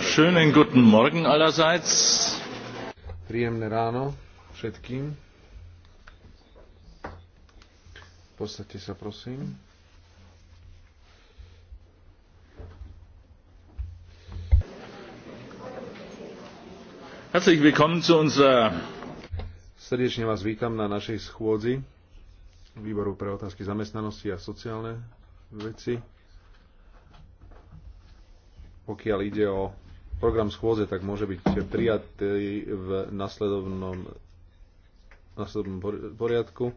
Schönen guten Morgen allerseits. Príjemné ráno všetkým. Postavte sa prosím. Herzlich willkommen zu unserer Srdečne vás vítam na našej schôdzi Výboru pre otázky zamestnanosti a sociálne veci pokiaľ ide o program schôdze, tak môže byť prijatý v nasledovnom, nasledovnom poriadku.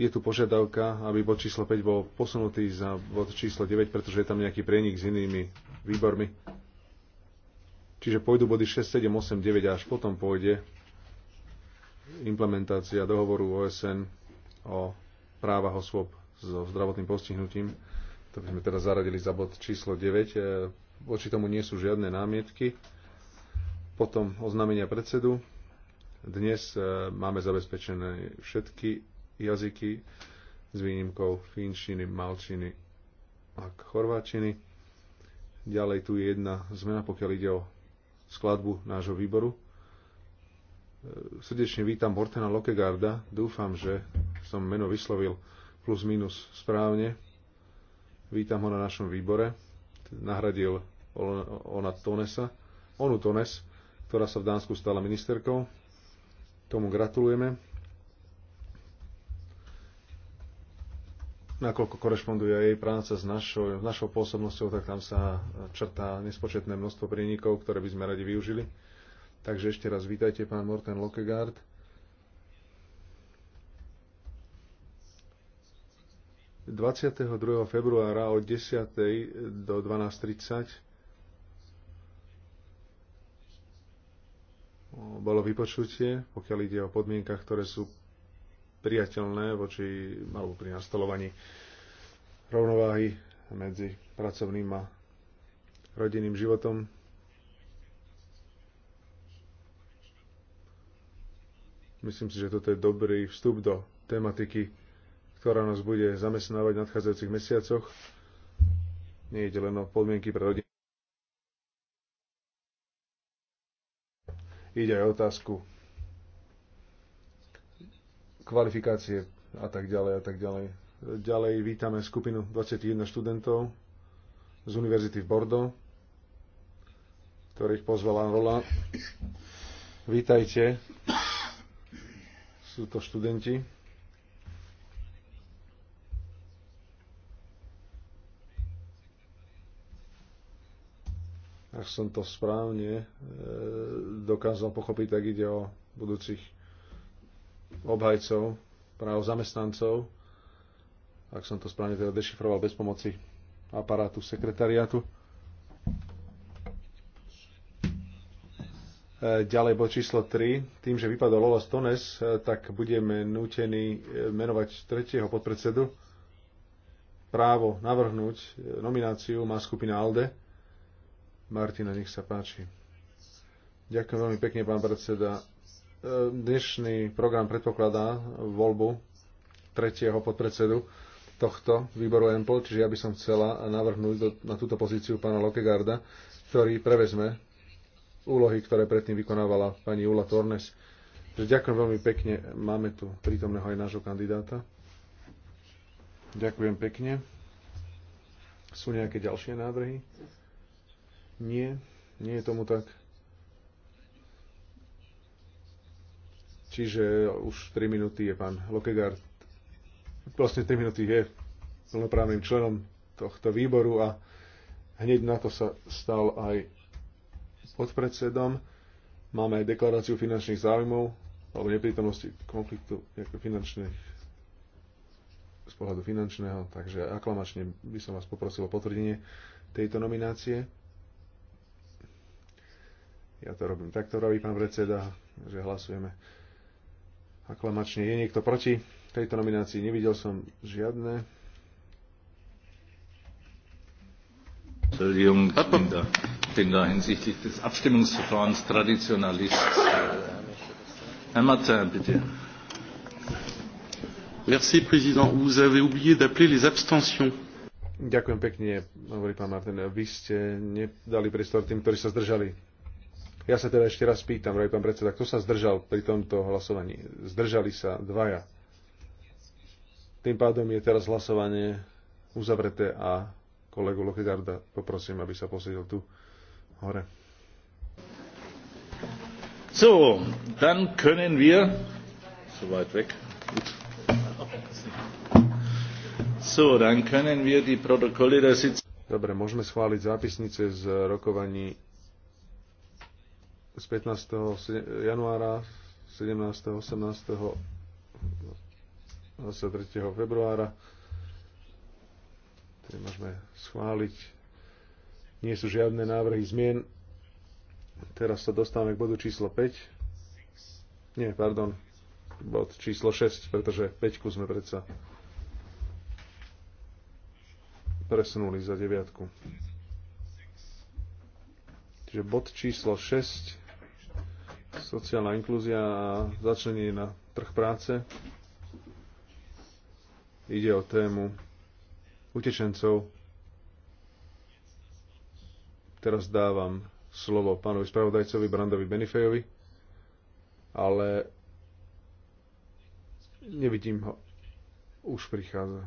Je tu požiadavka, aby bod číslo 5 bol posunutý za bod číslo 9, pretože je tam nejaký prienik s inými výbormi. Čiže pôjdu body 6, 7, 8, 9 a až potom pôjde implementácia dohovoru OSN o právach osôb so zdravotným postihnutím. To by sme teraz zaradili za bod číslo 9. E, voči tomu nie sú žiadne námietky. Potom oznámenia predsedu. Dnes e, máme zabezpečené všetky jazyky s výnimkou finčiny, malčiny a chorváčiny. Ďalej tu je jedna zmena, pokiaľ ide o skladbu nášho výboru. E, srdečne vítam Hortena Lokegarda. Dúfam, že som meno vyslovil plus minus správne. Vítam ho na našom výbore. Nahradil ona Tonesa, onu Tones, ktorá sa v Dánsku stala ministerkou. Tomu gratulujeme. nakoľko korešponduje jej práca s našou, našou pôsobnosťou, tak tam sa črtá nespočetné množstvo prienikov, ktoré by sme radi využili. Takže ešte raz vítajte, pán Morten Lokegaard. 22. februára od 10. do 12.30 bolo vypočutie, pokiaľ ide o podmienkach, ktoré sú priateľné voči, alebo pri nastolovaní rovnováhy medzi pracovným a rodinným životom. Myslím si, že toto je dobrý vstup do tematiky ktorá nás bude zamestnávať v nadchádzajúcich mesiacoch. Nie je len o podmienky pre rodinu. Ide aj o otázku kvalifikácie a tak ďalej a tak ďalej. Ďalej vítame skupinu 21 študentov z Univerzity v Bordeaux, ktorých pozvala Rola. Vítajte. Sú to študenti ak som to správne e, dokázal pochopiť, tak ide o budúcich obhajcov, práv zamestnancov, ak som to správne teda dešifroval bez pomoci aparátu sekretariátu. E, ďalej bod číslo 3. Tým, že vypadol Lola Stones, e, tak budeme nútení menovať tretieho podpredsedu. Právo navrhnúť nomináciu má skupina ALDE. Martina, nech sa páči. Ďakujem veľmi pekne, pán predseda. E, dnešný program predpokladá voľbu tretieho podpredsedu tohto výboru EMPL, čiže ja by som chcela navrhnúť do, na túto pozíciu pána Lokegarda, ktorý prevezme úlohy, ktoré predtým vykonávala pani Ula Tornes. Ďakujem veľmi pekne. Máme tu prítomného aj nášho kandidáta. Ďakujem pekne. Sú nejaké ďalšie návrhy? Nie, nie je tomu tak. Čiže už 3 minúty je pán Lokegard. Vlastne 3 minúty je plnoprávnym členom tohto výboru a hneď na to sa stal aj podpredsedom. Máme aj deklaráciu finančných záujmov alebo neprítomnosti konfliktu finančných z pohľadu finančného, takže aklamačne by som vás poprosil o potvrdenie tejto nominácie. Ja to robím takto, robí pán predseda, že hlasujeme aklamačne. Je niekto proti tejto nominácii? Nevidel som žiadne. bin da hinsichtlich des Abstimmungsverfahrens Traditionalist. Herr Martin, bitte. Merci, Président. Vous avez oublié d'appeler les abstentions. Ďakujem pekne, hovorí pán Martin. Vy ste nedali priestor tým, ktorí sa zdržali. Ja sa teda ešte raz pýtam, vraj pán predseda, kto sa zdržal pri tomto hlasovaní? Zdržali sa dvaja. Tým pádom je teraz hlasovanie uzavreté a kolegu Lokegarda poprosím, aby sa posedil tu hore. So, dann können wir so weit weg. So, dann können wir die Protokolle der Sitzung Dobre, môžeme schváliť zápisnice z rokovaní z 15. januára, 17. 18. 23. februára. Tie môžeme schváliť. Nie sú žiadne návrhy zmien. Teraz sa dostávame k bodu číslo 5. Nie, pardon. Bod číslo 6, pretože 5 sme predsa presunuli za deviatku. Čiže bod číslo 6 sociálna inklúzia a začlenie na trh práce. Ide o tému utečencov. Teraz dávam slovo pánovi spravodajcovi Brandovi Benifejovi, ale nevidím ho. Už prichádza.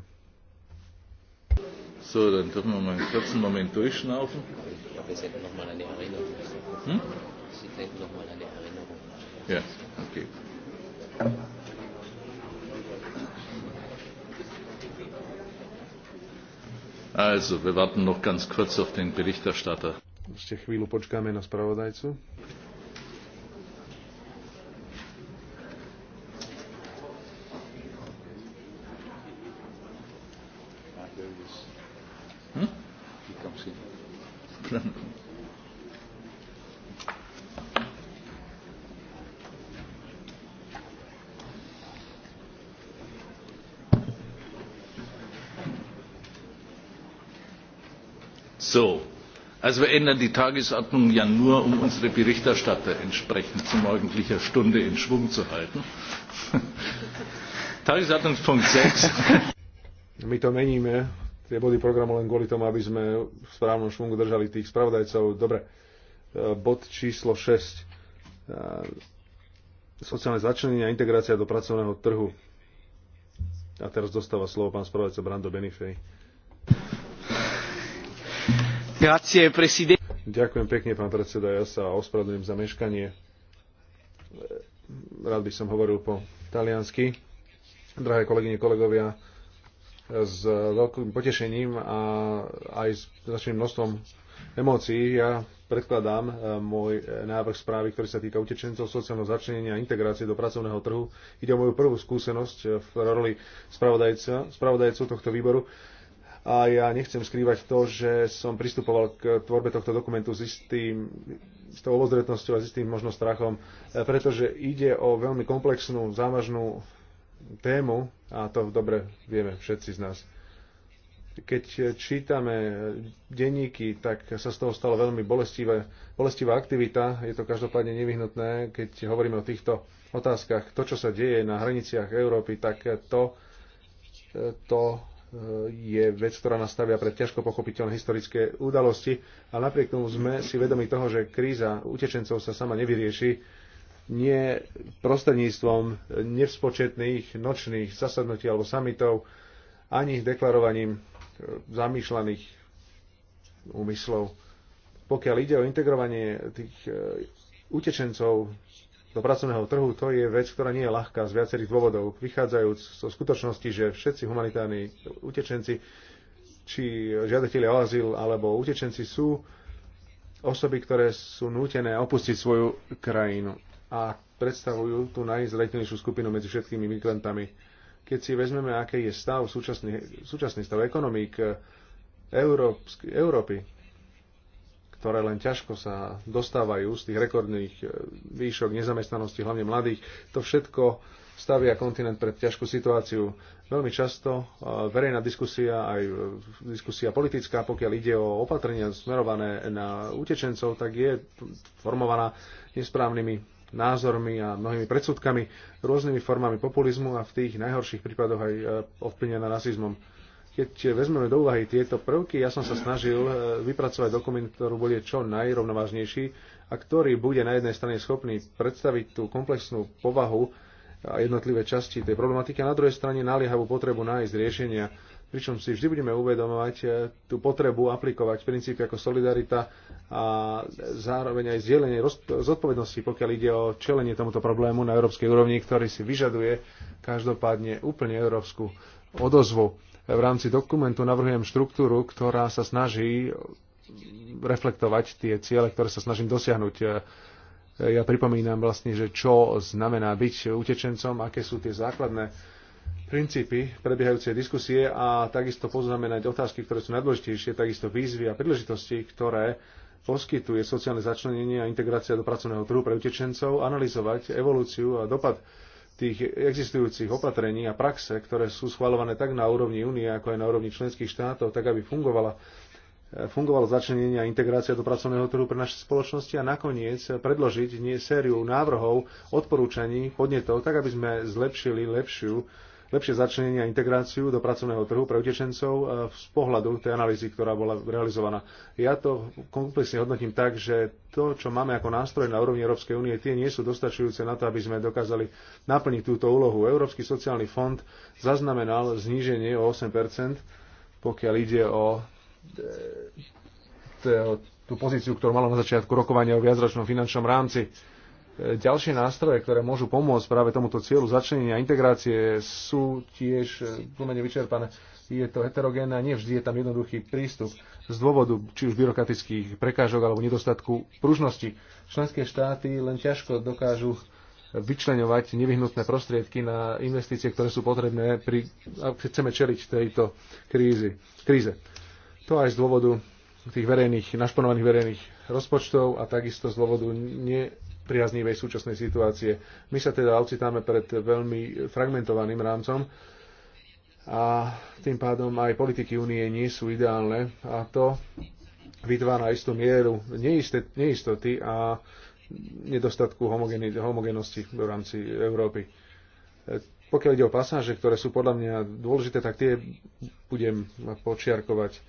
So, dann dürfen wir mal einen kurzen Moment durchschnaufen. Ich glaube, wir senden nochmal eine Erinnerung. Hm? Sie senden nochmal eine Erinnerung. Ja, okay. Also, wir warten noch ganz kurz auf den Berichterstatter. Ešte chvíľu počkáme na spravodajcu. Also wir ändern die Tagesordnung ja nur, um unsere Berichterstatter entsprechend zu morgendlicher Stunde in Schwung zu halten. Tagesordnungspunkt 6. My to meníme, tie body programu len kvôli tomu, aby sme v správnom švungu držali tých spravodajcov. Dobre, e, bod číslo 6. E, sociálne začlenenie a integrácia do pracovného trhu. A teraz dostáva slovo pán spravodajca Brando Benifej. Ďakujem pekne, pán predseda. Ja sa ospravedlňujem za meškanie. Rád by som hovoril po taliansky. Drahé kolegyne, kolegovia, s veľkým potešením a aj s značným množstvom emócií ja predkladám eh, môj návrh správy, ktorý sa týka utečencov, sociálneho začlenenia a integrácie do pracovného trhu. Ide o moju prvú skúsenosť eh, v roli spravodajcu tohto výboru a ja nechcem skrývať to, že som pristupoval k tvorbe tohto dokumentu s istým s tou obozretnosťou a s istým možno strachom, e, pretože ide o veľmi komplexnú, závažnú tému a to dobre vieme všetci z nás. Keď čítame denníky, tak sa z toho stalo veľmi bolestivé, bolestivá aktivita. Je to každopádne nevyhnutné, keď hovoríme o týchto otázkach. To, čo sa deje na hraniciach Európy, tak to, e, to Eh, je vec, ktorá nás stavia pred ťažko pochopiteľné historické udalosti, ale napriek tomu sme si vedomi toho, že kríza utečencov sa sama nevyrieši nie prostredníctvom nevzpočetných nočných zasadnutí alebo samitov, ani deklarovaním eh, zamýšľaných úmyslov. Pokiaľ ide o integrovanie tých eh, utečencov do pracovného trhu, to je vec, ktorá nie je ľahká z viacerých dôvodov, vychádzajúc zo skutočnosti, že všetci humanitárni utečenci, či žiadatelia o azyl alebo utečenci sú osoby, ktoré sú nútené opustiť svoju krajinu a predstavujú tú najzraniteľnejšiu skupinu medzi všetkými migrantami. Keď si vezmeme, aký je stav, súčasný, súčasný stav ekonomík eh, Európsky, Európy, ktoré len ťažko sa dostávajú z tých rekordných e, výšok nezamestnanosti, hlavne mladých. To všetko stavia kontinent pred ťažkú situáciu. Veľmi často e, verejná diskusia, aj e, diskusia politická, pokiaľ ide o opatrenia smerované na utečencov, tak je formovaná nesprávnymi názormi a mnohými predsudkami, rôznymi formami populizmu a v tých najhorších prípadoch aj ovplyvnená rasizmom keď vezmeme do úvahy tieto prvky, ja som sa snažil e, vypracovať dokument, ktorý bude čo najrovnovážnejší a ktorý bude na jednej strane schopný predstaviť tú komplexnú povahu a jednotlivé časti tej problematiky a na druhej strane naliehavú potrebu nájsť riešenia, pričom si vždy budeme uvedomovať e, tú potrebu aplikovať princípy ako solidarita a zároveň aj zdieľanie zodpovednosti, pokiaľ ide o čelenie tomuto problému na európskej úrovni, ktorý si vyžaduje každopádne úplne európsku odozvu v rámci dokumentu navrhujem štruktúru, ktorá sa snaží reflektovať tie ciele, ktoré sa snažím dosiahnuť. Ja pripomínam vlastne, že čo znamená byť utečencom, aké sú tie základné princípy prebiehajúcej diskusie a takisto poznamenať otázky, ktoré sú najdôležitejšie, takisto výzvy a príležitosti, ktoré poskytuje sociálne začlenenie a integrácia do pracovného trhu pre utečencov, analyzovať evolúciu a dopad tých existujúcich opatrení a praxe, ktoré sú schvalované tak na úrovni únie, ako aj na úrovni členských štátov, tak aby fungovala eh, fungovalo začlenenie a integrácia do pracovného trhu pre naše spoločnosti a nakoniec predložiť nie sériu návrhov, odporúčaní, podnetov, tak aby sme zlepšili lepšiu lepšie začlenenie a integráciu do pracovného trhu pre utečencov e, z pohľadu tej analýzy, ktorá bola realizovaná. Ja to komplexne hodnotím tak, že to, čo máme ako nástroj na úrovni Európskej únie, tie nie sú dostačujúce na to, aby sme dokázali naplniť túto úlohu. Európsky sociálny fond zaznamenal zníženie o 8 pokiaľ ide e, o tú pozíciu, ktorú malo na začiatku rokovania o viacročnom finančnom rámci Ďalšie nástroje, ktoré môžu pomôcť práve tomuto cieľu začlenenia integrácie, sú tiež eh, plne vyčerpané. Je to heterogénne a nevždy je tam jednoduchý prístup z dôvodu či už byrokratických prekážok alebo nedostatku pružnosti. Členské štáty len ťažko dokážu vyčleňovať nevyhnutné prostriedky na investície, ktoré sú potrebné, pri, ak chceme čeliť tejto krízi, kríze. To aj z dôvodu tých verejných, našponovaných verejných rozpočtov a takisto z dôvodu ne, priaznivej súčasnej situácie. My sa teda ocitáme pred veľmi fragmentovaným rámcom a tým pádom aj politiky únie nie sú ideálne a to vytvára istú mieru neisté, neistoty a nedostatku homogenosti v rámci Európy. Pokiaľ ide o pasáže, ktoré sú podľa mňa dôležité, tak tie budem počiarkovať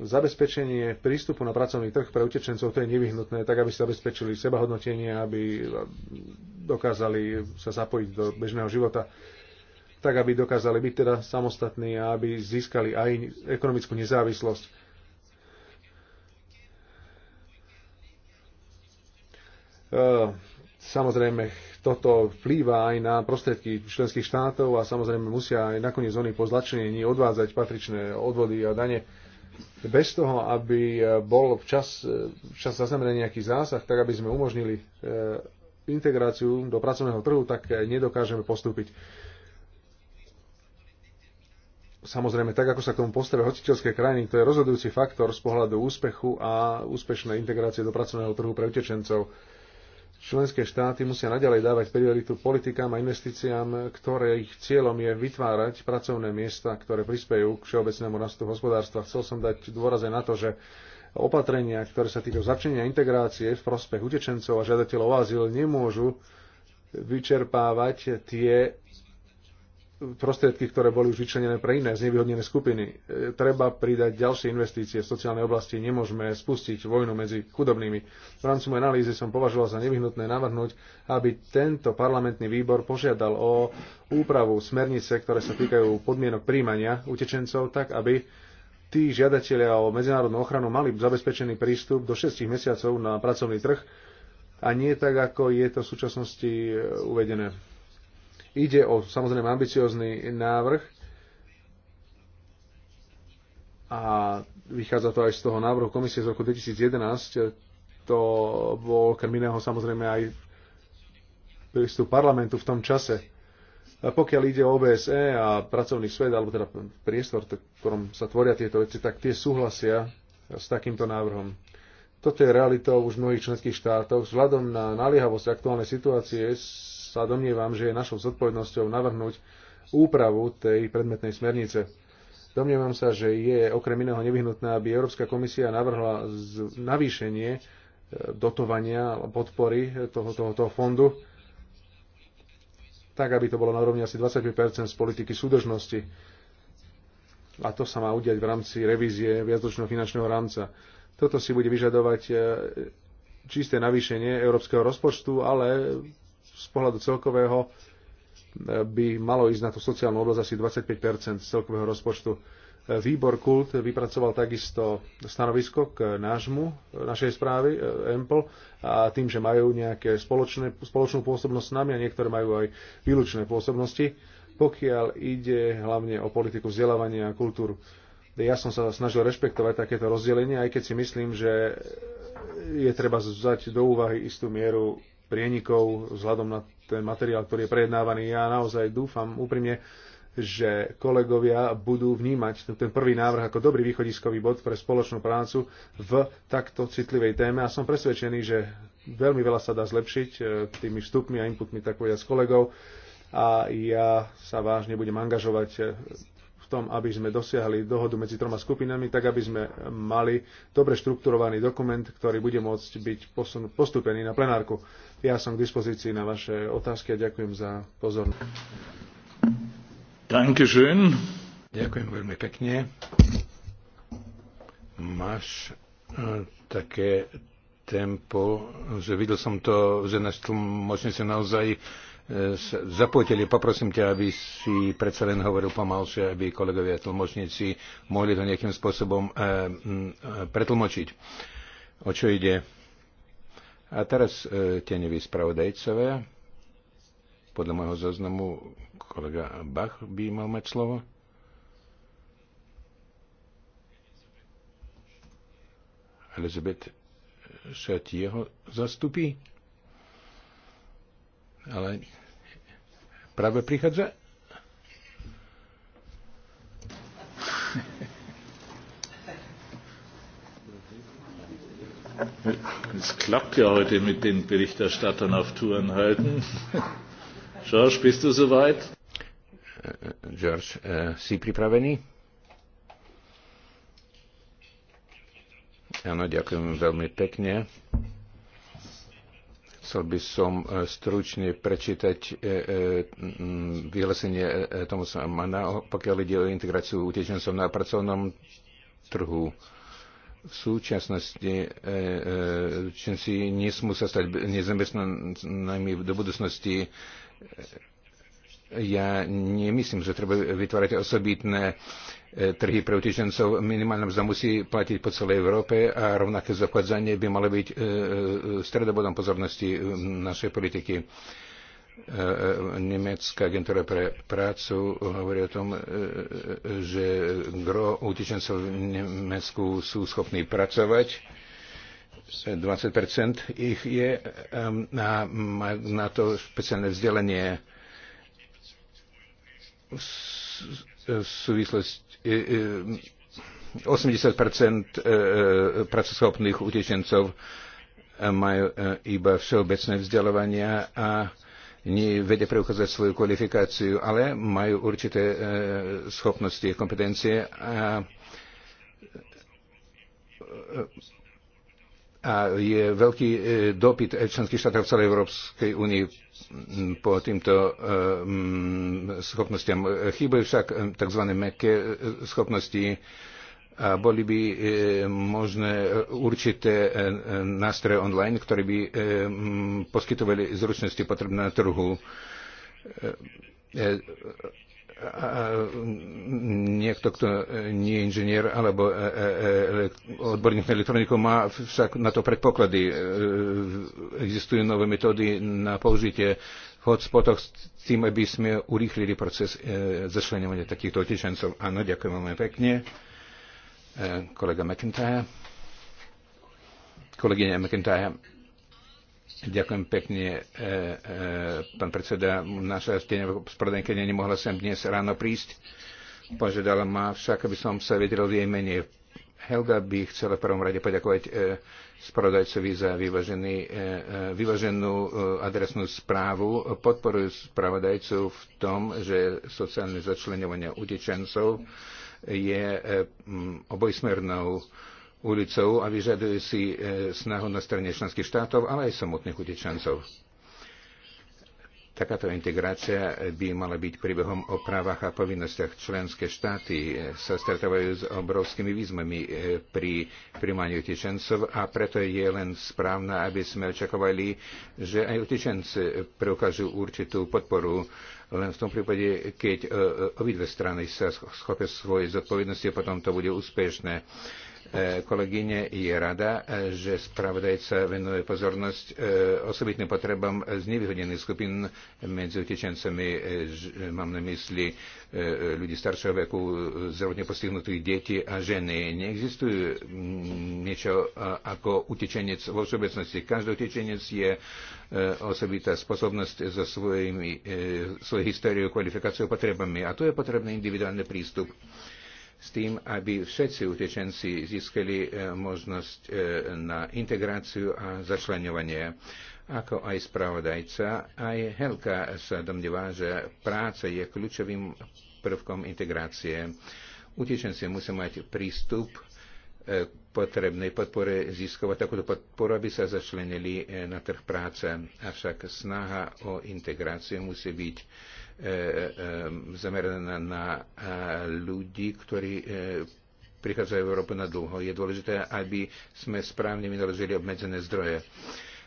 zabezpečenie prístupu na pracovný trh pre utečencov to je nevyhnutné, tak aby zabezpečili sebahodnotenie, aby dokázali sa zapojiť do bežného života, tak aby dokázali byť teda samostatní a aby získali aj ekonomickú nezávislosť. E, samozrejme, toto vplýva aj na prostriedky členských štátov a samozrejme musia aj nakoniec oni po zlačení odvádzať patričné odvody a dane bez toho, aby e, bol včas, e, včas zaznamenaný nejaký zásah, tak aby sme umožnili e, integráciu do pracovného trhu, tak nedokážeme postúpiť. Samozrejme, tak ako sa k tomu postavia hostiteľské krajiny, to je rozhodujúci faktor z pohľadu úspechu a úspešnej integrácie do pracovného trhu pre utečencov. Členské štáty musia naďalej dávať prioritu politikám a investíciám, ktoré ich cieľom je vytvárať pracovné miesta, ktoré prispejú k všeobecnému rastu hospodárstva. Chcel som dať dôraz aj na to, že opatrenia, ktoré sa týkajú začlenia integrácie v prospech utečencov a žiadateľov o azyl, nemôžu vyčerpávať tie prostriedky, ktoré boli už vyčlenené pre iné znevýhodnené skupiny. E, treba pridať ďalšie investície v sociálnej oblasti. Nemôžeme spustiť vojnu medzi chudobnými. V rámci mojej analýzy som považoval za nevyhnutné navrhnúť, aby tento parlamentný výbor požiadal o úpravu smernice, ktoré sa týkajú podmienok príjmania utečencov, tak aby tí žiadatelia o medzinárodnú ochranu mali zabezpečený prístup do 6 mesiacov na pracovný trh a nie tak, ako je to v súčasnosti e, uvedené Ide o samozrejme ambiciózny návrh a vychádza to aj z toho návrhu komisie z roku 2011. To bol okrem iného samozrejme aj prístup parlamentu v tom čase. A pokiaľ ide o OBSE a pracovný svet, alebo teda priestor, v ktorom sa tvoria tieto veci, tak tie súhlasia s takýmto návrhom. Toto je realitou už mnohých členských štátov. Vzhľadom na naliehavosť aktuálnej situácie sa domnievam, že je našou zodpovednosťou navrhnúť úpravu tej predmetnej smernice. Domnievam sa, že je okrem iného nevyhnutné, aby Európska komisia navrhla navýšenie e, dotovania, podpory toho, toho, toho fondu, tak aby to bolo na úrovni asi 25 z politiky súdržnosti. A to sa má udiať v rámci revízie viacročného finančného rámca. Toto si bude vyžadovať e, čisté navýšenie európskeho rozpočtu, ale z pohľadu celkového e, by malo ísť na tú sociálnu oblasť asi 25 z celkového rozpočtu. E, výbor Kult vypracoval takisto stanovisko k nášmu, e, našej správy, EMPL, a tým, že majú nejaké spoločné, spoločnú pôsobnosť s nami a niektoré majú aj výlučné pôsobnosti, pokiaľ ide hlavne o politiku vzdelávania a kultúru. Ja som sa snažil rešpektovať takéto rozdelenie, aj keď si myslím, že je treba vzať do úvahy istú mieru prienikov vzhľadom na ten materiál, ktorý je prejednávaný. Ja naozaj dúfam úprimne, že kolegovia budú vnímať ten prvý návrh ako dobrý východiskový bod pre spoločnú prácu v takto citlivej téme a som presvedčený, že veľmi veľa sa dá zlepšiť e, tými vstupmi a inputmi tak povedať s kolegov a ja sa vážne budem angažovať e, v tom, aby sme dosiahli dohodu medzi troma skupinami, tak aby sme mali dobre štrukturovaný dokument, ktorý bude môcť byť posun- postupený na plenárku. Ja som k dispozícii na vaše otázky a ďakujem za pozornosť. Dankeschön. Ďakujem veľmi pekne. Máš e, také tempo, že videl som to, že naš tlmočnice naozaj zapojiteľi, poprosím ťa, aby si predsa len hovoril pomalšie, aby kolegovia tlmočníci mohli to nejakým spôsobom eh, eh, pretlmočiť. O čo ide? A teraz eh, tieňoví spravodajcové. Podľa môjho zoznamu kolega Bach by mal mať slovo. Elizabeth Šatieho zastupí. Ale práve prichádza. Es klappt ja heute mit den Berichterstattern auf Touren halten. George, bist du soweit? George, äh, eh, Sie si pripravený? Áno, ďakujem sehr pekne. Chcel by som e, stručne prečítať e, e, vyhlásenie Tomasa Mana, pokiaľ ide o integráciu utečencov na pracovnom trhu. V súčasnosti utečenci nesmú sa stať nezamestnanými do budúcnosti. Ja nemyslím, že treba vytvárať osobitné E, trhy pre utečencov. Minimálna mzda musí platiť po celej Európe a rovnaké zachádzanie by malo byť e, e, stredobodom pozornosti našej politiky. Nemecká agentúra pre prácu hovorí o tom, že gro utečencov v Nemecku sú schopní pracovať. 20% ich je a má na to špeciálne vzdelanie v súvislosti 80 e, e, e, pracoschopných utečencov majú iba všeobecné vzdelávania a nevedia preukázať svoju kvalifikáciu, ale majú určité schopnosti a kompetencie a a je veľký e, dopyt e, členských štátov v celej Európskej únii po týmto e, schopnostiam. Chýbajú však tzv. meké schopnosti a boli by možné určité nástroje online, ktoré by poskytovali zručnosti potrebné na trhu niekto, kto nie je inžinier alebo e, e, e, odborník na elektroniku, má však na to predpoklady. Existujú nové metódy na použitie v hotspotoch s tým, aby sme urýchlili proces zašlenovania takýchto otečencov. Áno, ďakujem veľmi pekne. Kolega McIntyre. Kolegyňa McIntyre Ďakujem pekne, e, e, pán predseda. Naša steňová spravodajkynia nemohla sem dnes ráno prísť. Požiadala ma však, aby som sa vedel v jej mene. Helga by chcela v prvom rade poďakovať e, spravodajcovi za vyvažený, vyvaženú adresnú správu. Podporujú spravodajcu v tom, že sociálne začlenovanie utečencov je obojsmernou ulicou a vyžaduje si e, snahu na strane členských štátov, ale aj samotných utečencov. Takáto integrácia by mala byť príbehom o právach a povinnostiach. Členské štáty e, sa stretávajú s obrovskými výzvami e, pri príjmaní utečencov a preto je len správne, aby sme očakovali, že aj utečenci preukážu určitú podporu. Len v tom prípade, keď obidve strany sa schopia svoje zodpovednosti, potom to bude úspešné E, kolegyne je rada, e, že spravodajca venuje pozornosť e, osobitným potrebám z nevyhodených skupín medzi utečencami. Mám na mysli ľudí staršieho veku, zdravotne postihnutých detí a ženy. Neexistuje mm, niečo ako utečenec vo všeobecnosti. Každý utečenec je osobitá spôsobnosť so svojimi, svojou históriou, kvalifikáciou, potrebami. A tu je potrebný individuálny prístup s tým, aby všetci utečenci získali e, možnosť e, na integráciu a začlenovanie. Ako aj spravodajca, aj Helka sa domnievá, že práca je kľúčovým prvkom integrácie. Utečenci musia mať prístup k e, potrebnej podpore, získovať takúto podporu, aby sa začlenili na trh práce. Avšak snaha o integráciu musí byť E, e, zamerané na e, ľudí, ktorí prichádzajú v Európu na dlho. Je dôležité, aby sme správne vynaložili obmedzené zdroje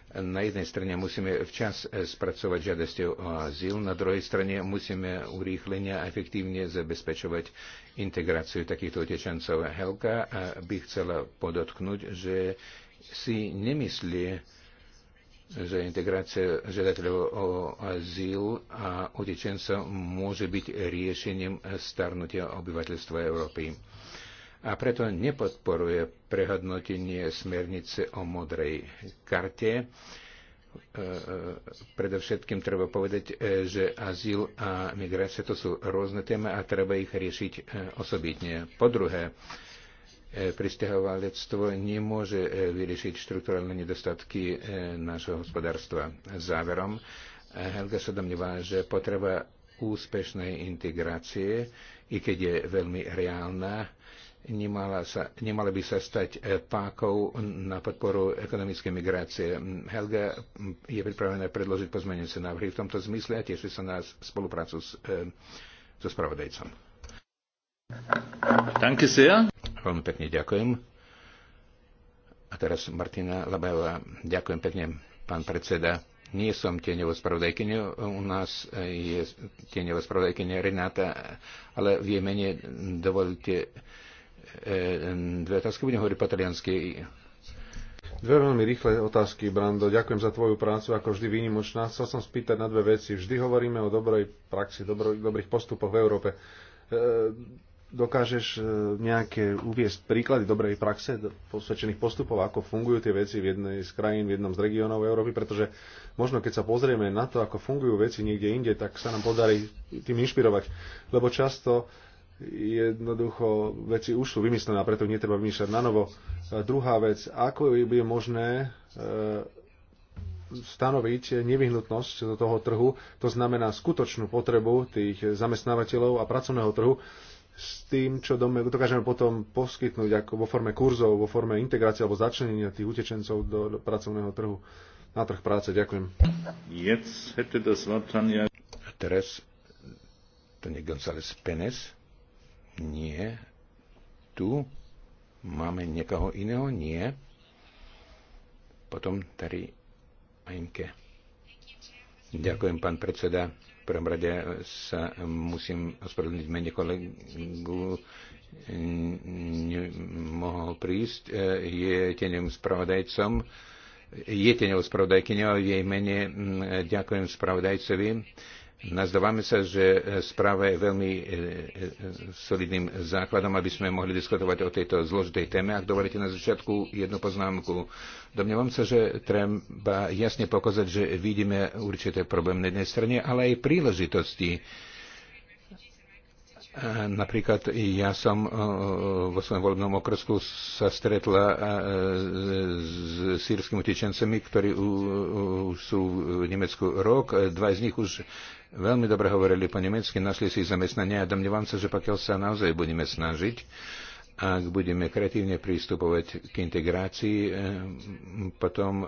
na jednej strane musíme včas spracovať žiadosti o azyl, na druhej strane musíme urýchlenia a efektívne zabezpečovať integráciu takýchto utečencov. Helka by chcela podotknúť, že si nemyslí, že integrácia žiadateľov o azyl a utečenca môže byť riešením starnutia obyvateľstva Európy. A preto nepodporuje prehodnotenie smernice o modrej karte. E, e, predovšetkým treba povedať, e, že azyl a migrácia to sú rôzne témy a treba ich riešiť osobitne. Po druhé, E, pristahovalectvo nemôže e, vyriešiť štruktúrálne nedostatky e, nášho hospodárstva. Záverom, Helga sa domnívá, že potreba úspešnej integrácie, i keď je veľmi reálna, nemala, sa, nemala by sa stať pákou na podporu ekonomickej migrácie. Helga je pripravená predložiť pozmenujúce návrhy v tomto zmysle a teší sa na spoluprácu s, so spravodajcom. Danke sehr. Veľmi pekne ďakujem. A teraz Martina Labajová. Ďakujem pekne, pán predseda. Nie som tieňová spravodajkynia, u nás je tieňová spravodajkynia Renáta, ale v jej mene dovolite e, dve otázky, budem hovoriť po taliansky. Dve veľmi rýchle otázky, Brando. Ďakujem za tvoju prácu, ako vždy výnimočná. Chcel som spýtať na dve veci. Vždy hovoríme o dobrej praxi, dobrých postupoch v Európe e, dokážeš e, nejaké uviesť príklady dobrej praxe, posvedčených postupov, ako fungujú tie veci v jednej z krajín, v jednom z regiónov Európy, pretože možno keď sa pozrieme na to, ako fungujú veci niekde inde, tak sa nám podarí tým inšpirovať. Lebo často jednoducho veci už sú vymyslené a preto netreba vymýšľať na novo. E, druhá vec, ako je možné e, stanoviť nevyhnutnosť do toho trhu, to znamená skutočnú potrebu tých zamestnávateľov a pracovného trhu, s tým, čo dokážeme potom poskytnúť ako vo forme kurzov, vo forme integrácie alebo začlenenia tých utečencov do, do pracovného trhu, na trh práce. Ďakujem. A teraz to nie González Penes. Nie. Tu máme niekoho iného? Nie. Potom tady Aimke. Ďakujem, pán predseda prvom rade sa musím ospravedlniť v mene kolegu, nemohol prísť, je teným spravodajcom, je teným spravodajkyňou, jej mene ďakujem spravodajcovi Nazdávame sa, že e, správa je veľmi e, e, solidným základom, aby sme mohli diskutovať o tejto zložitej téme. Ak dovolíte na začiatku jednu poznámku. Domnievam sa, že treba jasne pokazať, že vidíme určité problémy na jednej strane, ale aj príležitosti. Napríklad ja som vo svojom volebnom okresku sa stretla s sírskými utečencami, ktorí sú v Nemecku rok. Dva z nich už veľmi dobre hovorili po nemecky, našli si zamestnania a domnievam sa, že pokiaľ sa naozaj budeme snažiť, ak budeme kreatívne prístupovať k integrácii, eh, potom eh,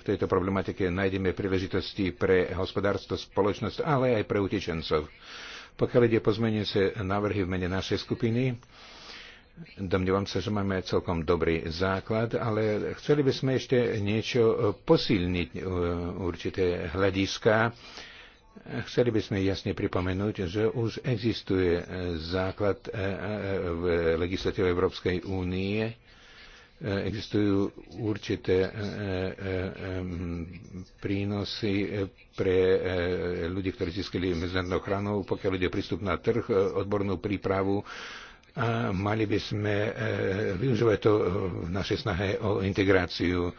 v tejto problematike nájdeme príležitosti pre hospodárstvo, spoločnosť, ale aj pre utečencov. Pokiaľ ide sa návrhy v mene našej skupiny, domnievam sa, že máme celkom dobrý základ, ale chceli by sme ešte niečo posilniť eh, určité hľadiska, Chceli by sme jasne pripomenúť, že už existuje základ e, e, v legislatíve Európskej únie, e, existujú určité prínosy pre ľudí, ktorí získali medzinárodnú ochranu, pokiaľ ide prístup na trh, odbornú prípravu a mali by sme využívať to v našej snahe o integráciu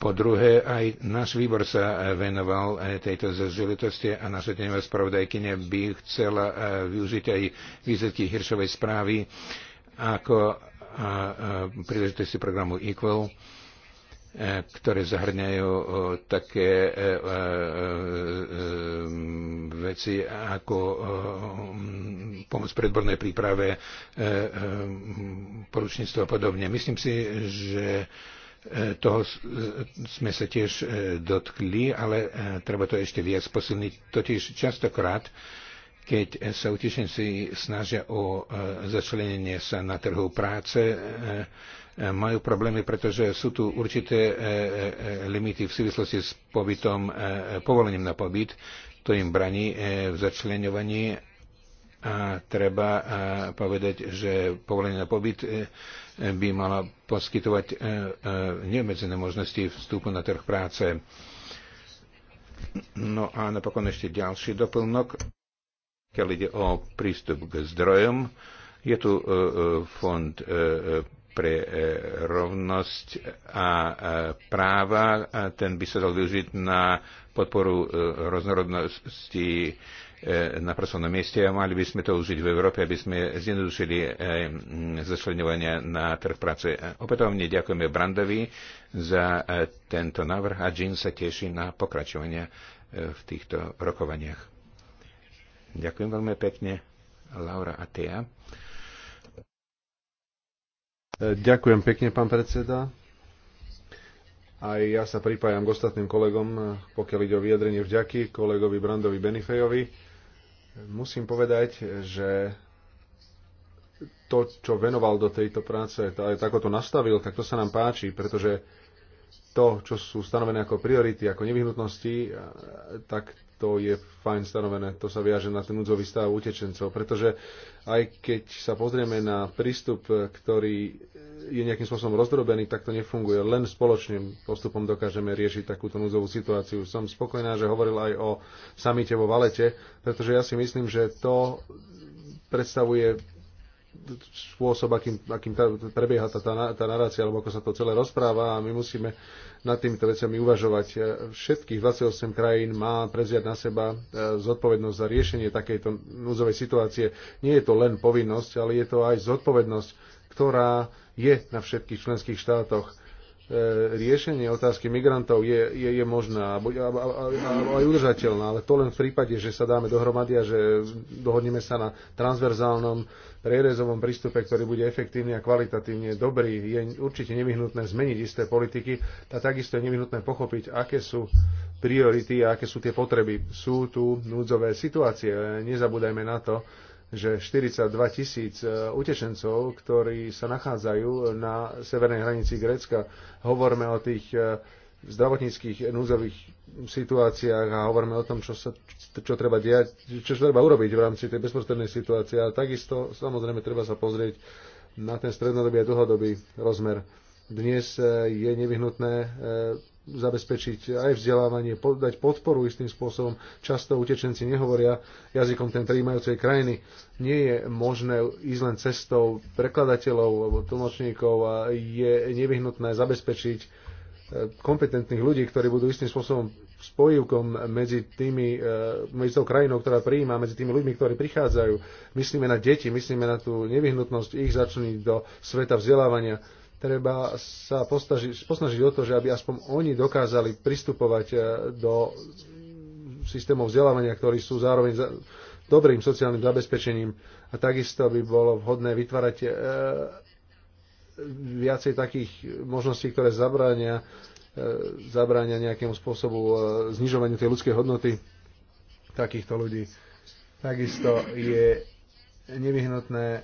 po druhé, aj náš výbor sa venoval eh, tejto záležitosti a naša téma spravodajkynia by chcela eh, využiť aj výsledky Hiršovej správy ako eh, príležitosti programu Equal ktoré zahrňajú také veci ako pomoc predbornej príprave, poručníctvo a podobne. Myslím si, že E, toho e, sme sa tiež e, dotkli, ale treba to ešte viac posilniť. Totiž častokrát, keď sa utišenci snažia o začlenenie sa na trhu práce, majú problémy, pretože sú tu určité limity v súvislosti s pobytom, povolením na pobyt. To im braní v začlenovaní a treba povedať, že povolenie na pobyt e, by mala poskytovať e, e, neobmedzené možnosti vstupu na trh práce. No a napokon ešte ďalší doplnok, keď ide o prístup k zdrojom. Je tu fond pre rovnosť a práva. Ten by sa dal využiť na podporu rôznorodnosti E, na pracovnom mieste a mali by sme to užiť v Európe, aby sme zjednodušili e, zašlenovanie na trh práce. E, opätovne ďakujeme Brandovi za tento návrh a Jean sa teší na pokračovanie v týchto rokovaniach. Ďakujem veľmi pekne, Laura Atea. Ďakujem pekne, pán predseda. Aj ja sa pripájam k ostatným kolegom, pokiaľ ide o vyjadrenie vďaky kolegovi Brandovi Benifejovi Musím povedať, že to, čo venoval do tejto práce, ako to nastavil, tak to sa nám páči, pretože to, čo sú stanovené ako priority, ako nevyhnutnosti, tak to je fajn stanovené, to sa viaže na ten núdzový stav utečencov, pretože aj keď sa pozrieme na prístup, ktorý je nejakým spôsobom rozdrobený, tak to nefunguje. Len spoločným postupom dokážeme riešiť takúto núdzovú situáciu. Som spokojná, že hovoril aj o samite vo Valete, pretože ja si myslím, že to predstavuje spôsob, akým, akým tá, prebieha tá, tá, tá narácia, alebo ako sa to celé rozpráva a my musíme nad týmito vecami uvažovať. E, všetkých 28 krajín má preziať na seba e, zodpovednosť za riešenie takejto núzovej situácie. Nie je to len povinnosť, ale je to aj zodpovednosť, ktorá je na všetkých členských štátoch E, riešenie otázky migrantov je, je, je možná a, aj udržateľná, ale to len v prípade, že sa dáme dohromady a že dohodneme sa na transverzálnom prierezovom prístupe, ktorý bude efektívny a kvalitatívne dobrý. Je určite nevyhnutné zmeniť isté politiky a takisto je nevyhnutné pochopiť, aké sú priority a aké sú tie potreby. Sú tu núdzové situácie, nezabúdajme na to že 42 tisíc e, utečencov, ktorí sa nachádzajú na severnej hranici Grécka, hovoríme o tých e, zdravotníckých núzových situáciách a hovoríme o tom, čo, sa, čo, treba diať, čo treba urobiť v rámci tej bezprostrednej situácie. A takisto samozrejme treba sa pozrieť na ten strednodobý a dlhodobý rozmer. Dnes e, je nevyhnutné zabezpečiť aj vzdelávanie, dať podporu istým spôsobom. Často utečenci nehovoria jazykom ten príjmajúcej krajiny. Nie je možné ísť len cestou prekladateľov alebo tlmočníkov a je nevyhnutné zabezpečiť e, kompetentných ľudí, ktorí budú istým spôsobom spojivkom medzi, tými, e, medzi tou krajinou, ktorá prijíma, medzi tými ľuďmi, ktorí prichádzajú. Myslíme na deti, myslíme na tú nevyhnutnosť ich začniť do sveta vzdelávania treba sa posnažiť o to, že aby aspoň oni dokázali pristupovať e, do systémov vzdelávania, ktorí sú zároveň za, dobrým sociálnym zabezpečením a takisto by bolo vhodné vytvárať e, viacej takých možností, ktoré zabránia, e, zabránia nejakému spôsobu e, znižovaniu tej ľudskej hodnoty takýchto ľudí. Takisto je nevyhnutné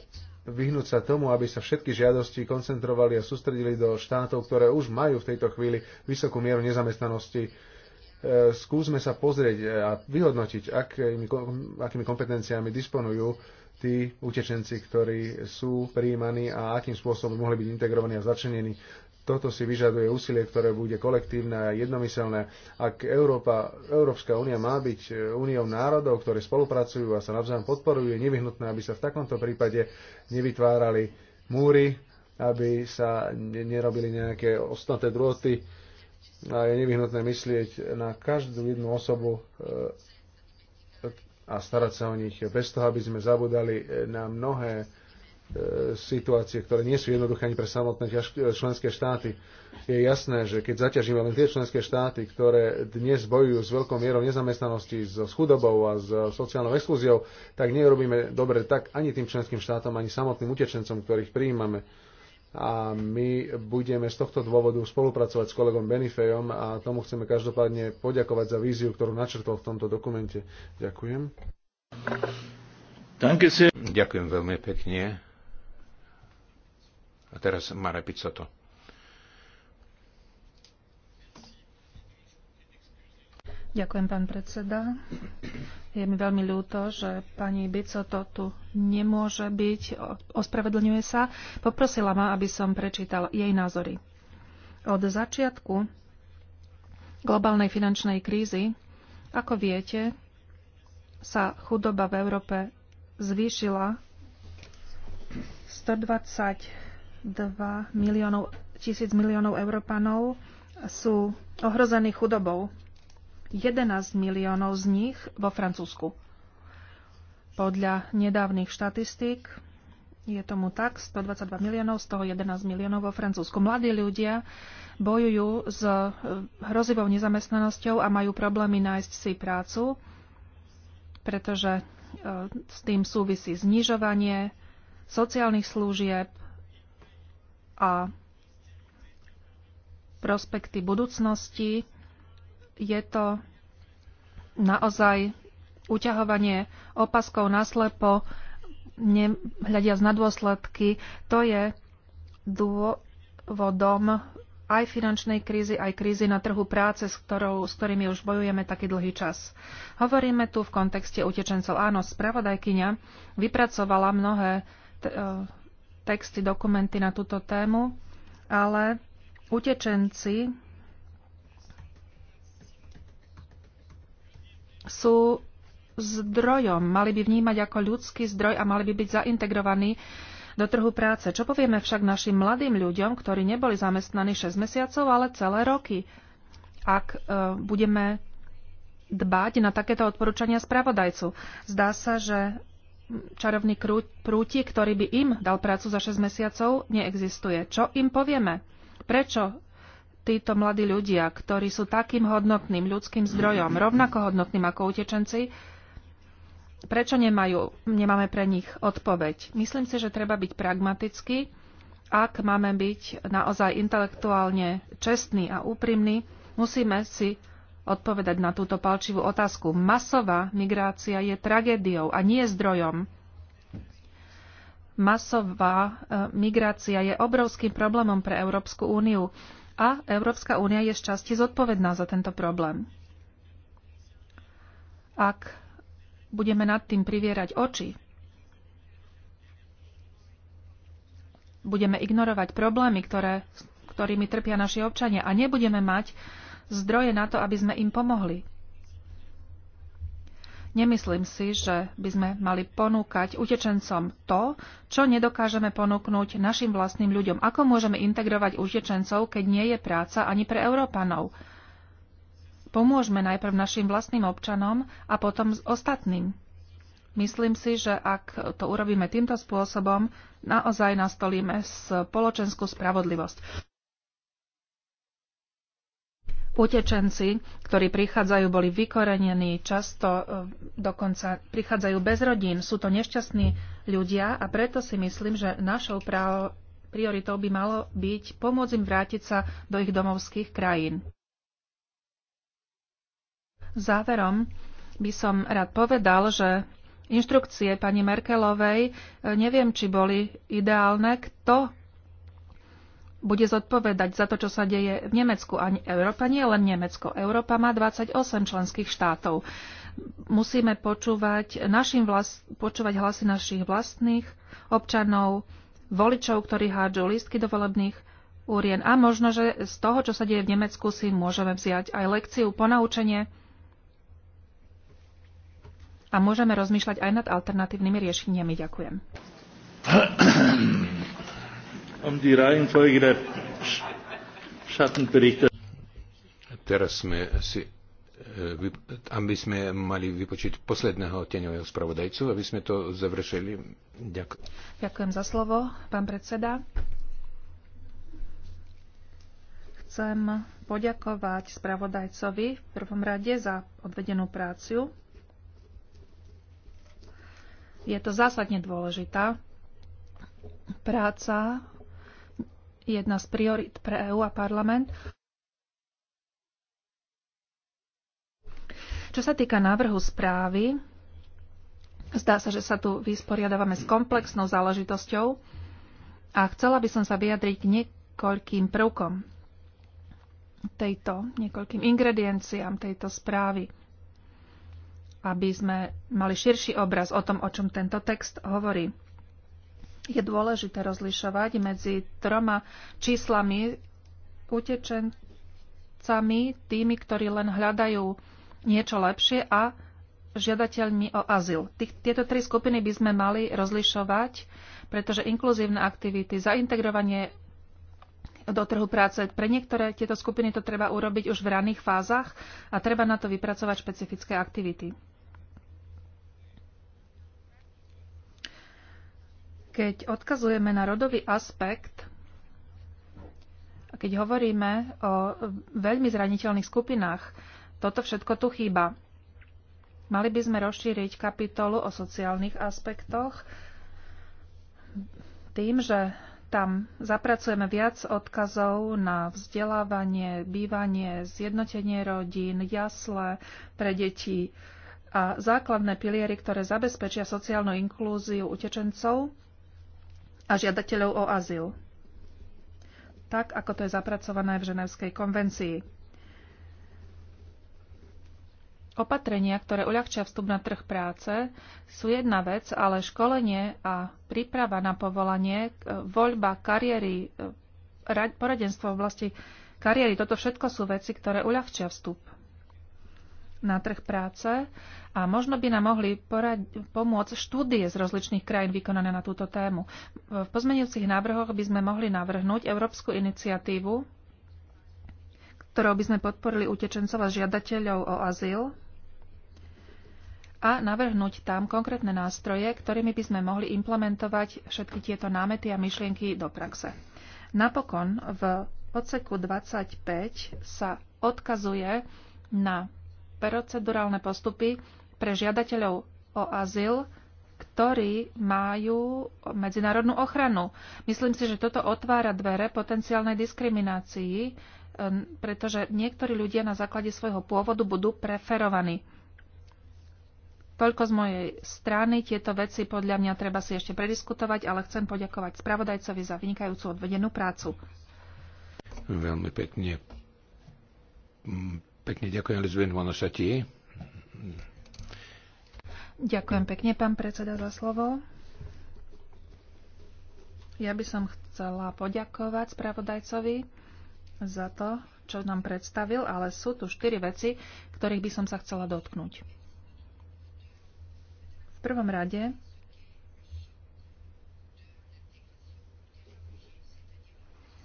vyhnúť sa tomu, aby sa všetky žiadosti koncentrovali a sústredili do štátov, ktoré už majú v tejto chvíli vysokú mieru nezamestnanosti. E, skúsme sa pozrieť a vyhodnotiť, akými, akými kompetenciami disponujú tí utečenci, ktorí sú prijímaní a akým spôsobom mohli byť integrovaní a začlenení toto si vyžaduje úsilie, ktoré bude kolektívne a jednomyselné. Ak Európa, Európska únia má byť e, úniou národov, ktoré spolupracujú a sa navzájom podporujú, je nevyhnutné, aby sa v takomto prípade nevytvárali múry, aby sa nerobili nejaké ostnaté drôty a je nevyhnutné myslieť na každú jednu osobu e, a starať sa o nich bez toho, aby sme zabudali e, na mnohé E, situácie, ktoré nie sú jednoduché ani pre samotné e, členské štáty. Je jasné, že keď zaťažíme len tie členské štáty, ktoré dnes bojujú s veľkou mierou nezamestnanosti, s chudobou a s sociálnou exkluziou, tak nerobíme dobre tak ani tým členským štátom, ani samotným utečencom, ktorých prijímame. A my budeme z tohto dôvodu spolupracovať s kolegom Benifejom a tomu chceme každopádne poďakovať za víziu, ktorú načrtol v tomto dokumente. Ďakujem. Ďakujem veľmi pekne a teraz Mare Picoto. Ďakujem, pán predseda. Je mi veľmi ľúto, že pani Bicoto tu nemôže byť, ospravedlňuje sa. Poprosila ma, aby som prečítal jej názory. Od začiatku globálnej finančnej krízy, ako viete, sa chudoba v Európe zvýšila 120 2 miliónov, tisíc miliónov Európanov sú ohrození chudobou. 11 miliónov z nich vo Francúzsku. Podľa nedávnych štatistík je tomu tak, 122 miliónov, z toho 11 miliónov vo Francúzsku. Mladí ľudia bojujú s e, hrozivou nezamestnanosťou a majú problémy nájsť si prácu, pretože e, s tým súvisí znižovanie sociálnych služieb, a prospekty budúcnosti. Je to naozaj uťahovanie opaskov naslepo, nehľadiac na dôsledky. To je dôvodom aj finančnej krízy, aj krízy na trhu práce, s, ktorou, s ktorými už bojujeme taký dlhý čas. Hovoríme tu v kontexte utečencov. Áno, spravodajkyňa vypracovala mnohé texty, dokumenty na túto tému, ale utečenci sú zdrojom, mali by vnímať ako ľudský zdroj a mali by byť zaintegrovaní do trhu práce. Čo povieme však našim mladým ľuďom, ktorí neboli zamestnaní 6 mesiacov, ale celé roky, ak e, budeme dbať na takéto odporúčania spravodajcu? Zdá sa, že čarovný prútik, ktorý by im dal prácu za 6 mesiacov, neexistuje. Čo im povieme? Prečo títo mladí ľudia, ktorí sú takým hodnotným ľudským zdrojom, rovnako hodnotným ako utečenci, prečo nemajú, nemáme pre nich odpoveď? Myslím si, že treba byť pragmatický, ak máme byť naozaj intelektuálne čestní a úprimní, musíme si odpovedať na túto palčivú otázku. Masová migrácia je tragédiou a nie zdrojom. Masová e, migrácia je obrovským problémom pre Európsku úniu a Európska únia je šťastie zodpovedná za tento problém. Ak budeme nad tým privierať oči, budeme ignorovať problémy, ktoré, ktorými trpia naši občania a nebudeme mať uh, zdroje na to, aby sme im pomohli. Nemyslím si, že by sme mali ponúkať utečencom to, čo nedokážeme ponúknuť našim vlastným ľuďom. Ako môžeme integrovať utečencov, keď nie je práca ani pre Európanov? Pomôžme najprv našim vlastným občanom a potom s ostatným. Myslím si, že ak to urobíme týmto spôsobom, naozaj nastolíme spoločenskú spravodlivosť. Utečenci, ktorí prichádzajú, boli vykorenení, často e, dokonca prichádzajú bez rodín. Sú to nešťastní ľudia a preto si myslím, že našou prioritou by malo byť pomôcť im vrátiť sa do ich domovských krajín. Záverom by som rád povedal, že inštrukcie pani Merkelovej e, neviem, či boli ideálne. Kto bude zodpovedať za to, čo sa deje v Nemecku. A Európa nie len Nemecko. Európa má 28 členských štátov. Musíme počúvať, našim vlast, počúvať hlasy našich vlastných občanov, voličov, ktorí hádžu lístky do volebných úrien. A možno, že z toho, čo sa deje v Nemecku, si môžeme vziať aj lekciu, ponaučenie a môžeme rozmýšľať aj nad alternatívnymi riešeniami. Ďakujem. um die Reihenfolge der Schattenberichte. Teraz sme si e, aby sme mali vypočiť posledného tieňového spravodajcu, aby sme to završili. Ďakujem. Ďakujem za slovo, pán predseda. Chcem poďakovať spravodajcovi v prvom rade za odvedenú prácu. Je to zásadne dôležitá práca jedna z priorit pre EÚ a parlament. Čo sa týka návrhu správy, zdá sa, že sa tu vysporiadávame s komplexnou záležitosťou a chcela by som sa vyjadriť k niekoľkým prvkom tejto, niekoľkým ingredienciám tejto správy, aby sme mali širší obraz o tom, o čom tento text hovorí je dôležité rozlišovať medzi troma číslami utečencami, tými, ktorí len hľadajú niečo lepšie a žiadateľmi o azyl. Tých, tieto tri skupiny by sme mali rozlišovať, pretože inkluzívne aktivity, zaintegrovanie do trhu práce. Pre niektoré tieto skupiny to treba urobiť už v raných fázach a treba na to vypracovať špecifické aktivity. Keď odkazujeme na rodový aspekt a keď hovoríme o veľmi zraniteľných skupinách, toto všetko tu chýba. Mali by sme rozšíriť kapitolu o sociálnych aspektoch tým, že tam zapracujeme viac odkazov na vzdelávanie, bývanie, zjednotenie rodín, jasle pre deti a základné piliery, ktoré zabezpečia sociálnu inklúziu utečencov a žiadateľov o azyl, tak ako to je zapracované v Ženevskej konvencii. Opatrenia, ktoré uľahčia vstup na trh práce, sú jedna vec, ale školenie a príprava na povolanie, e, voľba kariéry, e, poradenstvo v oblasti kariéry, toto všetko sú veci, ktoré uľahčia vstup na trh práce a možno by nám mohli porad- pomôcť štúdie z rozličných krajín vykonané na túto tému. V pozmenujúcich návrhoch by sme mohli navrhnúť európsku iniciatívu, ktorou by sme podporili utečencov a žiadateľov o azyl a navrhnúť tam konkrétne nástroje, ktorými by sme mohli implementovať všetky tieto námety a myšlienky do praxe. Napokon v odseku 25 sa odkazuje na procedurálne postupy pre žiadateľov o azyl, ktorí majú medzinárodnú ochranu. Myslím si, že toto otvára dvere potenciálnej diskriminácii, e, pretože niektorí ľudia na základe svojho pôvodu budú preferovaní. Toľko z mojej strany. Tieto veci podľa mňa treba si ešte prediskutovať, ale chcem poďakovať spravodajcovi za vynikajúcu odvedenú prácu. Veľmi pekne mm, Pekne ďakujem, Monošati. Ďakujem pekne, pán predseda, za slovo. Ja by som chcela poďakovať spravodajcovi za to, čo nám predstavil, ale sú tu štyri veci, ktorých by som sa chcela dotknúť. V prvom rade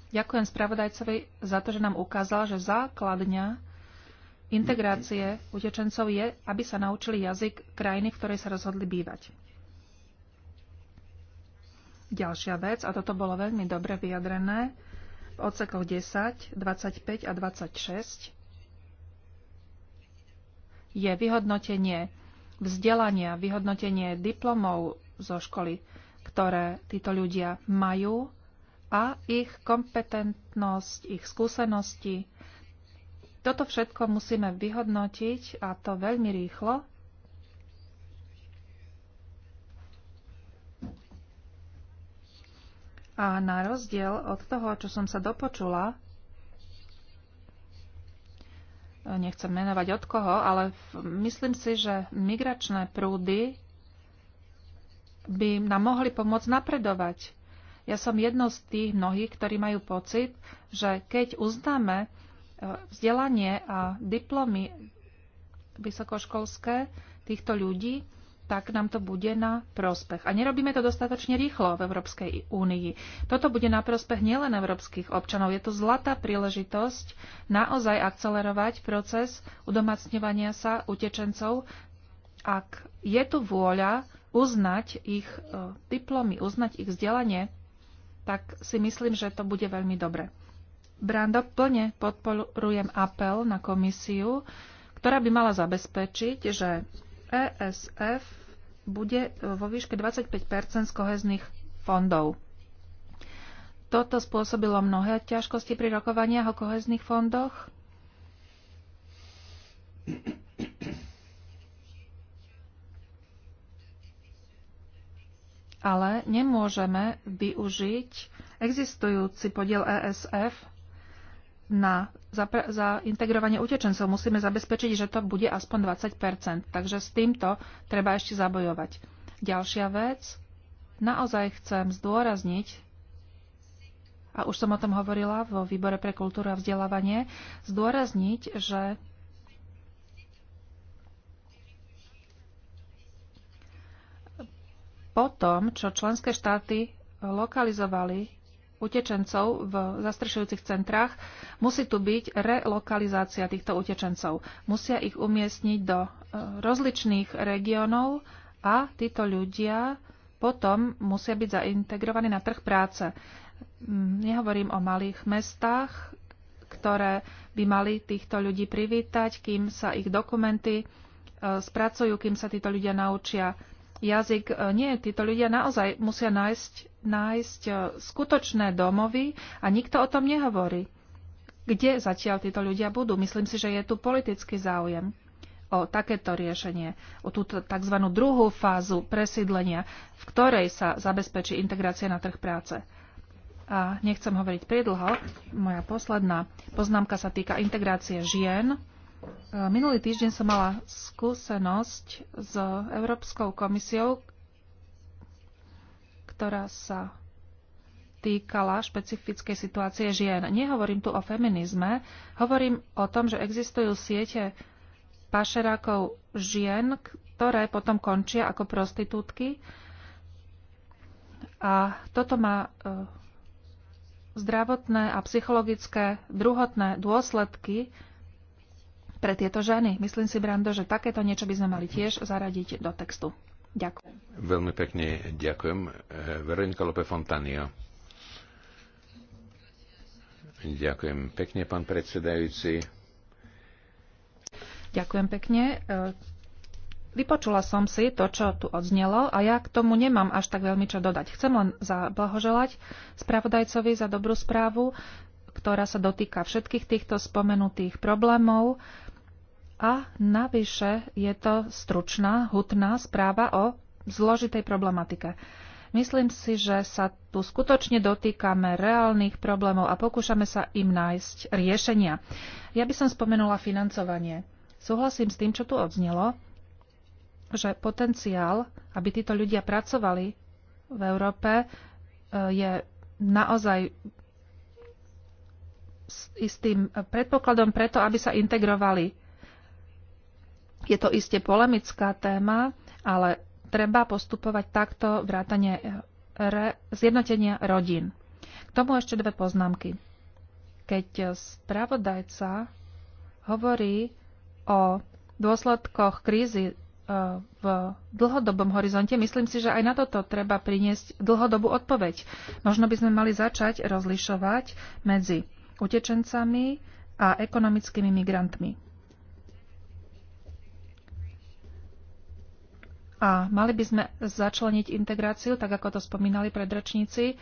Ďakujem spravodajcovi za to, že nám ukázal, že základňa integrácie utečencov je, aby sa naučili jazyk krajiny, v ktorej sa rozhodli bývať. Ďalšia vec, a toto bolo veľmi dobre vyjadrené, v odsekoch 10, 25 a 26 je vyhodnotenie vzdelania, vyhodnotenie diplomov zo školy, ktoré títo ľudia majú a ich kompetentnosť, ich skúsenosti, toto všetko musíme vyhodnotiť a to veľmi rýchlo. A na rozdiel od toho, čo som sa dopočula, nechcem menovať od koho, ale myslím si, že migračné prúdy by nám mohli pomôcť napredovať. Ja som jednou z tých mnohých, ktorí majú pocit, že keď uznáme vzdelanie a diplomy vysokoškolské týchto ľudí, tak nám to bude na prospech. A nerobíme to dostatočne rýchlo v Európskej únii. Toto bude na prospech nielen európskych občanov. Je to zlatá príležitosť naozaj akcelerovať proces udomácňovania sa utečencov, ak je tu vôľa uznať ich e, diplomy, uznať ich vzdelanie, tak si myslím, že to bude veľmi dobre. Brando, plne podporujem apel na komisiu, ktorá by mala zabezpečiť, že ESF bude vo výške 25 z kohezných fondov. Toto spôsobilo mnohé ťažkosti pri rokovaniach o kohezných fondoch. Ale nemôžeme využiť existujúci podiel ESF na za, za integrovanie utečencov musíme zabezpečiť, že to bude aspoň 20 Takže s týmto treba ešte zabojovať. Ďalšia vec. Naozaj chcem zdôrazniť, a už som o tom hovorila vo výbore pre kultúru a vzdelávanie, zdôrazniť, že po tom, čo členské štáty lokalizovali utečencov v zastrešujúcich centrách, musí tu byť relokalizácia týchto utečencov. Musia ich umiestniť do e, rozličných regiónov a títo ľudia potom musia byť zaintegrovaní na trh práce. Mm, nehovorím o malých mestách, ktoré by mali týchto ľudí privítať, kým sa ich dokumenty e, spracujú, kým sa títo ľudia naučia jazyk. E, nie, títo ľudia naozaj musia nájsť, nájsť e, skutočné domovy a nikto o tom nehovorí. Kde zatiaľ títo ľudia budú? Myslím si, že je tu politický záujem o takéto riešenie, o túto tzv. druhú fázu presídlenia, v ktorej sa zabezpečí integrácia na trh práce. A nechcem hovoriť predlho, moja posledná poznámka sa týka integrácie žien E, minulý týždeň som mala skúsenosť s Európskou komisiou, ktorá sa týkala špecifickej situácie žien. Nehovorím tu o feminizme, hovorím o tom, že existujú siete pašerákov žien, ktoré potom končia ako prostitútky. A toto má e, zdravotné a psychologické druhotné dôsledky, pre tieto ženy. Myslím si, Brando, že takéto niečo by sme mali tiež zaradiť do textu. Ďakujem. Veľmi pekne ďakujem. Eh, Veronika Lope Fontania. Ďakujem pekne, pán predsedajúci. Ďakujem pekne. Eh, vypočula som si to, čo tu odznelo a ja k tomu nemám až tak veľmi čo dodať. Chcem len zablahoželať spravodajcovi za dobrú správu, ktorá sa dotýka všetkých týchto spomenutých problémov a navyše je to stručná, hutná správa o zložitej problematike. Myslím si, že sa tu skutočne dotýkame reálnych problémov a pokúšame sa im nájsť riešenia. Ja by som spomenula financovanie. Súhlasím s tým, čo tu odznelo, že potenciál, aby títo ľudia pracovali v Európe, e, je naozaj s istým predpokladom preto, aby sa integrovali je to iste polemická téma, ale treba postupovať takto vrátane e, re, zjednotenia rodín. K tomu ešte dve poznámky. Keď spravodajca hovorí o dôsledkoch krízy e, v dlhodobom horizonte, myslím si, že aj na toto treba priniesť dlhodobú odpoveď. Možno by sme mali začať rozlišovať medzi utečencami a ekonomickými migrantmi. A mali by sme začleniť integráciu, tak ako to spomínali predračníci,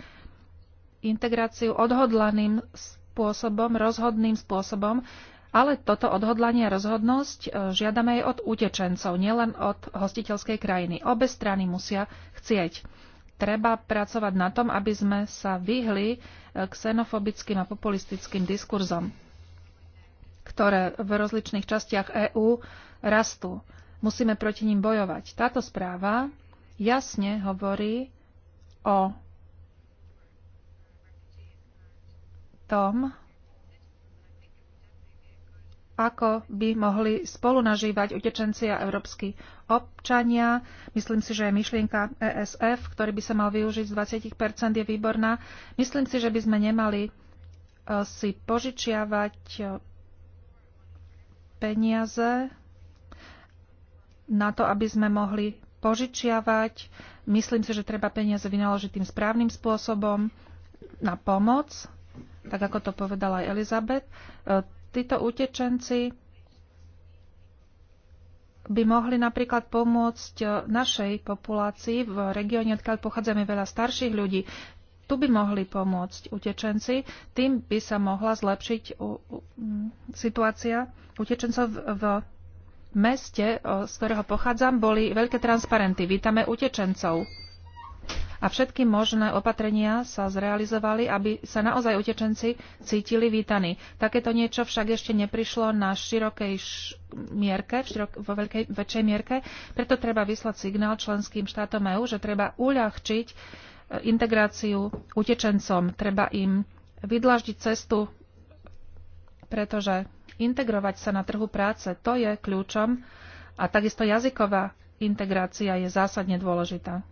integráciu odhodlaným spôsobom, rozhodným spôsobom, ale toto odhodlanie a rozhodnosť e, žiadame aj od utečencov, nielen od hostiteľskej krajiny. Obe strany musia chcieť. Treba pracovať na tom, aby sme sa vyhli xenofobickým e, a populistickým diskurzom, ktoré v rozličných častiach EÚ rastú. Musíme proti ním bojovať. Táto správa jasne hovorí o tom, ako by mohli spolu nažívať utečenci a európsky občania. Myslím si, že je myšlienka ESF, ktorý by sa mal využiť z 20%, je výborná. Myslím si, že by sme nemali e, si požičiavať e, peniaze na to, aby sme mohli požičiavať. Myslím si, že treba peniaze vynaložiť tým správnym spôsobom na pomoc, tak ako to povedala aj Elizabeth. E, títo utečenci by mohli napríklad pomôcť e, našej populácii v regióne, odkiaľ pochádzame veľa starších ľudí. Tu by mohli pomôcť utečenci, tým by sa mohla zlepšiť situácia utečencov v meste, z ktorého pochádzam, boli veľké transparenty. Vítame utečencov. A všetky možné opatrenia sa zrealizovali, aby sa naozaj utečenci cítili vítaní. Takéto niečo však ešte neprišlo na širokej mierke, v širok- vo veľkej, väčšej mierke, preto treba vyslať signál členským štátom EÚ, že treba uľahčiť e, integráciu utečencom, treba im vydlaždiť cestu, pretože integrovať sa na trhu práce. To je kľúčom a takisto jazyková integrácia je zásadne dôležitá.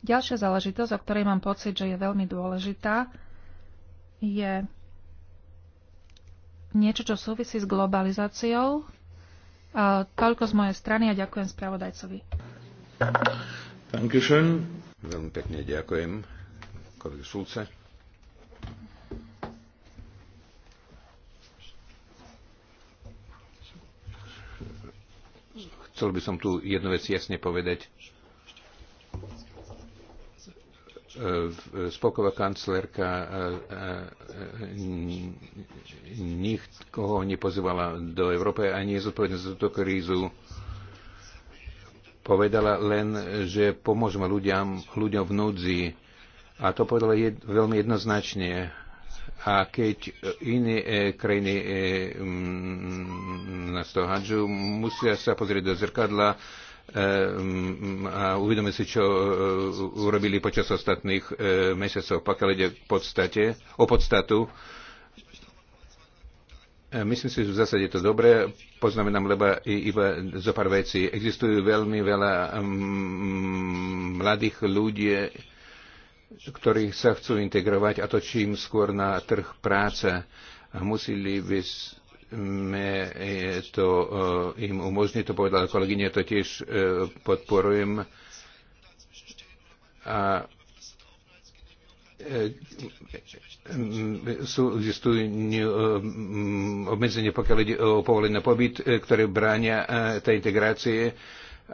Ďalšia záležitosť, o ktorej mám pocit, že je veľmi dôležitá, je niečo, čo súvisí s globalizáciou. A toľko z mojej strany a ďakujem spravodajcovi. Veľmi pekne ďakujem, kolegy Šulce. Chcel by som tu jednu vec jasne povedať. E, Spoková kancelárka e, e, nikoho nepozývala do Európy a nie je zodpovedná za túto krízu. Povedala len, že pomôžeme ľuďom, ľuďom v núdzi. A to povedala jed, veľmi jednoznačne a keď iné e, krajiny e, nás to hádžu, musia sa pozrieť do zrkadla e, a uvedomiť si, čo urobili počas ostatných mesiacov, pokiaľ ide v podstate, o podstatu. Myslím si, že v zásade je to dobré. Poznamenám leba iba zo pár vecí. Existujú veľmi veľa mladých ľudí, ktorí sa chcú integrovať, a to čím skôr na trh práce. Museli by sme eh, to uh, im umožniť, to povedala kolegyňa, to tiež uh, podporujem. A sú, existujú obmedzenie, pokiaľ ide o povolenie na pobyt, ktoré bránia tej integrácie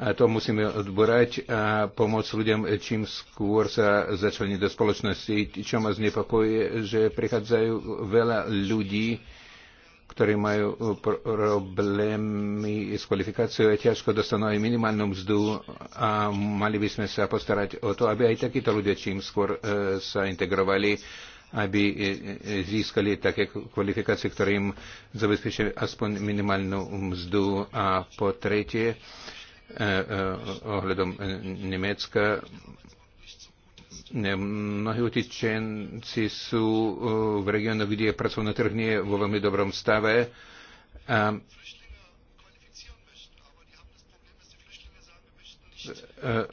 a to musíme odborať a pomôcť ľuďom, čím skôr sa začleniť do spoločnosti. Čo ma znepokojuje, že prichádzajú veľa ľudí, ktorí majú problémy s kvalifikáciou, je ťažko dostanú aj minimálnu mzdu a mali by sme sa postarať o to, aby aj takíto ľudia čím skôr e, sa integrovali, aby e, e, získali také kvalifikácie, ktorým zabezpečia aspoň minimálnu mzdu. A po tretie, Eh, eh, ohľadom eh, Nemecka. Mnohí utečenci sú eh, v regiónoch, kde pracovný trh nie je vo veľmi dobrom stave. A eh,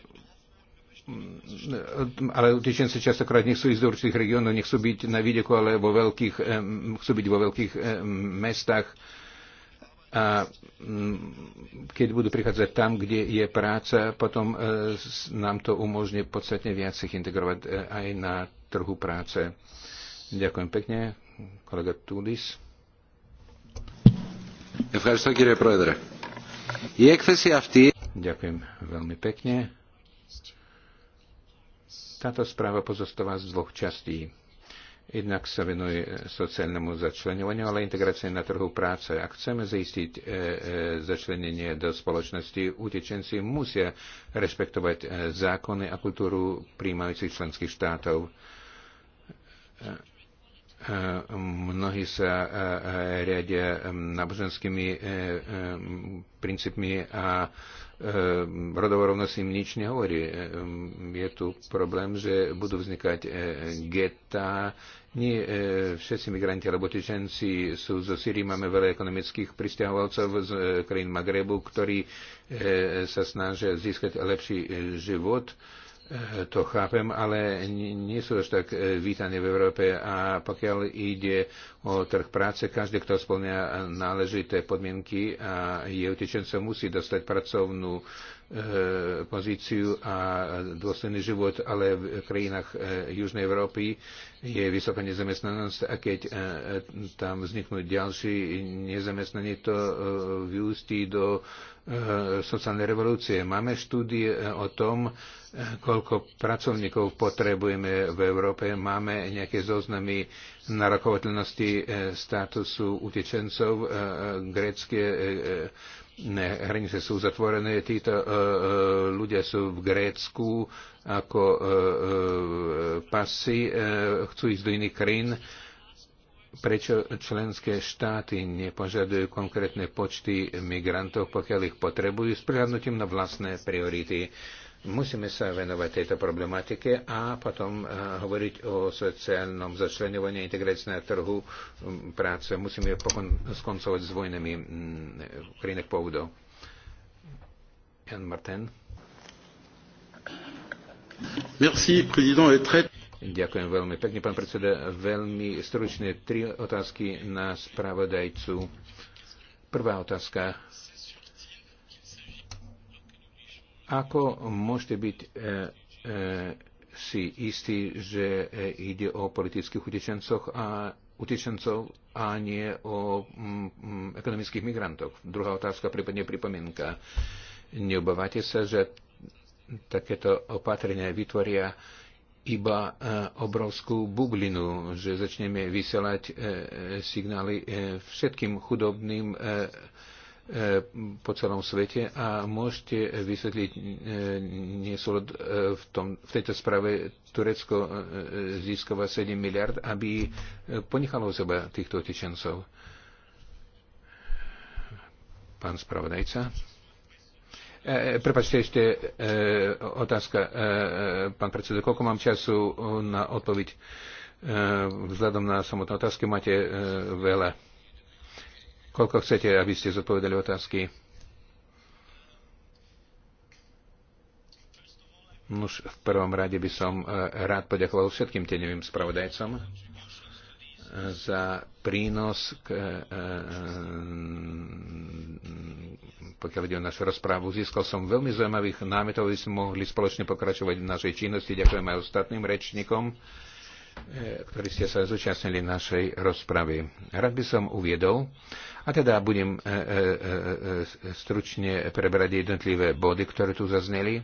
ale utečenci častokrát nechcú ísť do určitých regiónov, nechcú byť na výdeku, ale vo veľkých, chcú byť vo veľkých mestách a keď budú prichádzať tam, kde je práca, potom e, nám to umožní podstatne viac ich integrovať e, aj na trhu práce. Ďakujem pekne. Kolega Tudis. Ďakujem veľmi pekne. Táto správa pozostáva z dvoch častí. Jednak sa venuje e, sociálnemu začlenovaniu, ale integrácie na trhu práce. Ak chceme zistiť e, e, začlenenie do spoločnosti, utečenci musia rešpektovať zákony a kultúru príjmajúcich členských štátov. Mnohí sa riadia náboženskými princípmi a rodovorovnosť im nič nehovorí. Je tu problém, že budú vznikať geta, nie e, všetci migranti alebo tečenci sú zo Syrii. Máme veľa ekonomických pristahovalcov z e, krajín Magrebu, ktorí e, sa snažia získať lepší život to chápem, ale nie sú až tak vítaní v Európe a pokiaľ ide o trh práce, každý, kto splňa náležité podmienky a je utečencom, musí dostať pracovnú E, pozíciu a dôstojný život, ale v krajinách e, Južnej Európy je vysoká nezamestnanosť a keď e, tam vzniknú ďalší nezamestnaní, to vyústí do sociálnej revolúcie. Máme štúdie o tom, koľko pracovníkov potrebujeme v Európe. Máme nejaké zoznamy narokovateľnosti statusu utečencov, grécké Ne, hranice sú zatvorené, títo e, e ľudia sú v Grécku ako e, e, pasy, e, chcú ísť do iných krajín. Prečo členské štáty nepožadujú konkrétne počty migrantov, pokiaľ ich potrebujú, s prihľadnutím na vlastné priority? E, Musíme sa venovať tejto problematike a potom eh, hovoriť o sociálnom začlenovaní integrácie na trhu mm, práce. Musíme skoncovať s vojnami v mm, krajinách pôvodov. Jan Martin. Merci, président. Et très... Ďakujem veľmi pekne, pán predseda. Veľmi stručne tri otázky na spravodajcu. Prvá otázka Ako môžete byť e, e, si istí, že e, ide o politických utečencoch a utečencov a nie o mm, mm, ekonomických migrantov? Druhá otázka, prípadne pripomienka. Neobávate sa, že takéto opatrenia vytvoria iba e, obrovskú bublinu, že začneme vysielať e, signály všetkým chudobným po celom svete a môžete vysvetliť e, nesúlad e, v, tom, v tejto sprave Turecko e, získava 7 miliard, aby ponechalo seba týchto utečencov. Pán spravodajca. E, Prepačte ešte e, otázka, e, pán predseda, koľko mám času na odpoveď? E, vzhľadom na samotné otázky máte e, veľa. Koľko chcete, aby ste zodpovedali otázky? Nuž, v prvom rade by som e, rád poďakoval všetkým tenevým spravodajcom e, za prínos, k, e, pokiaľ ide o našu rozprávu. Získal som veľmi zaujímavých námetov, aby sme mohli spoločne pokračovať v našej činnosti. Ďakujem aj ostatným rečníkom. E, ktorí ste sa zúčastnili našej rozpravy. Rád by som uviedol, a teda budem e, e, stručne prebrať jednotlivé body, ktoré tu zazneli.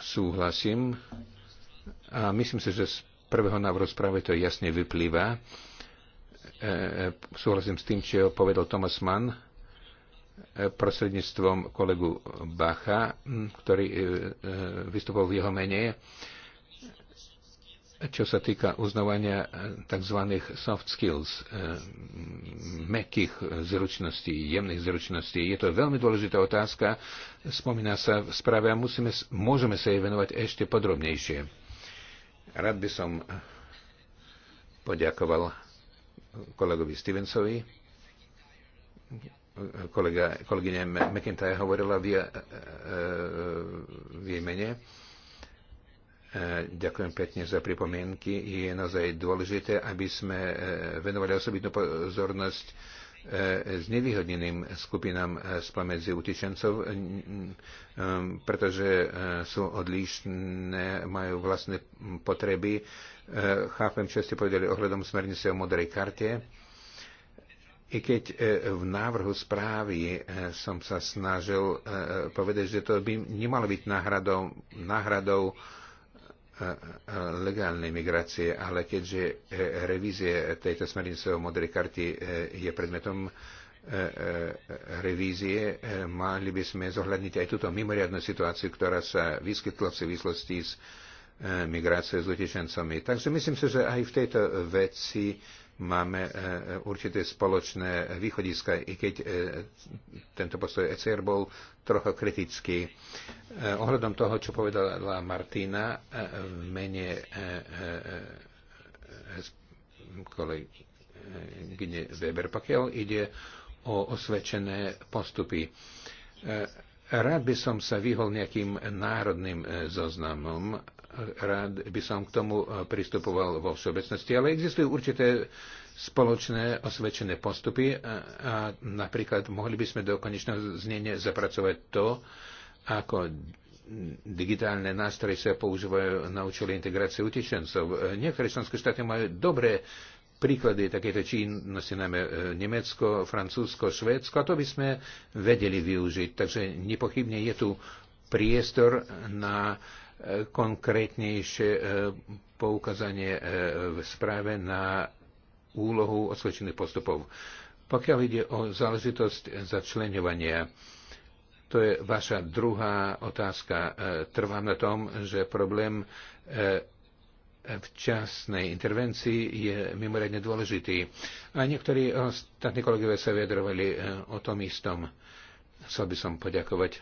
Súhlasím. A myslím si, že z prvého návrhu správy to jasne vyplýva. Súhlasím s tým, čo povedal Thomas Mann E, prostredníctvom kolegu Bacha, ktorý e, e, vystupoval v jeho mene, čo sa týka uznávania tzv. soft skills, mekých zručností, jemných zručností. Je to veľmi dôležitá otázka, spomína sa v správe a musíme, môžeme sa jej venovať ešte podrobnejšie. Rád by som poďakoval kolegovi Stevensovi, kolega, kolegyňa McIntyre hovorila v, v jej mene. E, ďakujem pekne za pripomienky. Je naozaj dôležité, aby sme e, venovali osobitnú pozornosť s e, nevyhodneným skupinám spomedzi utečencov, pretože sú odlišné, majú vlastné potreby. Chápem, čo ste povedali ohľadom smernice o modrej karte i keď e, v návrhu správy e, som sa snažil e, povedať, že to by nemalo byť náhradou, náhradou legálnej migrácie, ale keďže revízie tejto smernice o modrej karty je predmetom revízie, mali by sme zohľadniť aj túto mimoriadnú situáciu, ktorá sa vyskytla v súvislosti s migráciou s utečencami. Takže myslím si, že aj v tejto veci máme e, e, určité spoločné východiska, i keď e, tento postoj ECR bol trochu kritický. Ohľadom toho, čo povedala Martina v mene kolegyne Weber, pokiaľ ide o osvedčené postupy. Rád by som sa vyhol nejakým národným zoznamom rád by som k tomu eh, pristupoval vo všeobecnosti, ale existujú určité spoločné osvedčené postupy eh, a napríklad mohli by sme do konečného znenia zapracovať to, ako digitálne nástroje sa používajú na účely integrácie utečencov. Eh, niektoré členské štáty majú dobré príklady takéto činnosti, najmä Nemecko, Francúzsko, Švédsko, a to by sme vedeli využiť. Takže nepochybne je tu priestor na uh, konkrétnejšie e, poukazanie e, v správe na úlohu osvedčených postupov. Pokiaľ ide o záležitosť začlenovania, to je vaša druhá otázka. E, trvám na tom, že problém včasnej intervencii je mimoriadne dôležitý. A niektorí ostatní kolegovia sa vyjadrovali o tom istom. Chcel by som poďakovať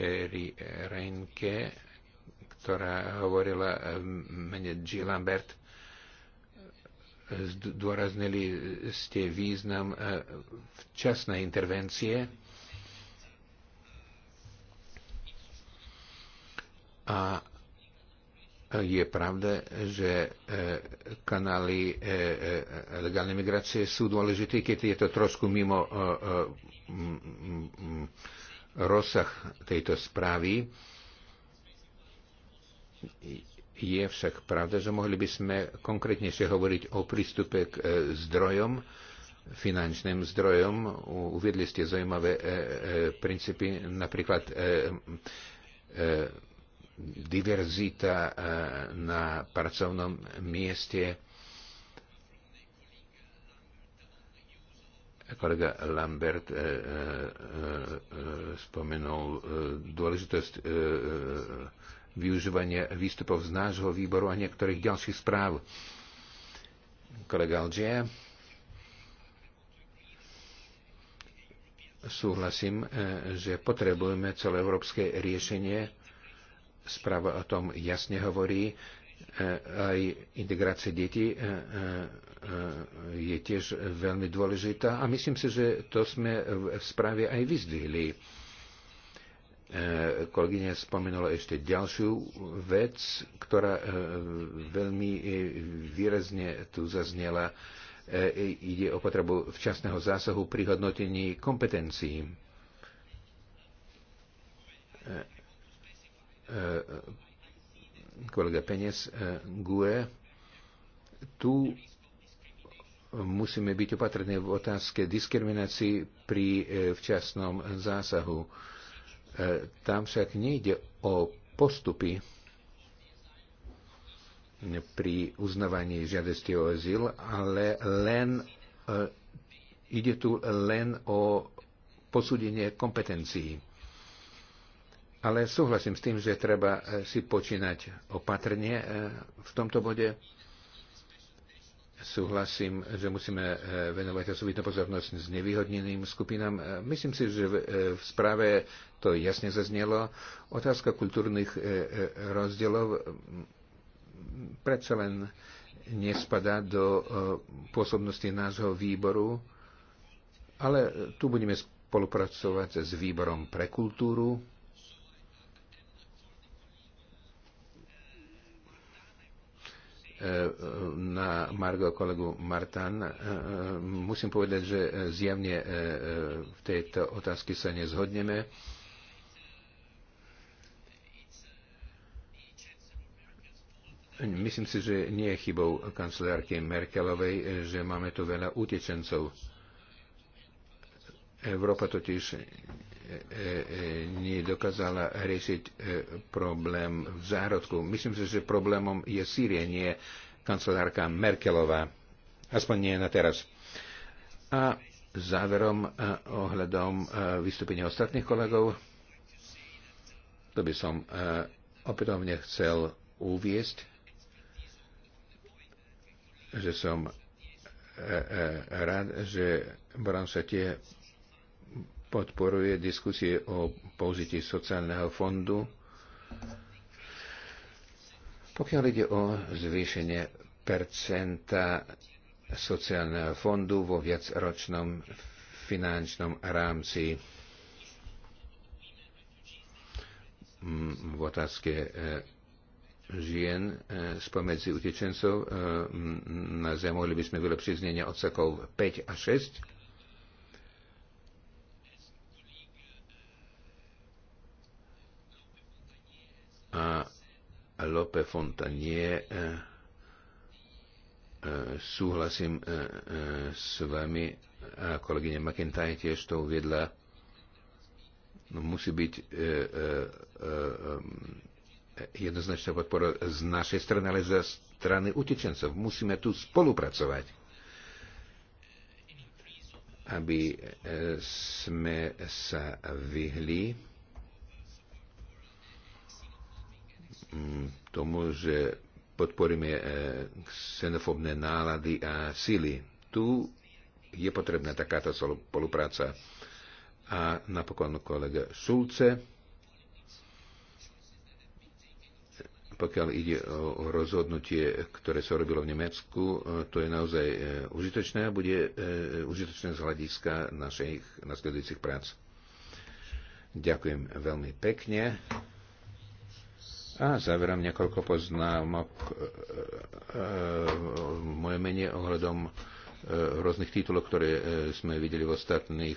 Terry Reinke, ktorá hovorila v eh, mene Jill Lambert, zdôraznili ste význam eh, včasnej intervencie a je pravda, že eh, kanály legálnej migrácie sú dôležité, keď je to trošku mimo Rozsah tejto správy je však pravda, že mohli by sme konkrétnejšie hovoriť o prístupe k e, zdrojom, finančným zdrojom. Uviedli ste zaujímavé e, e, princípy, napríklad diverzita na pracovnom mieste, kolega Lambert e, e, e, spomenul dôležitosť využívania výstupov z nášho výboru a niektorých ďalších správ. Kolega Algea, súhlasím, že potrebujeme celoeurópske riešenie. Správa o tom jasne hovorí. E, aj integrácia detí e, e, je tiež veľmi dôležitá a myslím si, že to sme v správe aj vyzdvihli. Kolegyňa spomenula ešte ďalšiu vec, ktorá veľmi výrazne tu zaznela. Ide o potrebu včasného zásahu pri hodnotení kompetencií kolega Penies, eh, GUE, tu musíme byť opatrní v otázke diskriminácii pri eh, včasnom zásahu. Eh, tam však nejde o postupy pri uznávaní žiadosti o azyl, ale len, ide tu len o posúdenie kompetencií ale súhlasím s tým, že treba e, si počínať opatrne e, v tomto bode. Súhlasím, že musíme e, venovať osobitnú pozornosť s nevýhodneným skupinám. Myslím si, že v správe to jasne zaznelo. Otázka kultúrnych rozdielov predsa len nespadá do pôsobnosti nášho výboru, ale tu budeme spolupracovať s výborom pre kultúru na Margo kolegu Martan. E, e, musím povedať, že zjavne e, v tejto otázke sa nezhodneme. Myslím si, že nie je chybou kancelárky Merkelovej, že máme tu veľa utečencov. Európa totiž E, e, nedokázala riešiť e, problém v zárodku. Myslím si, že problémom je Sýrie, nie kancelárka Merkelová. Aspoň nie na teraz. A záverom ohľadom vystúpenia ostatných kolegov, to by som opätovne chcel uviesť, že som rád, že Boran tie podporuje diskusie o použití sociálneho fondu. Pokiaľ ide o zvýšenie percenta sociálneho fondu vo viacročnom finančnom rámci mm, v otázke e, žien e, spomedzi utečencov. E, Naozaj mohli by sme vylepšiť znenie odsakov 5 a 6. a Lope Fontanie e, e, súhlasím e, s vami a kolegyňa McIntyre tiež to uviedla. No, musí byť jednoznačná podpora z našej strany, ale za strany utečencov. Musíme tu spolupracovať, aby sme sa vyhli Mm, tomu, že podporíme e, xenofobné nálady a síly. Tu je potrebná takáto spolupráca. A napokon kolega Šulce, pokiaľ ide o rozhodnutie, ktoré sa robilo v Nemecku, e, to je naozaj e, užitočné a bude užitočné z hľadiska našich nasledujúcich prác. Ďakujem veľmi pekne. A záverom niekoľko poznámok e, e, Moje mojej ohľadom e, rôznych titulov, ktoré sme videli v ostatných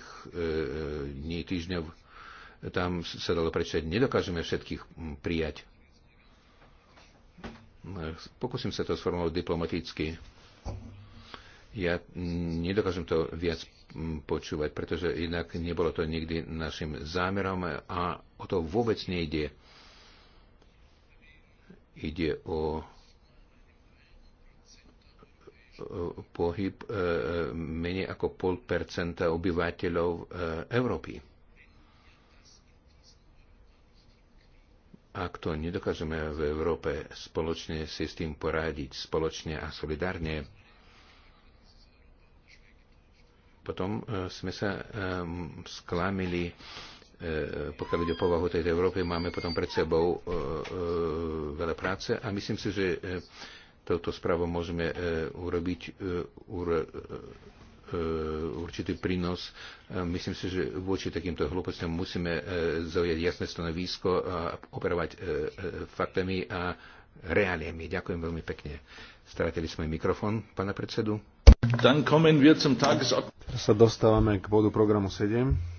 dní, týždňov. Tam sa dalo prečítať, nedokážeme všetkých prijať. Pokúsim sa to sformovať diplomaticky. Ja nedokážem to viac počúvať, pretože inak nebolo to nikdy našim zámerom a o to vôbec nejde. Ide o pohyb e, e, menej ako pol percenta obyvateľov e, Európy. Ak to nedokážeme v Európe spoločne si s tým poradiť, spoločne a solidárne, potom sme sa sklamili E, pokiaľ ide o povahu tejto Európy, máme potom pred sebou e, e, veľa práce a myslím si, že touto správou môžeme urobiť určitý prínos. Myslím si, že voči takýmto hlúpostiam musíme zaujať jasné stanovisko a operovať faktami a reáliami. Ďakujem veľmi pekne. Stratili sme mikrofón pána predsedu. Teraz sa dostávame k bodu programu 7.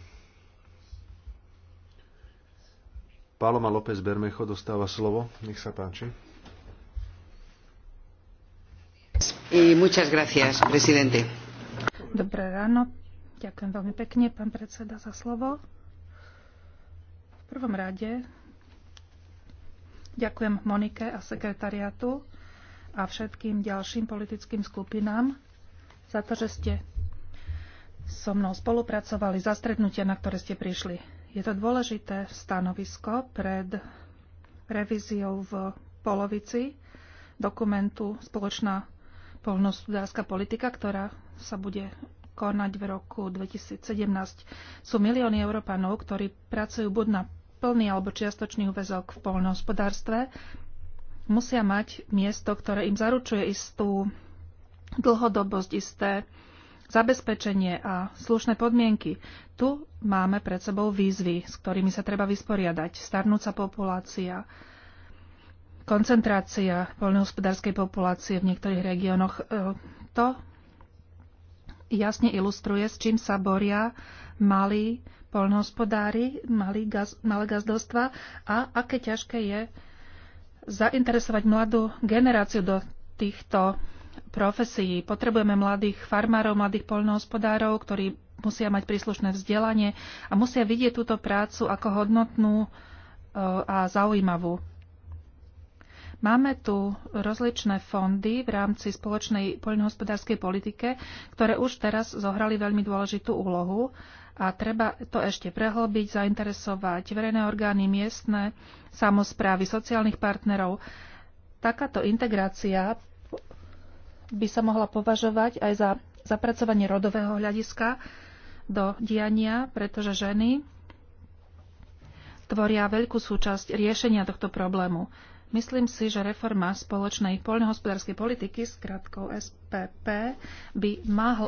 Paloma López Bermecho dostáva slovo. Nech sa páči. I muchas gracias, presidente. Dobré ráno. Ďakujem veľmi pekne, pán predseda, za slovo. V prvom rade ďakujem Monike a sekretariatu a všetkým ďalším politickým skupinám za to, že ste so mnou spolupracovali za stretnutia, na ktoré ste prišli. Je to dôležité stanovisko pred revíziou v polovici dokumentu Spoločná poľnohospodárska politika, ktorá sa bude konať v roku 2017. Sú milióny Európanov, ktorí pracujú buď na plný alebo čiastočný úvezok v poľnohospodárstve, musia mať miesto, ktoré im zaručuje istú dlhodobosť, isté zabezpečenie a slušné podmienky. Tu máme pred sebou výzvy, s ktorými sa treba vysporiadať. Starnúca populácia, koncentrácia poľnohospodárskej populácie v niektorých regiónoch. E, to jasne ilustruje, s čím sa boria malí poľnohospodári, malí gaz, malé gazdostva a aké ťažké je zainteresovať mladú generáciu do týchto profesií. Potrebujeme mladých farmárov, mladých poľnohospodárov, ktorí musia mať príslušné vzdelanie a musia vidieť túto prácu ako hodnotnú e, a zaujímavú. Máme tu rozličné fondy v rámci spoločnej poľnohospodárskej politike, ktoré už teraz zohrali veľmi dôležitú úlohu a treba to ešte prehlbiť, zainteresovať verejné orgány, miestne, samozprávy, sociálnych partnerov. Takáto integrácia by sa mohla považovať aj za zapracovanie rodového hľadiska do diania, pretože ženy tvoria veľkú súčasť riešenia tohto problému. Myslím si, že reforma spoločnej poľnohospodárskej politiky s krátkou SPP by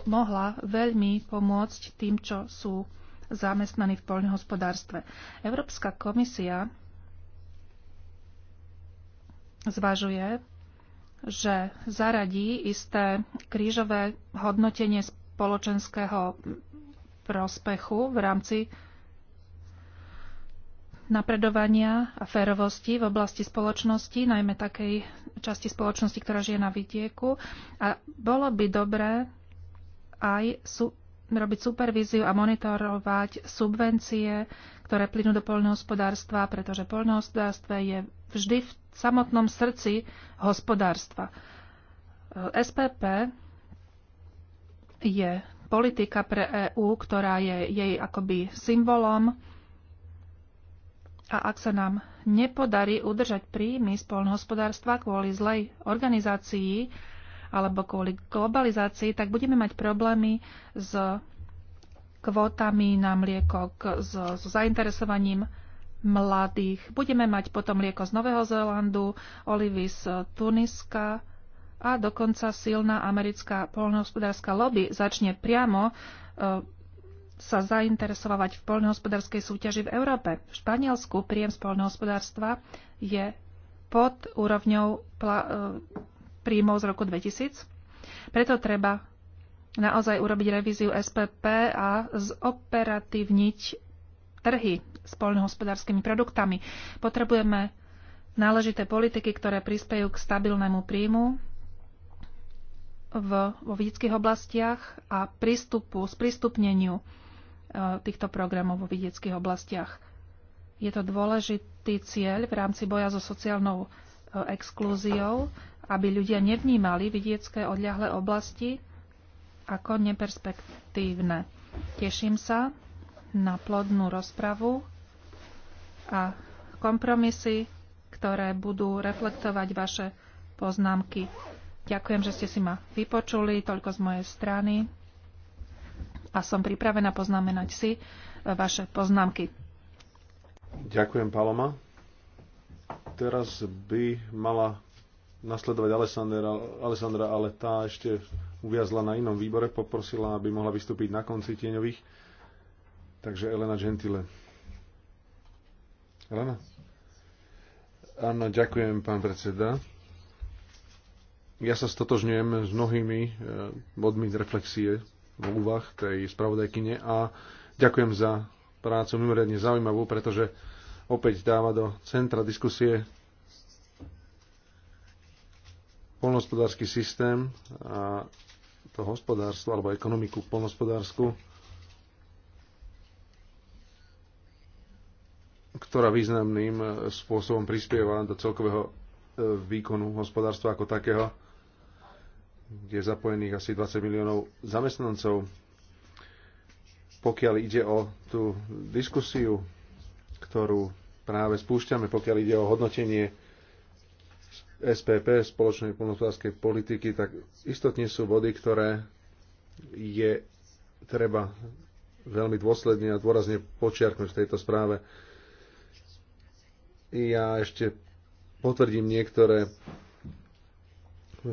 mohla veľmi pomôcť tým, čo sú zamestnaní v poľnohospodárstve. Európska komisia zvažuje že zaradí isté krížové hodnotenie spoločenského prospechu v rámci napredovania a férovosti v oblasti spoločnosti, najmä takej časti spoločnosti, ktorá žije na vidieku. A bolo by dobré aj su- robiť supervíziu a monitorovať subvencie ktoré plynú do poľnohospodárstva, pretože poľnohospodárstvo je vždy v samotnom srdci hospodárstva. SPP je politika pre EÚ, ktorá je jej akoby symbolom a ak sa nám nepodarí udržať príjmy z poľnohospodárstva kvôli zlej organizácii alebo kvôli globalizácii, tak budeme mať problémy s kvótami na mlieko k, s, s zainteresovaním mladých. Budeme mať potom mlieko z Nového Zélandu, olivy z Tuniska a dokonca silná americká poľnohospodárska lobby začne priamo e, sa zainteresovať v poľnohospodárskej súťaži v Európe. V Španielsku príjem z poľnohospodárstva je pod úrovňou pla, e, príjmov z roku 2000. Preto treba naozaj urobiť revíziu SPP a zoperatívniť trhy s poľnohospodárskymi produktami. Potrebujeme náležité politiky, ktoré prispejú k stabilnému príjmu v, vo vidických oblastiach a prístupu, sprístupneniu e, týchto programov vo vidických oblastiach. Je to dôležitý cieľ v rámci boja so sociálnou e, exklúziou, aby ľudia nevnímali vidiecké odľahlé oblasti ako neperspektívne. Teším sa na plodnú rozpravu a kompromisy, ktoré budú reflektovať vaše poznámky. Ďakujem, že ste si ma vypočuli, toľko z mojej strany a som pripravená poznamenať si vaše poznámky. Ďakujem, Paloma. Teraz by mala nasledovať Alessandra, ale tá ešte uviazla na inom výbore, poprosila, aby mohla vystúpiť na konci tieňových. Takže Elena Gentile. Elena? Áno, ďakujem, pán predseda. Ja sa stotožňujem s mnohými eh, bodmi z reflexie v úvah tej spravodajkyne a ďakujem za prácu mimoriadne zaujímavú, pretože opäť dáva do centra diskusie polnospodársky systém a to hospodárstvo alebo ekonomiku polnospodársku, ktorá významným e, spôsobom prispieva do celkového e, výkonu hospodárstva ako takého, kde je zapojených asi 20 miliónov zamestnancov. Pokiaľ ide o tú diskusiu, ktorú práve spúšťame, pokiaľ ide o hodnotenie SPP, spoločnej poľnohospodárskej politiky, tak istotne sú body, ktoré je treba veľmi dôsledne a dôrazne počiarknúť v tejto správe. Ja ešte potvrdím niektoré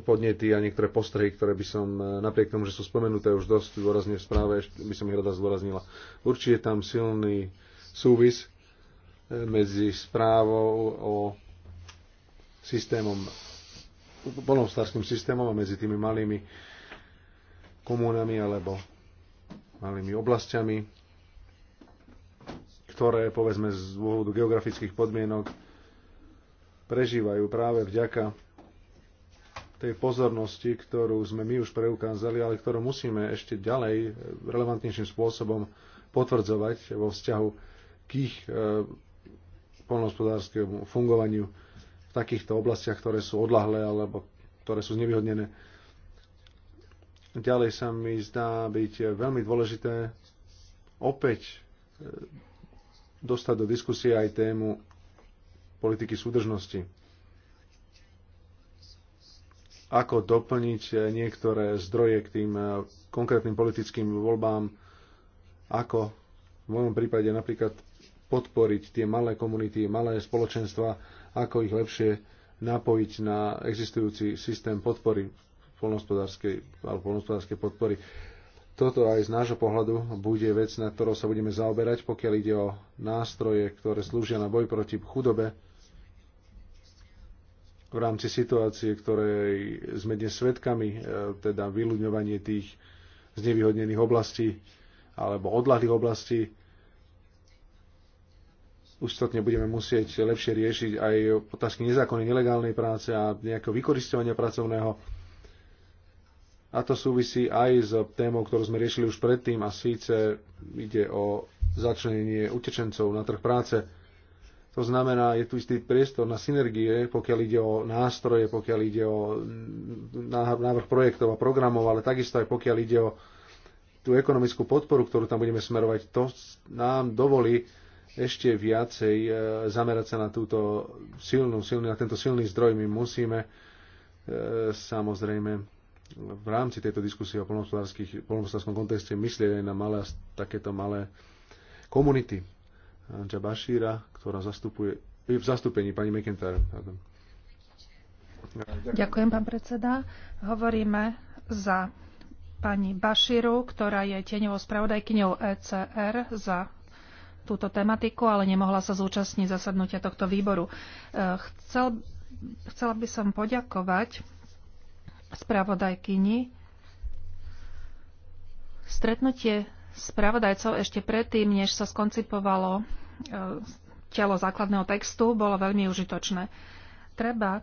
podnety a niektoré postrehy, ktoré by som, napriek tomu, že sú spomenuté už dosť dôrazne v správe, by som ich rada zdôraznila. Určite je tam silný súvis medzi správou o systémom, polnohospodárským systémom a medzi tými malými komunami alebo malými oblastiami, ktoré povedzme z dôvodu geografických podmienok prežívajú práve vďaka tej pozornosti, ktorú sme my už preukázali, ale ktorú musíme ešte ďalej relevantnejším spôsobom potvrdzovať vo vzťahu k ich eh, polnohospodárskému fungovaniu takýchto oblastiach, ktoré sú odlahlé alebo ktoré sú znevýhodnené. Ďalej sa mi zdá byť veľmi dôležité opäť e, dostať do diskusie aj tému politiky súdržnosti. Ako doplniť niektoré zdroje k tým e, konkrétnym politickým voľbám, ako v mojom prípade napríklad podporiť tie malé komunity, malé spoločenstva, ako ich lepšie napojiť na existujúci systém podpory polnospodárskej alebo polnospodárskej podpory. Toto aj z nášho pohľadu bude vec, na ktorou sa budeme zaoberať, pokiaľ ide o nástroje, ktoré slúžia na boj proti chudobe v rámci situácie, ktorej sme dnes svedkami, e, teda vyľudňovanie tých znevýhodnených oblastí alebo odlahlých oblastí, istotne budeme musieť lepšie riešiť aj otázky nezákonnej, nelegálnej práce a nejakého vykoristovania pracovného. A to súvisí aj s témou, ktorú sme riešili už predtým a síce ide o začlenenie utečencov na trh práce. To znamená, je tu istý priestor na synergie, pokiaľ ide o nástroje, pokiaľ ide o návrh projektov a programov, ale takisto aj pokiaľ ide o tú ekonomickú podporu, ktorú tam budeme smerovať. To nám dovolí ešte viacej e, zamerať sa na túto silnú, silný, na tento silný zdroj. My musíme e, samozrejme v rámci tejto diskusie o polnohospodárskom kontexte myslieť aj na malé, takéto malé komunity. Anča Bašíra, ktorá zastupuje, v zastúpení pani McIntyre. Ďakujem. Ďakujem, pán predseda. Hovoríme za pani Baširu, ktorá je tieňovou spravodajkyňou ECR za túto tematiku, ale nemohla sa zúčastniť zasadnutia tohto výboru. E, chcel, chcela by som poďakovať spravodajkyni. Stretnutie spravodajcov ešte predtým, než sa skoncipovalo e, telo základného textu, bolo veľmi užitočné. Treba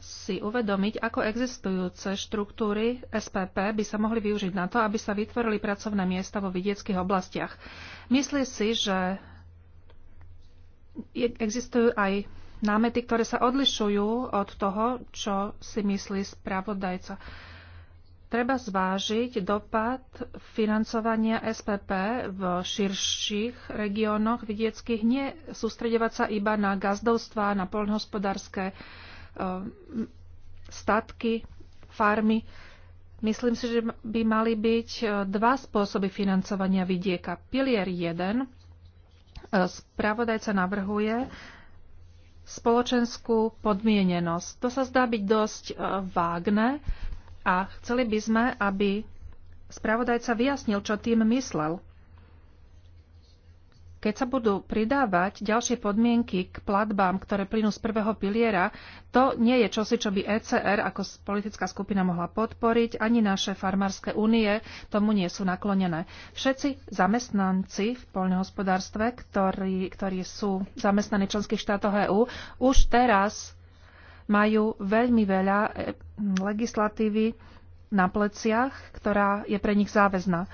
si uvedomiť, ako existujúce štruktúry SPP by sa mohli využiť na to, aby sa vytvorili pracovné miesta vo vidieckých oblastiach. Myslí si, že existujú aj námety, ktoré sa odlišujú od toho, čo si myslí spravodajca. Treba zvážiť dopad financovania SPP v širších regiónoch vidieckých, nie sústredovať sa iba na gazdovstva, na poľnohospodárske Eh, statky, farmy. Myslím si, že by mali byť eh, dva spôsoby financovania vidieka. Pilier 1. Eh, spravodajca navrhuje spoločenskú podmienenosť. To sa zdá byť dosť vágne a chceli by sme, aby spravodajca vyjasnil, čo tým myslel. Keď sa budú pridávať ďalšie podmienky k platbám, ktoré plynú z prvého piliera, to nie je čosi, čo by ECR ako politická skupina mohla podporiť, ani naše farmárske únie tomu nie sú naklonené. Všetci zamestnanci v poľnohospodárstve, ktorí, ktorí sú zamestnaní v členských štátoch EÚ, už teraz majú veľmi veľa e, legislatívy na pleciach, ktorá je pre nich záväzná.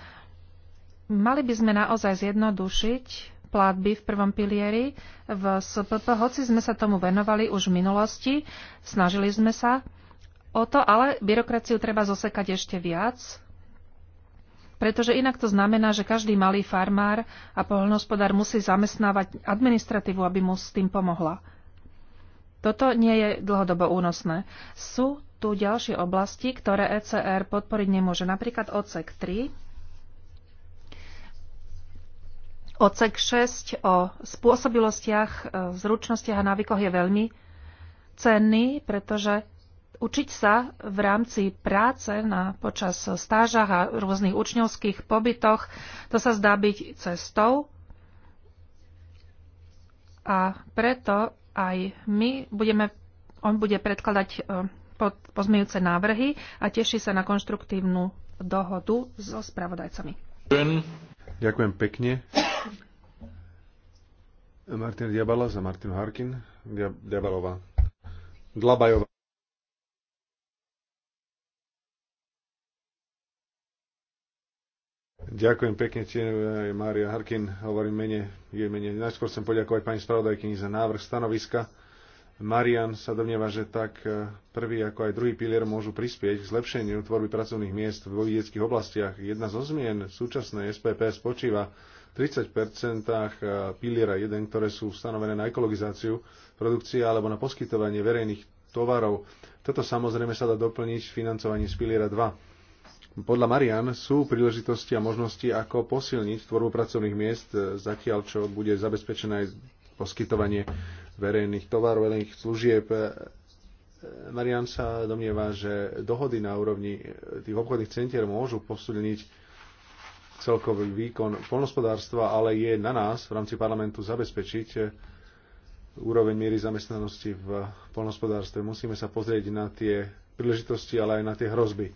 Mali by sme naozaj zjednodušiť platby v prvom pilieri v SPP, hoci sme sa tomu venovali už v minulosti, snažili sme sa o to, ale byrokraciu treba zosekať ešte viac, pretože inak to znamená, že každý malý farmár a poľnohospodár musí zamestnávať administratívu, aby mu s tým pomohla. Toto nie je dlhodobo únosné. Sú tu ďalšie oblasti, ktoré ECR podporiť nemôže, napríklad odsek 3, Odsek 6 o spôsobilostiach, e, zručnostiach a návykoch je veľmi cenný, pretože učiť sa v rámci práce na, počas stážach a rôznych učňovských pobytoch, to sa zdá byť cestou. A preto aj my budeme, on bude predkladať e, pozmejúce návrhy a teší sa na konštruktívnu dohodu so spravodajcami. Ďakujem pekne. Martin Diabala za Martin Harkin. Diabalova. Dlabajová. Ďakujem pekne, tiež Mária Harkin, hovorím mene, jej mene. Najskôr chcem poďakovať pani spravodajkyni za návrh stanoviska. Marian sa domnieva, že tak e, prvý ako aj druhý pilier môžu prispieť k zlepšeniu tvorby pracovných miest v vidieckých oblastiach. Jedna zo zmien súčasnej SPP spočíva 30 eh, piliera 1, ktoré sú stanovené na ekologizáciu produkcie alebo na poskytovanie verejných tovarov. Toto samozrejme sa dá doplniť financovaním z piliera 2. Podľa Marian sú príležitosti a možnosti, ako posilniť tvorbu pracovných miest, eh, zatiaľ čo bude zabezpečené aj poskytovanie verejných tovarov, verejných služieb. Eh, Marian sa domnieva, že dohody na úrovni tých obchodných centier môžu posilniť celkový výkon poľnospodárstva, ale je na nás v rámci parlamentu zabezpečiť eh, úroveň miery zamestnanosti v poľnospodárstve. Musíme sa pozrieť na tie príležitosti, ale aj na tie hrozby.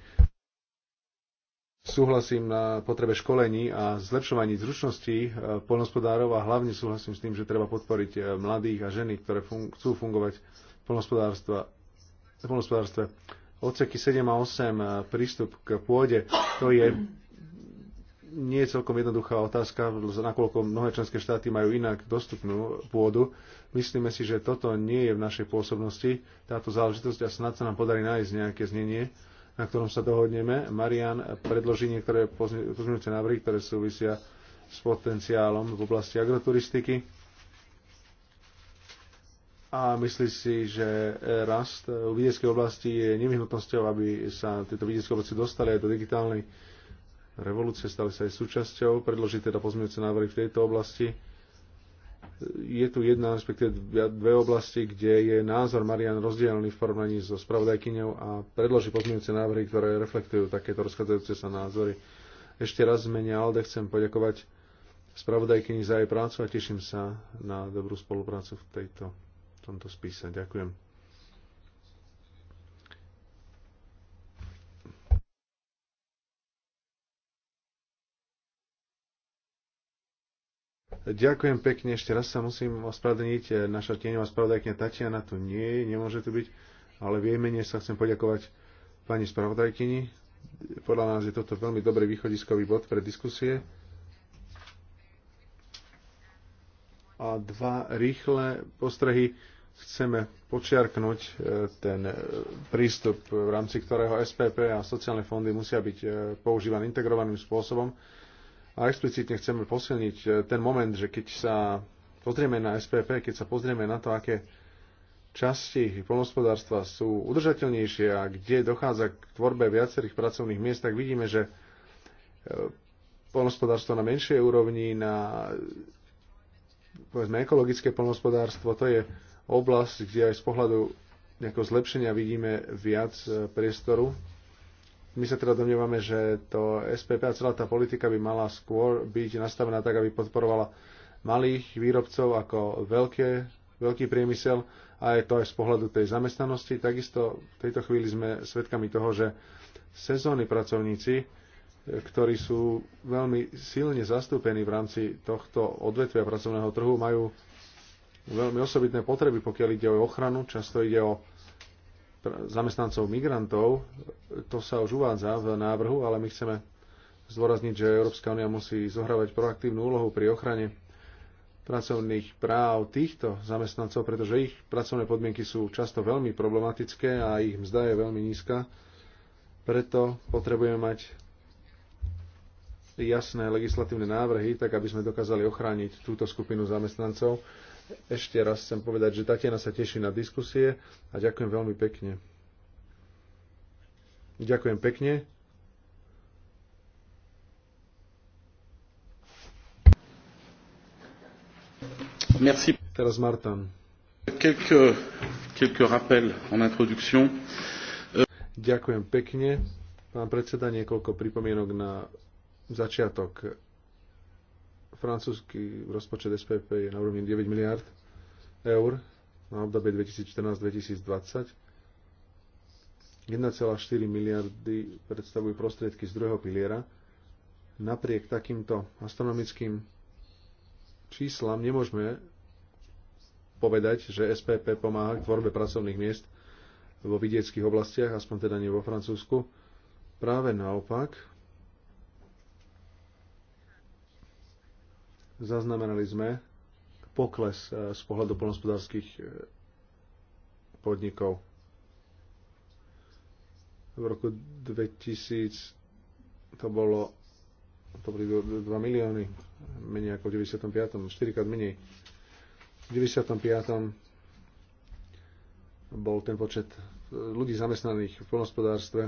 Súhlasím na potrebe školení a zlepšovaní zručností eh, poľnospodárov a hlavne súhlasím s tým, že treba podporiť eh, mladých a ženy, ktoré fun- chcú fungovať v poľnospodárstve. Odseky 7 a 8, prístup k pôde, to je nie je celkom jednoduchá otázka, nakoľko mnohé členské štáty majú inak dostupnú pôdu. Myslíme si, že toto nie je v našej pôsobnosti, táto záležitosť a snad sa nám podarí nájsť nejaké znenie, na ktorom sa dohodneme. Marian predloží niektoré pozmeňujúce návrhy, ktoré súvisia s potenciálom v oblasti agroturistiky. A myslí si, že rast v vidieckej oblasti je nevyhnutnosťou, aby sa tieto vidiecké oblasti dostali aj do digitálnej revolúcie, stali sa jej súčasťou, predloží teda pozmeňujúce návrhy v tejto oblasti. Je tu jedna, respektíve dve oblasti, kde je názor Marian rozdielný v porovnaní so spravodajkyňou a predloží pozmeňujúce návrhy, ktoré reflektujú takéto rozchádzajúce sa názory. Ešte raz v Alde chcem poďakovať spravodajkyni za jej prácu a teším sa na dobrú spoluprácu v tejto, tomto spise. Ďakujem. Ďakujem pekne, ešte raz sa musím ospravedlniť. E, naša tieňová spravodajkňa Tatiana tu nie je, nemôže tu byť, ale v jej mene sa chcem poďakovať pani spravodajkyni. Podľa nás je toto veľmi dobrý východiskový bod pre diskusie. A dva rýchle postrehy chceme počiarknúť e, ten e, prístup, v rámci ktorého SPP a sociálne fondy musia byť používané integrovaným spôsobom a explicitne chceme posilniť e, ten moment, že keď sa pozrieme na SPP, keď sa pozrieme na to, aké časti polnospodárstva sú udržateľnejšie a kde dochádza k tvorbe viacerých pracovných miest, tak vidíme, že e, polnospodárstvo na menšej úrovni, na povedzme, ekologické polnospodárstvo, to je oblasť, kde aj z pohľadu nejakého zlepšenia vidíme viac e, priestoru my sa teda domnievame, že to SPP a celá tá politika by mala skôr byť nastavená tak, aby podporovala malých výrobcov ako veľké, veľký priemysel a je to aj z pohľadu tej zamestnanosti. Takisto v tejto chvíli sme svedkami toho, že sezónni pracovníci, ktorí sú veľmi silne zastúpení v rámci tohto odvetvia pracovného trhu, majú veľmi osobitné potreby, pokiaľ ide o ochranu. Často ide o zamestnancov migrantov, to sa už uvádza v návrhu, ale my chceme zdôrazniť, že Európska únia musí zohrávať proaktívnu úlohu pri ochrane pracovných práv týchto zamestnancov, pretože ich pracovné podmienky sú často veľmi problematické a ich mzda je veľmi nízka. Preto potrebujeme mať jasné legislatívne návrhy, tak aby sme dokázali ochrániť túto skupinu zamestnancov ešte raz chcem povedať, že Tatiana sa teší na diskusie a ďakujem veľmi pekne. Ďakujem pekne. Merci. Teraz Martin. Quelque, quelque rappel en introduction. Ďakujem pekne. Pán predseda, niekoľko pripomienok na začiatok francúzsky rozpočet SPP je na úrovni 9 miliard eur na obdobie 2014-2020. 1,4 miliardy predstavujú prostriedky z druhého piliera. Napriek takýmto astronomickým číslam nemôžeme povedať, že SPP pomáha k tvorbe pracovných miest vo vidieckých oblastiach, aspoň teda nie vo Francúzsku. Práve naopak, Zaznamenali sme pokles e, z pohľadu polnospodárských e, podnikov. V roku 2000 to bolo to boli 2 milióny, menej ako v 95. 4 krát menej. V 95. bol ten počet e, ľudí zamestnaných v polnospodárstve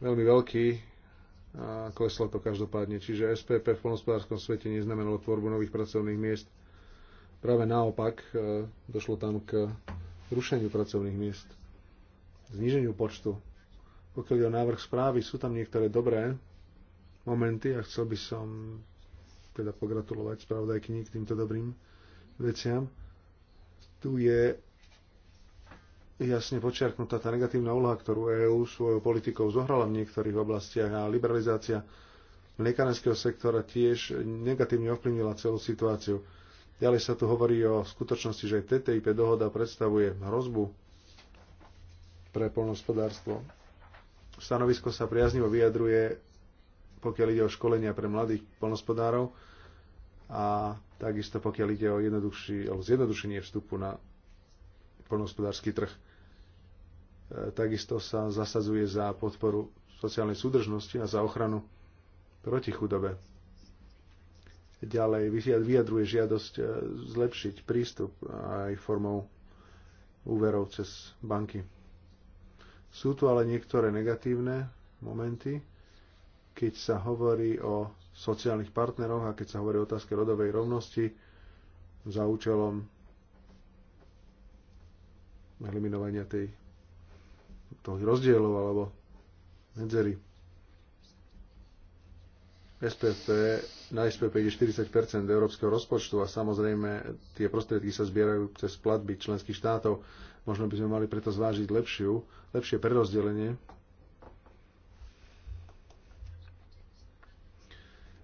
veľmi veľký kleslo to každopádne. Čiže SPP v polnospodárskom svete neznamenalo tvorbu nových pracovných miest. Práve naopak, e, došlo tam k rušeniu pracovných miest, zniženiu počtu. Pokiaľ je o návrh správy, sú tam niektoré dobré momenty a chcel by som teda pogratulovať spravodajkyni k týmto dobrým veciam. Tu je jasne počiarknutá tá negatívna úloha, ktorú EÚ svojou politikou zohrala v niektorých oblastiach a liberalizácia mliekarenského sektora tiež negatívne ovplyvnila celú situáciu. Ďalej sa tu hovorí o skutočnosti, že TTIP dohoda predstavuje hrozbu pre polnohospodárstvo. Stanovisko sa priaznivo vyjadruje, pokiaľ ide o školenia pre mladých polnohospodárov a takisto pokiaľ ide o o alebo zjednodušenie vstupu na polnohospodársky trh E, takisto sa zasadzuje za podporu sociálnej súdržnosti a za ochranu proti chudobe. Ďalej vyjadruje žiadosť e, zlepšiť prístup aj formou úverov cez banky. Sú tu ale niektoré negatívne momenty, keď sa hovorí o sociálnych partneroch a keď sa hovorí o otázke rodovej rovnosti za účelom eliminovania tej toho rozdielov alebo medzery. SPP, na SPP ide 40 európskeho rozpočtu a samozrejme tie prostriedky sa zbierajú cez platby členských štátov. Možno by sme mali preto zvážiť lepšiu, lepšie prerozdelenie.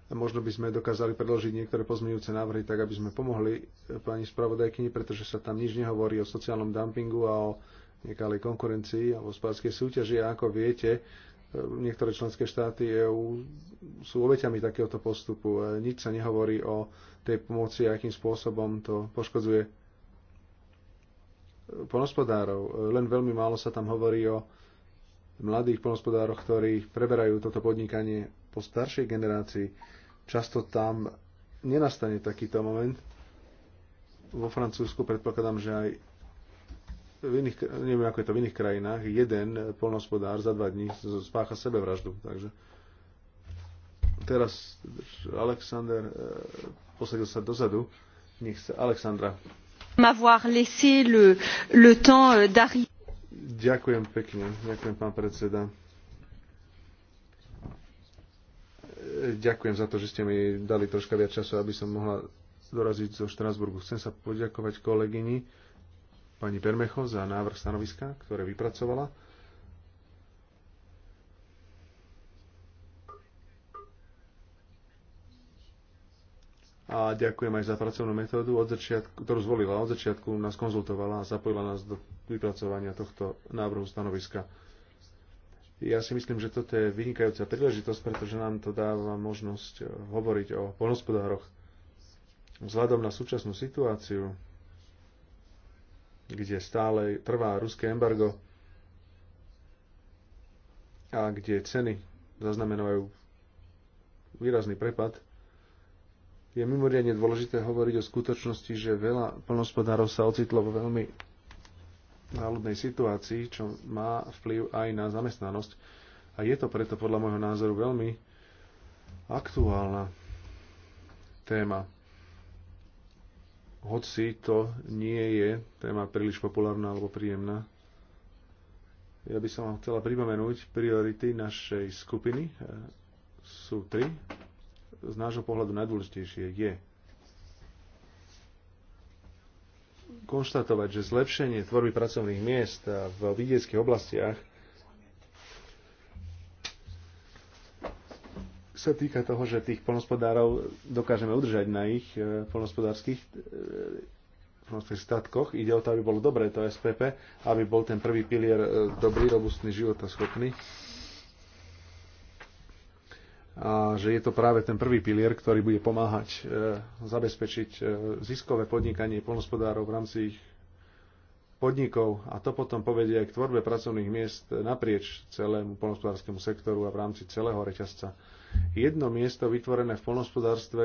A možno by sme dokázali predložiť niektoré pozmeňujúce návrhy tak, aby sme pomohli pani spravodajkyni, pretože sa tam nič nehovorí o sociálnom dumpingu a o nekalej konkurencii a hospodárskej súťaži. A ako viete, e, niektoré členské štáty EÚ sú obeťami takéhoto postupu. E, nič sa nehovorí o tej pomoci a akým spôsobom to poškodzuje e, ponospodárov. Len veľmi málo sa tam hovorí o mladých ponospodároch, ktorí preberajú toto podnikanie po staršej generácii. Často tam nenastane takýto moment. Vo Francúzsku predpokladám, že aj v iných, neviem ako je to v iných krajinách, jeden polnospodár za dva dní spácha sebevraždu. Takže teraz Alexander e, posadil sa dozadu. Nech sa, Alexandra. M'avoir laissé le, le temps e, d'arriver. Ďakujem pekne, ďakujem pán predseda. E, ďakujem za to, že ste mi dali troška viac času, aby som mohla doraziť zo Štrasburgu. Chcem sa poďakovať kolegyni pani Permecho za návrh stanoviska, ktoré vypracovala. A ďakujem aj za pracovnú metódu, od začiatku, ktorú zvolila od začiatku, nás konzultovala a zapojila nás do vypracovania tohto návrhu stanoviska. Ja si myslím, že toto je vynikajúca príležitosť, pretože nám to dáva možnosť hovoriť o poľnospodároch Vzhľadom na súčasnú situáciu, kde stále trvá ruské embargo a kde ceny zaznamenajú výrazný prepad, je mimoriadne dôležité hovoriť o skutočnosti, že veľa plnospodárov sa ocitlo vo veľmi náľudnej situácii, čo má vplyv aj na zamestnanosť. A je to preto podľa môjho názoru veľmi aktuálna téma hoci to nie je téma príliš populárna alebo príjemná. Ja by som vám chcela pripomenúť priority našej skupiny. Sú tri. Z nášho pohľadu najdôležitejšie je konštatovať, že zlepšenie tvorby pracovných miest v vidieckých oblastiach sa týka toho, že tých polnospodárov dokážeme udržať na ich e, polnospodárských e, statkoch. Ide o to, aby bolo dobré to SPP, aby bol ten prvý pilier e, dobrý, robustný, životoschopný. A že je to práve ten prvý pilier, ktorý bude pomáhať e, zabezpečiť e, ziskové podnikanie polnospodárov v rámci ich podnikov a to potom povedie aj k tvorbe pracovných miest naprieč celému polnospodárskému sektoru a v rámci celého reťazca jedno miesto vytvorené v polnospodárstve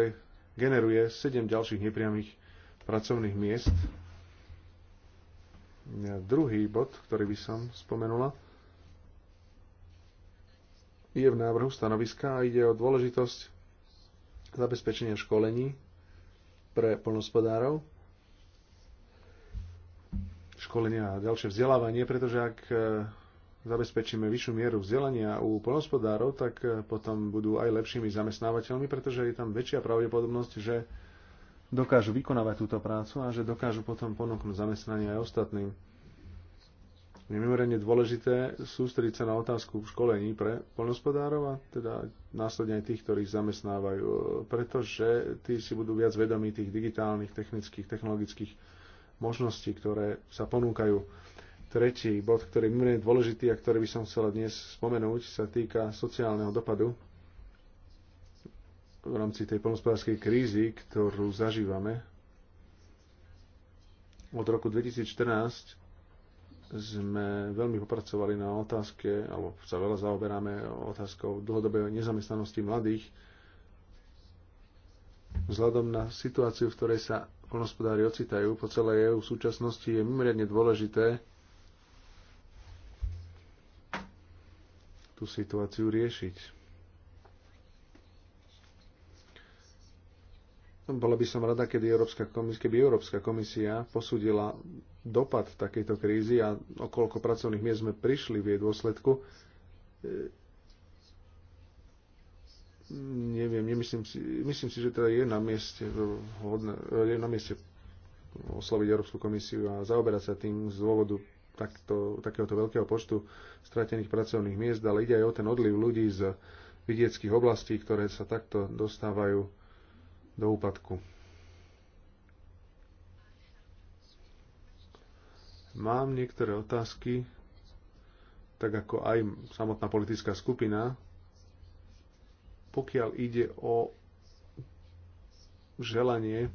generuje 7 ďalších nepriamých pracovných miest. Druhý bod, ktorý by som spomenula, je v návrhu stanoviska a ide o dôležitosť zabezpečenia školení pre polnospodárov, školenia a ďalšie vzdelávanie, pretože ak zabezpečíme vyššiu mieru vzdelania u polnospodárov, tak eh, potom budú aj lepšími zamestnávateľmi, pretože je tam väčšia pravdepodobnosť, že dokážu vykonávať túto prácu a že dokážu potom ponúknuť zamestnanie aj ostatným. Je mimoriadne dôležité sústrediť sa na otázku v školení pre poľnospodárov a teda následne aj tých, ktorých zamestnávajú, pretože tí si budú viac vedomí tých digitálnych, technických, technologických možností, ktoré sa ponúkajú Tretí bod, ktorý je mimoriadne dôležitý a ktorý by som chcel dnes spomenúť, sa týka sociálneho dopadu v rámci tej polnospodárskej krízy, ktorú zažívame. Od roku 2014 sme veľmi popracovali na otázke, alebo sa veľa zaoberáme otázkou dlhodobej nezamestnanosti mladých. Vzhľadom na situáciu, v ktorej sa polnospodári ocitajú po celej EU v súčasnosti, je mimoriadne dôležité, tú situáciu riešiť. Bola by som rada, kedy Európska komisia, keby Európska komisia posúdila dopad takejto krízy a okolko pracovných miest sme prišli v jej dôsledku. Neviem, nemyslím si, myslím si, že teda je na mieste, vhodné, je na mieste osloviť Európsku komisiu a zaoberať sa tým z dôvodu takto, takéhoto veľkého počtu stratených pracovných miest, ale ide aj o ten odliv ľudí z vidieckých oblastí, ktoré sa takto dostávajú do úpadku. Mám niektoré otázky, tak ako aj samotná politická skupina, pokiaľ ide o želanie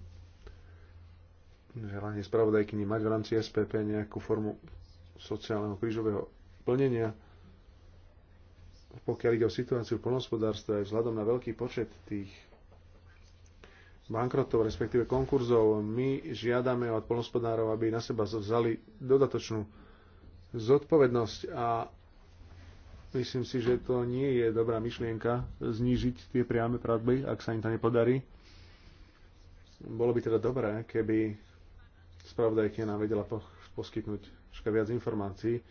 želanie spravodajkyni mať v rámci SPP nejakú formu sociálneho krížového plnenia, pokiaľ ide o situáciu v plnospodárstve, aj vzhľadom na veľký počet tých bankrotov, respektíve konkurzov, my žiadame od plnospodárov, aby na seba vzali dodatočnú zodpovednosť a myslím si, že to nie je dobrá myšlienka znížiť tie priame pradby, ak sa im to nepodarí. Bolo by teda dobré, keby spravodajkina vedela poskytnúť troška viac informácií,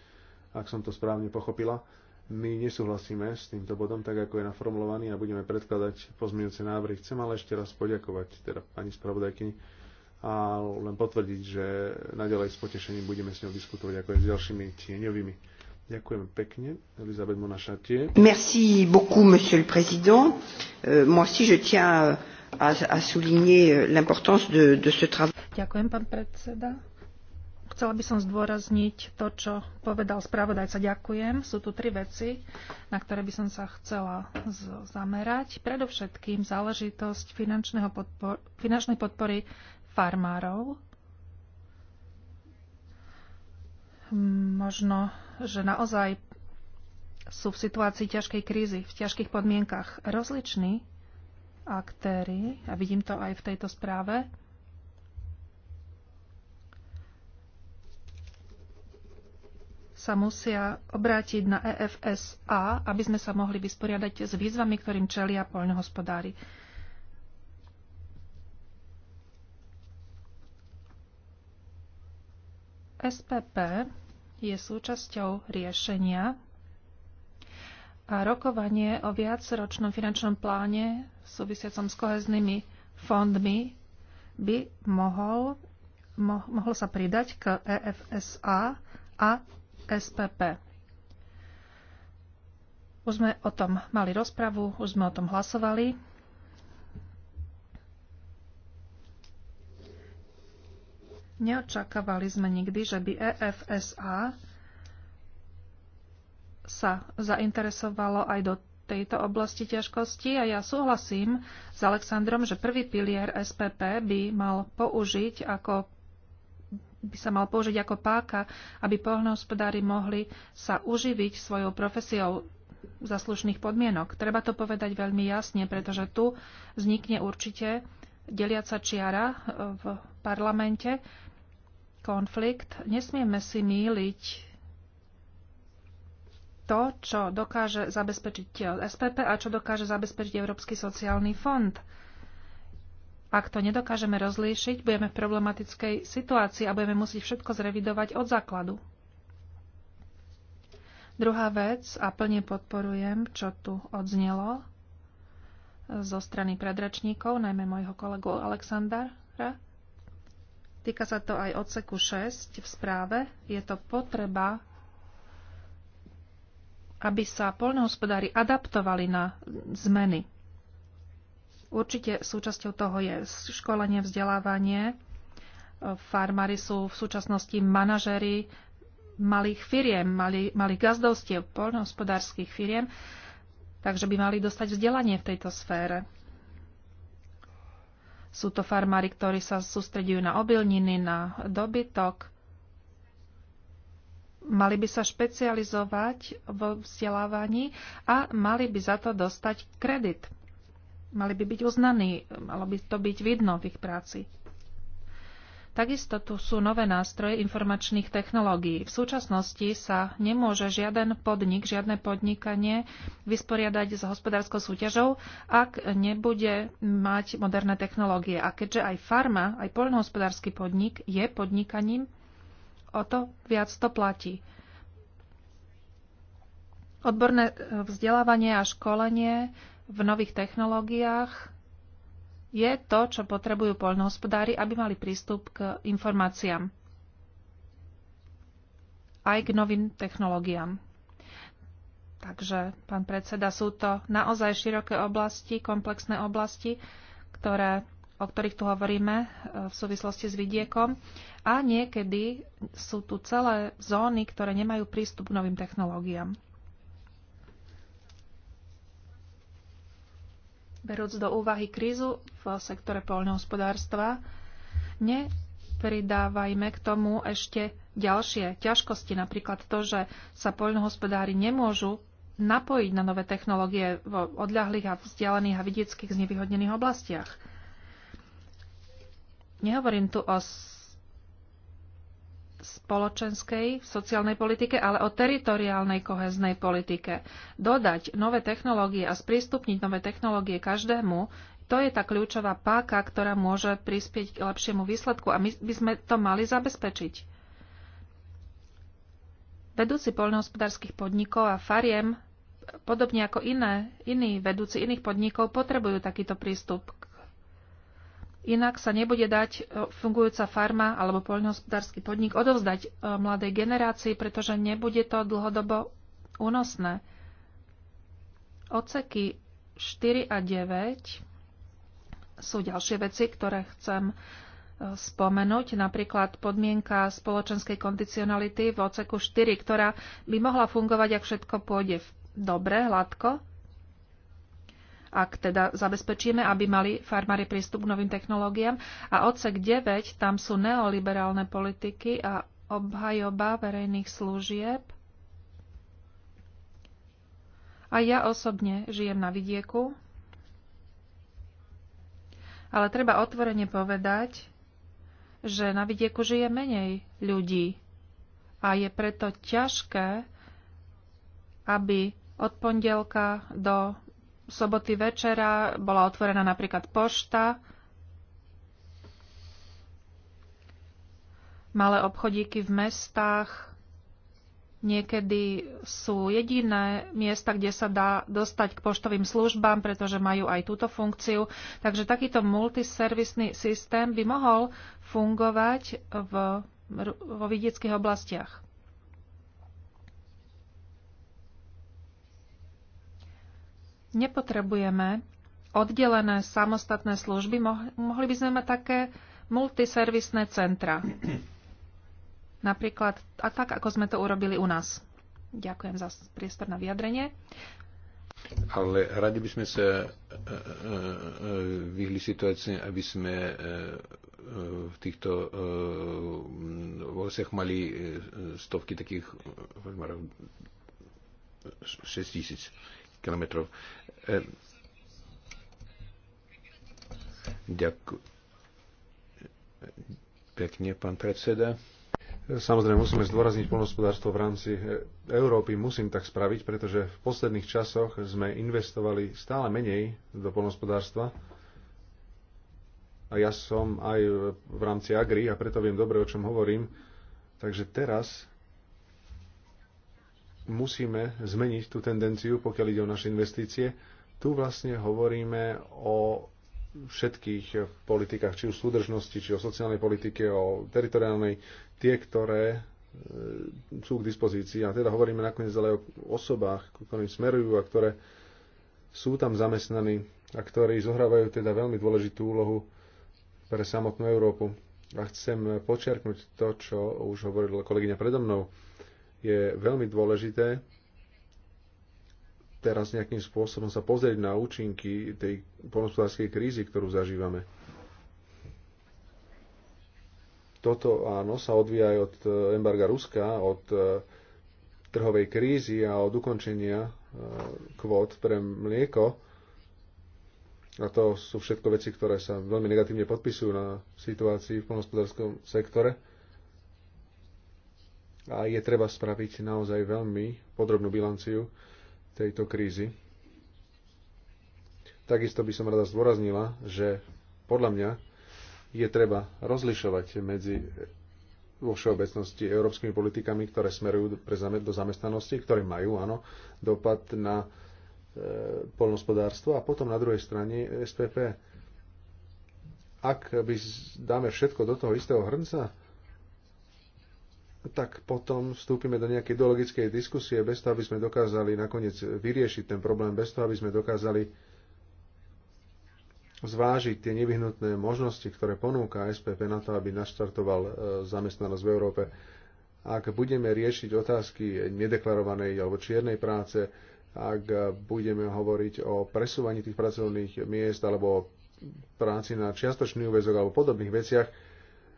ak som to správne pochopila. My nesúhlasíme s týmto bodom, tak ako je naformulovaný a budeme predkladať pozmeňujúce návrhy. Chcem ale ešte raz poďakovať teda pani spravodajky a len potvrdiť, že naďalej s potešením budeme s ňou diskutovať ako aj s ďalšími tieňovými. Ďakujem pekne. Elizabeth Monašatie. Merci beaucoup, monsieur le président. Euh, moi aussi, je tiens à, à souligner l'importance de, de ce travail. Ďakujem, pán predseda. Chcela by som zdôrazniť to, čo povedal spravodajca. Ďakujem. Sú tu tri veci, na ktoré by som sa chcela zamerať. Predovšetkým záležitosť podpor- finančnej podpory farmárov. Možno, že naozaj sú v situácii ťažkej krízy, v ťažkých podmienkach rozliční aktéry, a vidím to aj v tejto správe, sa musia obrátiť na EFSA, aby sme sa mohli vysporiadať s výzvami, ktorým čelia poľnohospodári. SPP je súčasťou riešenia a rokovanie o viacročnom finančnom pláne súvisiacom s koheznými fondmi by mohol, mo, mohlo sa pridať k EFSA a SPP. Už sme o tom mali rozpravu, už sme o tom hlasovali. Neočakávali sme nikdy, že by EFSA sa zainteresovalo aj do tejto oblasti ťažkosti a ja súhlasím s Alexandrom, že prvý pilier SPP by mal použiť ako by sa mal použiť ako páka, aby poľnohospodári mohli sa uživiť svojou profesiou za slušných podmienok. Treba to povedať veľmi jasne, pretože tu vznikne určite deliaca čiara eh, v parlamente, konflikt. Nesmieme si míliť to, čo dokáže zabezpečiť eh, SPP a čo dokáže zabezpečiť Európsky sociálny fond. Ak to nedokážeme rozlíšiť, budeme v problematickej situácii a budeme musieť všetko zrevidovať od základu. Druhá vec, a plne podporujem, čo tu odznelo zo strany predračníkov, najmä môjho kolegu Aleksandra, Týka sa to aj odseku 6 v správe. Je to potreba, aby sa poľnohospodári adaptovali na zmeny. Určite súčasťou toho je školenie, vzdelávanie. Farmári sú v súčasnosti manažery malých firiem, malých, malých gazdovstiev, poľnohospodárských firiem, takže by mali dostať vzdelanie v tejto sfére. Sú to farmári, ktorí sa sústredujú na obilniny, na dobytok. Mali by sa špecializovať vo vzdelávaní a mali by za to dostať kredit. Mali by byť uznaní, malo by to byť vidno v ich práci. Takisto tu sú nové nástroje informačných technológií. V súčasnosti sa nemôže žiaden podnik, žiadne podnikanie vysporiadať s hospodárskou súťažou, ak nebude mať moderné technológie. A keďže aj farma, aj poľnohospodársky podnik je podnikaním, o to viac to platí. Odborné vzdelávanie a školenie v nových technológiách je to, čo potrebujú poľnohospodári, aby mali prístup k informáciám aj k novým technológiám. Takže, pán predseda, sú to naozaj široké oblasti, komplexné oblasti, ktoré, o ktorých tu hovoríme e, v súvislosti s vidiekom. A niekedy sú tu celé zóny, ktoré nemajú prístup k novým technológiám. berúc do úvahy krízu v sektore poľnohospodárstva, nepridávajme k tomu ešte ďalšie ťažkosti, napríklad to, že sa poľnohospodári nemôžu napojiť na nové technológie v odľahlých a vzdialených a vidieckých znevýhodnených oblastiach. Nehovorím tu o spoločenskej sociálnej politike, ale o teritoriálnej koheznej politike. Dodať nové technológie a sprístupniť nové technológie každému, to je tá kľúčová páka, ktorá môže prispieť k lepšiemu výsledku a my by sme to mali zabezpečiť. Vedúci poľnohospodárskych podnikov a fariem, podobne ako iné, iní vedúci iných podnikov, potrebujú takýto prístup k Inak sa nebude dať e, fungujúca farma alebo poľnohospodársky podnik odovzdať e, mladej generácii, pretože nebude to dlhodobo únosné. Oceky 4 a 9 sú ďalšie veci, ktoré chcem e, spomenúť, napríklad podmienka spoločenskej kondicionality v oceku 4, ktorá by mohla fungovať, ak všetko pôjde dobre, hladko, ak teda zabezpečíme, aby mali farmári prístup k novým technológiám. A odsek 9, tam sú neoliberálne politiky a obhajoba verejných služieb. A ja osobne žijem na vidieku, ale treba otvorene povedať, že na vidieku žije menej ľudí a je preto ťažké, aby od pondelka do soboty večera bola otvorená napríklad pošta, malé obchodíky v mestách. Niekedy sú jediné miesta, kde sa dá dostať k poštovým službám, pretože majú aj túto funkciu. Takže takýto multiservisný systém by mohol fungovať v, vo vidieckých oblastiach. Nepotrebujeme oddelené samostatné služby, mohli by sme mať také multiservisné centra. Napríklad, a tak, ako sme to urobili u nás. Ďakujem za priestor na vyjadrenie. Ale radi by sme sa e, e, e, vyhli situácii, aby sme v týchto vosiach mali stovky takých 6 tisíc kilometrov. Ehm, Ďakujem. Pekne, pán predseda. Samozrejme, musíme zdôrazniť polnospodárstvo v rámci e, Európy. Musím tak spraviť, pretože v posledných časoch sme investovali stále menej do polnospodárstva. A ja som aj v rámci Agri a preto viem dobre, o čom hovorím. Takže teraz musíme zmeniť tú tendenciu, pokiaľ ide o naše investície. Tu vlastne hovoríme o všetkých politikách, či už súdržnosti, či o sociálnej politike, o teritoriálnej, tie, ktoré e, sú k dispozícii. A teda hovoríme nakoniec ale o osobách, ktorým smerujú a ktoré sú tam zamestnaní a ktorí zohrávajú teda veľmi dôležitú úlohu pre samotnú Európu. A chcem počiarknúť to, čo už hovorila kolegyňa predo mnou je veľmi dôležité teraz nejakým spôsobom sa pozrieť na účinky tej polnospodárskej krízy, ktorú zažívame. Toto áno sa odvíja aj od e, embarga Ruska, od e, trhovej krízy a od ukončenia e, kvót pre mlieko. A to sú všetko veci, ktoré sa veľmi negatívne podpisujú na situácii v polnospodárskom sektore a je treba spraviť naozaj veľmi podrobnú bilanciu tejto krízy. Takisto by som rada zdôraznila, že podľa mňa je treba rozlišovať medzi vo všeobecnosti európskymi politikami, ktoré smerujú do zamestnanosti, ktoré majú áno, dopad na e, polnospodárstvo a potom na druhej strane SPP. Ak by dáme všetko do toho istého hrnca, tak potom vstúpime do nejakej ideologickej diskusie bez toho, aby sme dokázali nakoniec vyriešiť ten problém, bez toho, aby sme dokázali zvážiť tie nevyhnutné možnosti, ktoré ponúka SPP na to, aby naštartoval e, zamestnanosť v Európe. Ak budeme riešiť otázky nedeklarovanej alebo čiernej práce, ak budeme hovoriť o presúvaní tých pracovných miest alebo práci na čiastočný úvezok alebo podobných veciach,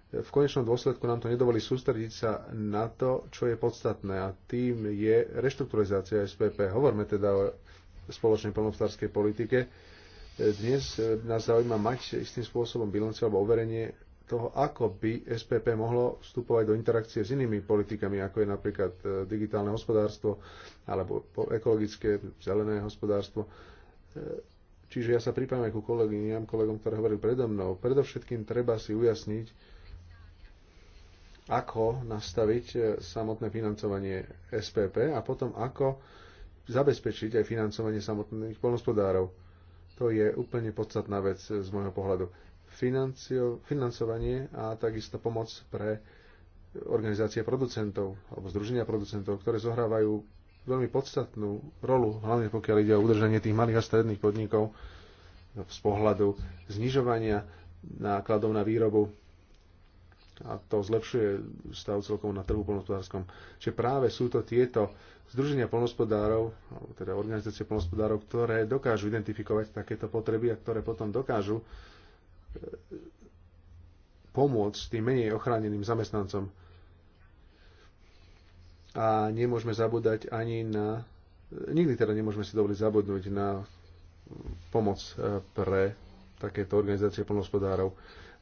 v konečnom dôsledku nám to nedovolí sústrediť sa na to, čo je podstatné a tým je reštrukturalizácia SPP. Hovorme teda o spoločnej plnohospodárskej politike. Dnes nás zaujíma mať istým spôsobom bilanciu alebo overenie toho, ako by SPP mohlo vstupovať do interakcie s inými politikami, ako je napríklad e, digitálne hospodárstvo alebo ekologické, zelené hospodárstvo. E, čiže ja sa pripájam aj ku kolegyňam, kolegom, ktoré hovorili predo mnou. Predovšetkým treba si ujasniť, ako nastaviť e, samotné financovanie SPP a potom ako zabezpečiť aj financovanie samotných polnospodárov. To je úplne podstatná vec e, z môjho pohľadu. Financio, financovanie a takisto pomoc pre organizácie producentov alebo združenia producentov, ktoré zohrávajú veľmi podstatnú rolu, hlavne pokiaľ ide o udržanie tých malých a stredných podnikov z pohľadu znižovania nákladov na výrobu a to zlepšuje stav celkovo na trhu polnospodárskom. Čiže práve sú to tieto združenia polnospodárov, teda organizácie polnospodárov, ktoré dokážu identifikovať takéto potreby a ktoré potom dokážu e, pomôcť tým menej ochráneným zamestnancom. A nemôžeme zabúdať ani na... E, nikdy teda nemôžeme si dovoliť zabudnúť na pomoc e, pre takéto organizácie polnospodárov.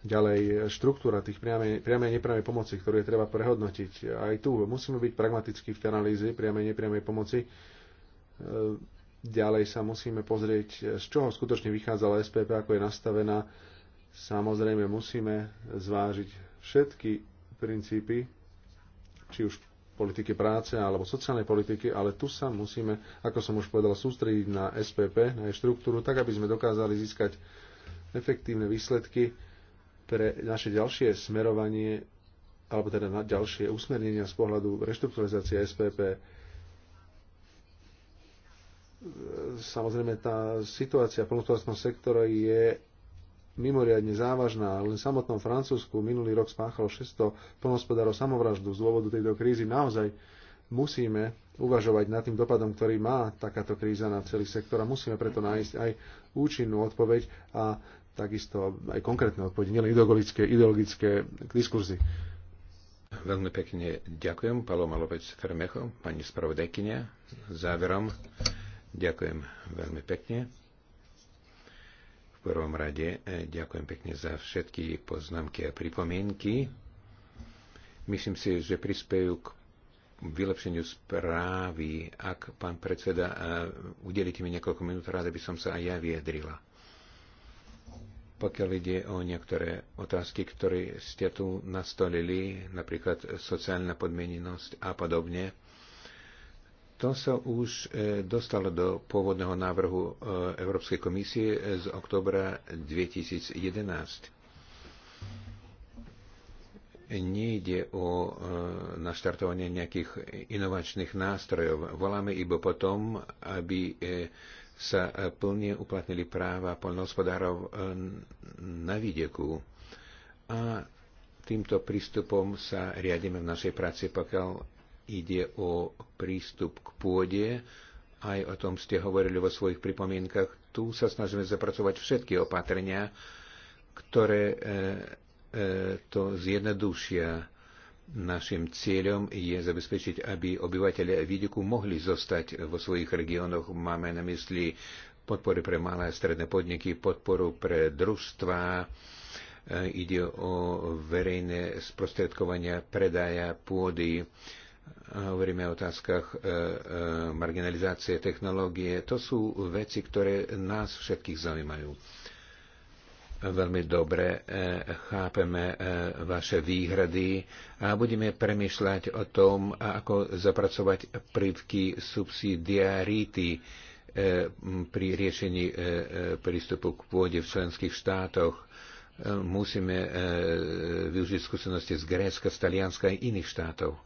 Ďalej štruktúra tých priamej, priamej nepriamej pomoci, ktorú je treba prehodnotiť. Aj tu musíme byť pragmatickí v tej analýze priamej nepriamej pomoci. E, ďalej sa musíme pozrieť, z čoho skutočne vychádzala SPP, ako je nastavená. Samozrejme musíme zvážiť všetky princípy, či už politiky práce alebo sociálnej politiky, ale tu sa musíme, ako som už povedal, sústrediť na SPP, na jej štruktúru, tak aby sme dokázali získať efektívne výsledky pre naše ďalšie smerovanie, alebo teda na ďalšie usmernenia z pohľadu reštrukturalizácie SPP. Samozrejme, tá situácia v plnohospodárskom sektore je mimoriadne závažná. Len v samotnom Francúzsku minulý rok spáchalo 600 plnohospodárov samovraždu z dôvodu tejto krízy. Naozaj musíme uvažovať nad tým dopadom, ktorý má takáto kríza na celý sektor a musíme preto nájsť aj účinnú odpoveď a takisto aj konkrétne odpovede, nielen ideologické, ideologické diskurzy. Veľmi pekne ďakujem, Paloma Malovec Fermecho, pani spravodajkynia. Záverom ďakujem veľmi pekne. V prvom rade e, ďakujem pekne za všetky poznámky a pripomienky. Myslím si, že prispejú k vylepšeniu správy. Ak pán predseda, e, udelíte mi niekoľko minút, rád by som sa aj ja vyjadrila pokiaľ ide o niektoré otázky, ktoré ste tu nastolili, napríklad sociálna podmienenosť a podobne, to sa už e, dostalo do pôvodného návrhu e, Európskej komisie z oktobra 2011. Nejde o e, naštartovanie nejakých inovačných nástrojov. Voláme iba potom, aby sa e, plne uplatnili práva poľnohospodárov e, na výdeku. A týmto prístupom sa riadíme v našej práci, pokiaľ ide o prístup k pôde. Aj o tom ste hovorili vo svojich pripomienkach. Tu sa snažíme zapracovať všetky opatrenia, ktoré e, to zjednodušia Našim cieľom je zabezpečiť, aby obyvateľe Vidiku mohli zostať vo svojich regiónoch. Máme na mysli podpory pre malé a stredné podniky, podporu pre družstva, e, ide o verejné sprostredkovania predaja pôdy, e, hovoríme o otázkach e, marginalizácie technológie. To sú veci, ktoré nás všetkých zaujímajú veľmi dobre e, chápeme e, vaše výhrady a budeme premyšľať o tom, ako zapracovať prvky subsidiarity e, pri riešení prístupu k pôde v členských štátoch. Musíme využiť skúsenosti z Grécka, z Talianska a iných štátov.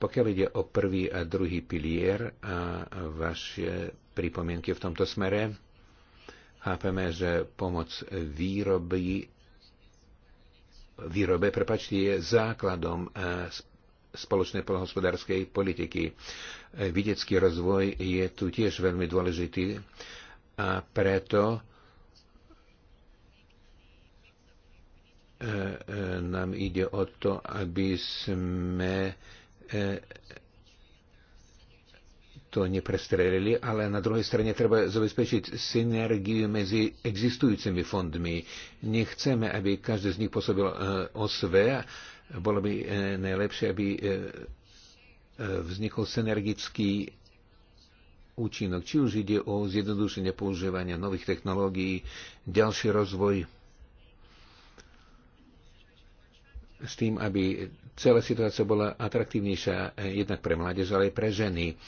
Pokiaľ ide o prvý a druhý pilier a vaše pripomienky v tomto smere, Chápeme, že pomoc výroby, výrobe prepačte, je základom e, spoločnej polnohospodárskej politiky. E, Videcký rozvoj je tu tiež veľmi dôležitý a preto e, nám ide o to, aby sme to neprestrelili, ale na druhej strane treba zabezpečiť synergiu medzi existujúcimi fondmi. Nechceme, aby každý z nich pôsobil eh, sve. Bolo by eh, najlepšie, aby eh, vznikol synergický účinok. Či už ide o zjednodušenie používania nových technológií, ďalší rozvoj s tým, aby celá situácia bola atraktívnejšia jednak pre mládež, ale aj pre ženy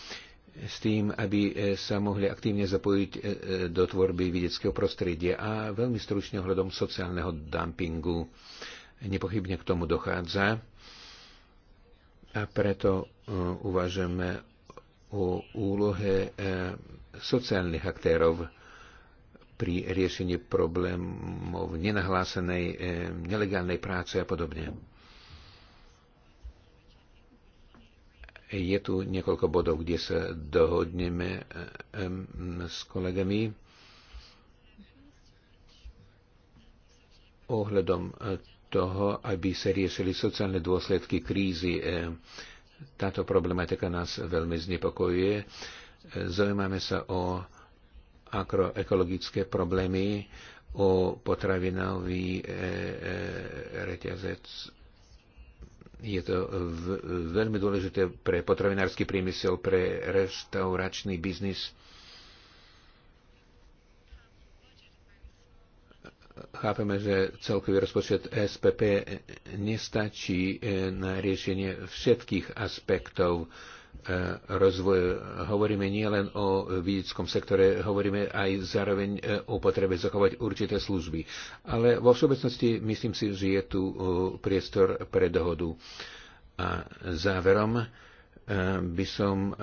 s tým, aby e, sa mohli aktívne zapojiť e, e, do tvorby vedeckého prostredia a veľmi stručne ohľadom sociálneho dumpingu. Nepochybne k tomu dochádza a preto uvažujeme o úlohe sociálnych aktérov pri riešení problémov nenahlásenej nelegálnej práce a podobne. Je tu niekoľko bodov, kde sa dohodneme eh, s kolegami ohľadom eh, toho, aby sa riešili sociálne dôsledky krízy. Eh, táto problematika nás veľmi znepokojuje. Zaujímame sa o akroekologické problémy, o potravinový reťazec je to veľmi dôležité pre potravinársky priemysel, pre restauračný biznis. chápeme, že celkový rozpočet SPP nestačí e, na riešenie všetkých aspektov E, rozvoj. Hovoríme nielen o vidickom sektore, hovoríme aj zároveň e, o potrebe zachovať určité služby. Ale vo všeobecnosti myslím si, že je tu e, priestor pre dohodu. A záverom by som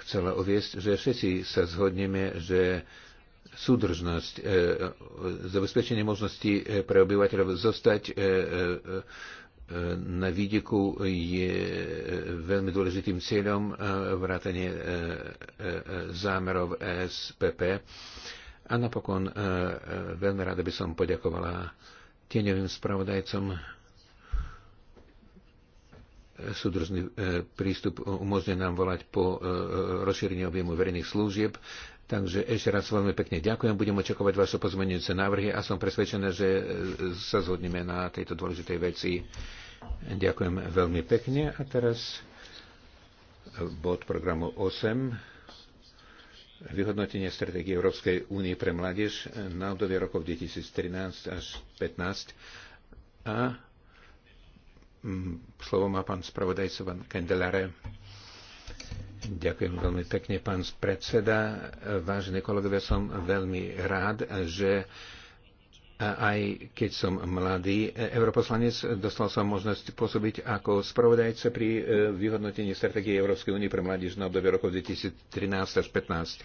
chcela uviesť, že všetci sa zhodneme, že súdržnosť, zabezpečenie možnosti pre obyvateľov zostať na vidieku je eh, veľmi dôležitým cieľom eh, vrátanie eh, zámerov SPP. A napokon veľmi rada by som poďakovala tieňovým spravodajcom súdružný prístup umožňuje nám volať po rozšírení objemu verejných služieb Takže ešte raz veľmi pekne ďakujem, budem očakovať vaše pozmeňujúce návrhy a som presvedčený, že sa zhodneme na tejto dôležitej veci. Ďakujem veľmi pekne a teraz bod programu 8 vyhodnotenie stratégie Európskej únie pre mládež na obdobie rokov 2013 až 2015. a mm, slovo má pán spravodajca Van Kendelare. Ďakujem veľmi pekne, pán predseda. Vážení kolegovia, som veľmi rád, že aj keď som mladý europoslanec, dostal som možnosť pôsobiť ako spravodajca pri eh, vyhodnotení stratégie Európskej únie pre mládež na obdobie rokov 2013 až 2015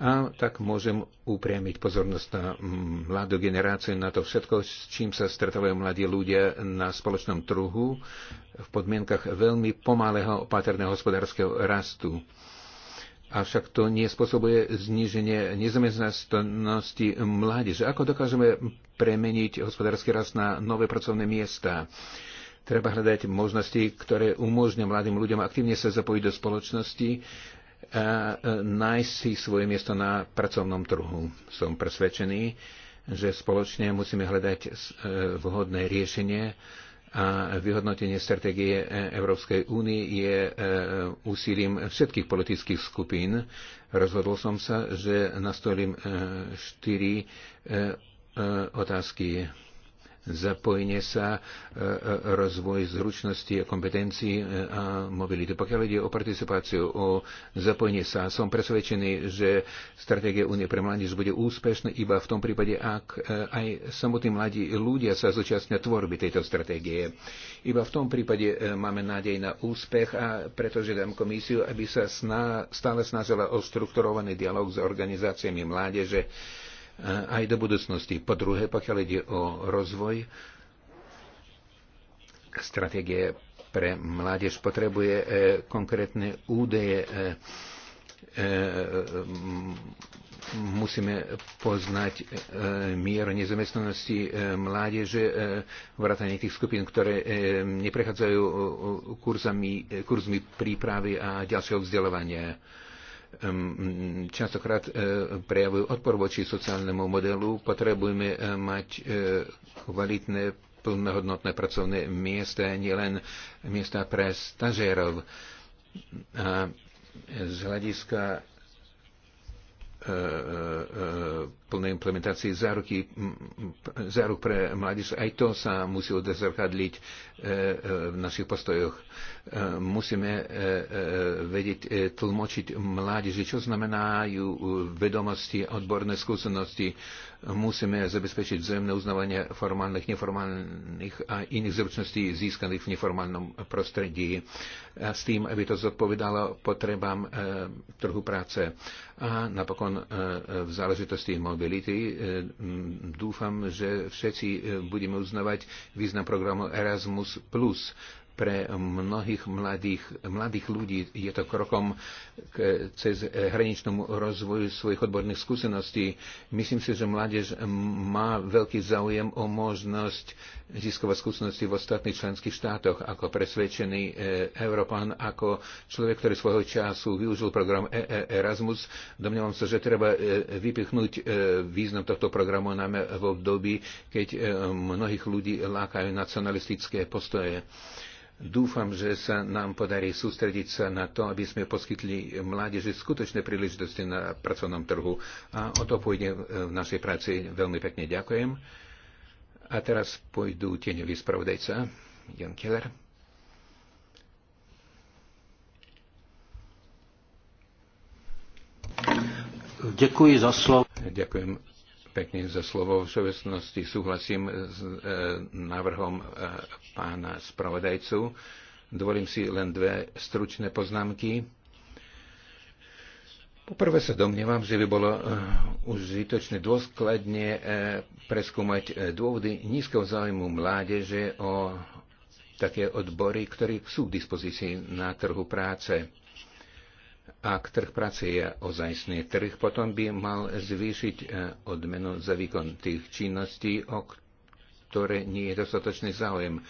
a tak môžem upriamiť pozornosť na mm, mladú generáciu, na to všetko, s čím sa stretávajú mladí ľudia na spoločnom trhu v podmienkach veľmi pomalého opatrného hospodárskeho rastu. Avšak to nespôsobuje zníženie nezamestnanosti mládeže. Ako dokážeme premeniť hospodársky rast na nové pracovné miesta? Treba hľadať možnosti, ktoré umožňujú mladým ľuďom aktívne sa zapojiť do spoločnosti, a nájsť si svoje miesto na pracovnom trhu. Som presvedčený, že spoločne musíme hľadať e, vhodné riešenie a vyhodnotenie stratégie e, Európskej únie je e, úsilím všetkých politických skupín. Rozhodol som sa, že nastolím štyri otázky zapojenie sa, e, e, rozvoj zručnosti a kompetencií e, a mobility. Pokiaľ ide o participáciu, o zapojenie sa, som presvedčený, že stratégia Únie pre mládež bude úspešná iba v tom prípade, ak aj samotní mladí ľudia sa zúčastnia tvorby tejto stratégie. Iba v tom prípade máme nádej na úspech a preto žiadam komisiu, aby sa stále snažila o strukturovaný dialog s organizáciami mládeže, aj do budúcnosti. Po druhé, pokiaľ ide o rozvoj, stratégie pre mládež potrebuje e, konkrétne údaje. E, e, musíme poznať mier nezamestnanosti mládeže, vrátanie tých skupín, ktoré neprechádzajú kurzami, kurzmi prípravy a ďalšieho vzdelávania Mm, častokrát e, prejavujú odpor voči sociálnemu modelu. Potrebujeme e, mať e, kvalitné, plnohodnotné pracovné miesta, nielen miesta pre stažérov. A z hľadiska plnej implementácii záruky, záruk pre mládež. Aj to sa musí odzrkadliť e, e, v našich postojoch. E, musíme vedieť tlmočiť mládeži, čo znamenajú vedomosti, odborné skúsenosti. Musíme zabezpečiť vzájomné uznávanie formálnych, neformálnych a iných zručností získaných v neformálnom prostredí a s tým, aby to zodpovedalo potrebám trhu práce a napokon v záležitosti mobility. E, dúfam, že všetci e, budeme uznávať význam programu Erasmus+. Pre mnohých mladých, mladých ľudí je to krokom k, cez hraničnom rozvoju svojich odborných skúseností. Myslím si, že mládež má veľký záujem o možnosť získavať skúsenosti v ostatných členských štátoch ako presvedčený e, Európan, ako človek, ktorý svojho času využil program e -E Erasmus. Domnievam sa, že treba e, vypichnúť e, význam tohto programu najmä v období, keď e, mnohých ľudí lákajú nacionalistické postoje. Dúfam, že sa nám podarí sústrediť sa na to, aby sme poskytli mládeži skutočné príležitosti na pracovnom trhu. A o to pôjde v našej práci. Veľmi pekne ďakujem. A teraz pôjdu tieňový spravodajca, Jan Keller. Ďakujem za slovo. Ďakujem pekne za slovo. V súvislosti súhlasím s e, návrhom e, pána spravodajcu. Dovolím si len dve stručné poznámky. Poprvé sa domnievam, že by bolo e, užitočné dôskladne preskúmať dôvody nízkeho záujmu mládeže o také odbory, ktoré sú k dispozícii na trhu práce. Ak trh práce je ozajstný trh, potom by mal zvýšiť e, odmenu za výkon tých činností, o ktoré nie je dostatočný záujem.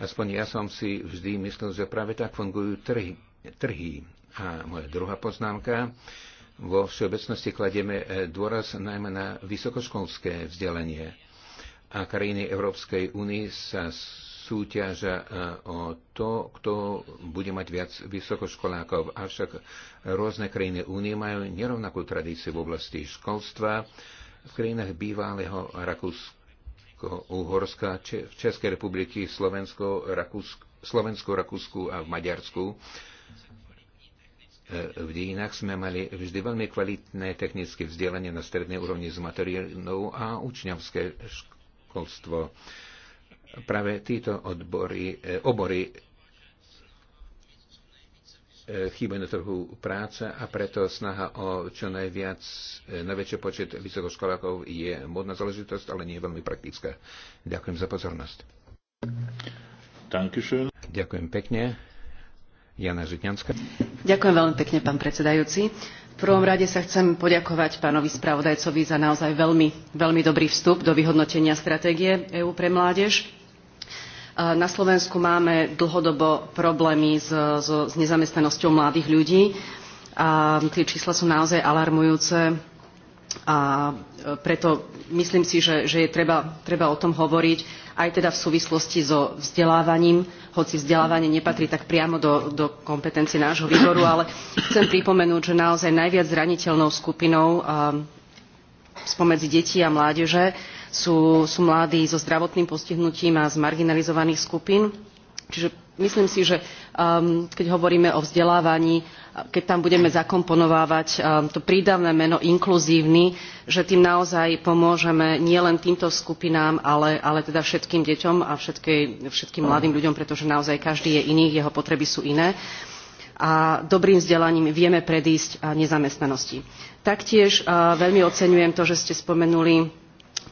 Aspoň ja som si vždy myslel, že práve tak fungujú trhy. trhy. A moja druhá poznámka. Vo všeobecnosti kladieme e, dôraz najmä na vysokoškolské vzdelanie a krajiny Európskej únie sa súťaža e, o to, kto bude mať viac vysokoškolákov. Avšak rôzne krajiny únie majú nerovnakú tradíciu v oblasti školstva. V krajinách bývalého Rakúsko-Uhorska, v Českej republiky, Slovensko, Slovensku, Rakúsku a v Maďarsku e, v dejinách sme mali vždy veľmi kvalitné technické vzdelanie na strednej úrovni s materiálnou a učňavské školstvo práve títo odbory, e, obory e, chýbajú na trhu práca a preto snaha o čo najviac, e, najväčší počet vysokoškolákov je modná záležitosť, ale nie je veľmi praktická. Ďakujem za pozornosť. Dankeschön. Ďakujem pekne. Jana Žitňanská. Ďakujem veľmi pekne, pán predsedajúci v prvom rade sa chcem poďakovať pánovi spravodajcovi za naozaj veľmi, dobrý vstup do vyhodnotenia stratégie eú pre mládež. Na Slovensku máme dlhodobo problémy s nezamestnanosťou mladých ľudí a tie čísla sú naozaj alarmujúce a e, preto myslím si, že, že je treba, treba o tom hovoriť aj teda v súvislosti so vzdelávaním, hoci vzdelávanie nepatrí tak priamo do, do kompetencie nášho výboru, ale chcem pripomenúť, že naozaj najviac zraniteľnou skupinou spomedzi detí a mládeže sú, sú mladí so zdravotným postihnutím a z marginalizovaných skupín Čiže myslím si, že um, keď hovoríme o vzdelávaní, keď tam budeme zakomponovávať um, to prídavné meno inkluzívny, že tým naozaj pomôžeme nielen týmto skupinám, ale, ale teda všetkým deťom a všetkej, všetkým mladým ľuďom, pretože naozaj každý je iný, jeho potreby sú iné a dobrým vzdelaním vieme predísť nezamestnanosti. Taktiež uh, veľmi oceňujem to, že ste spomenuli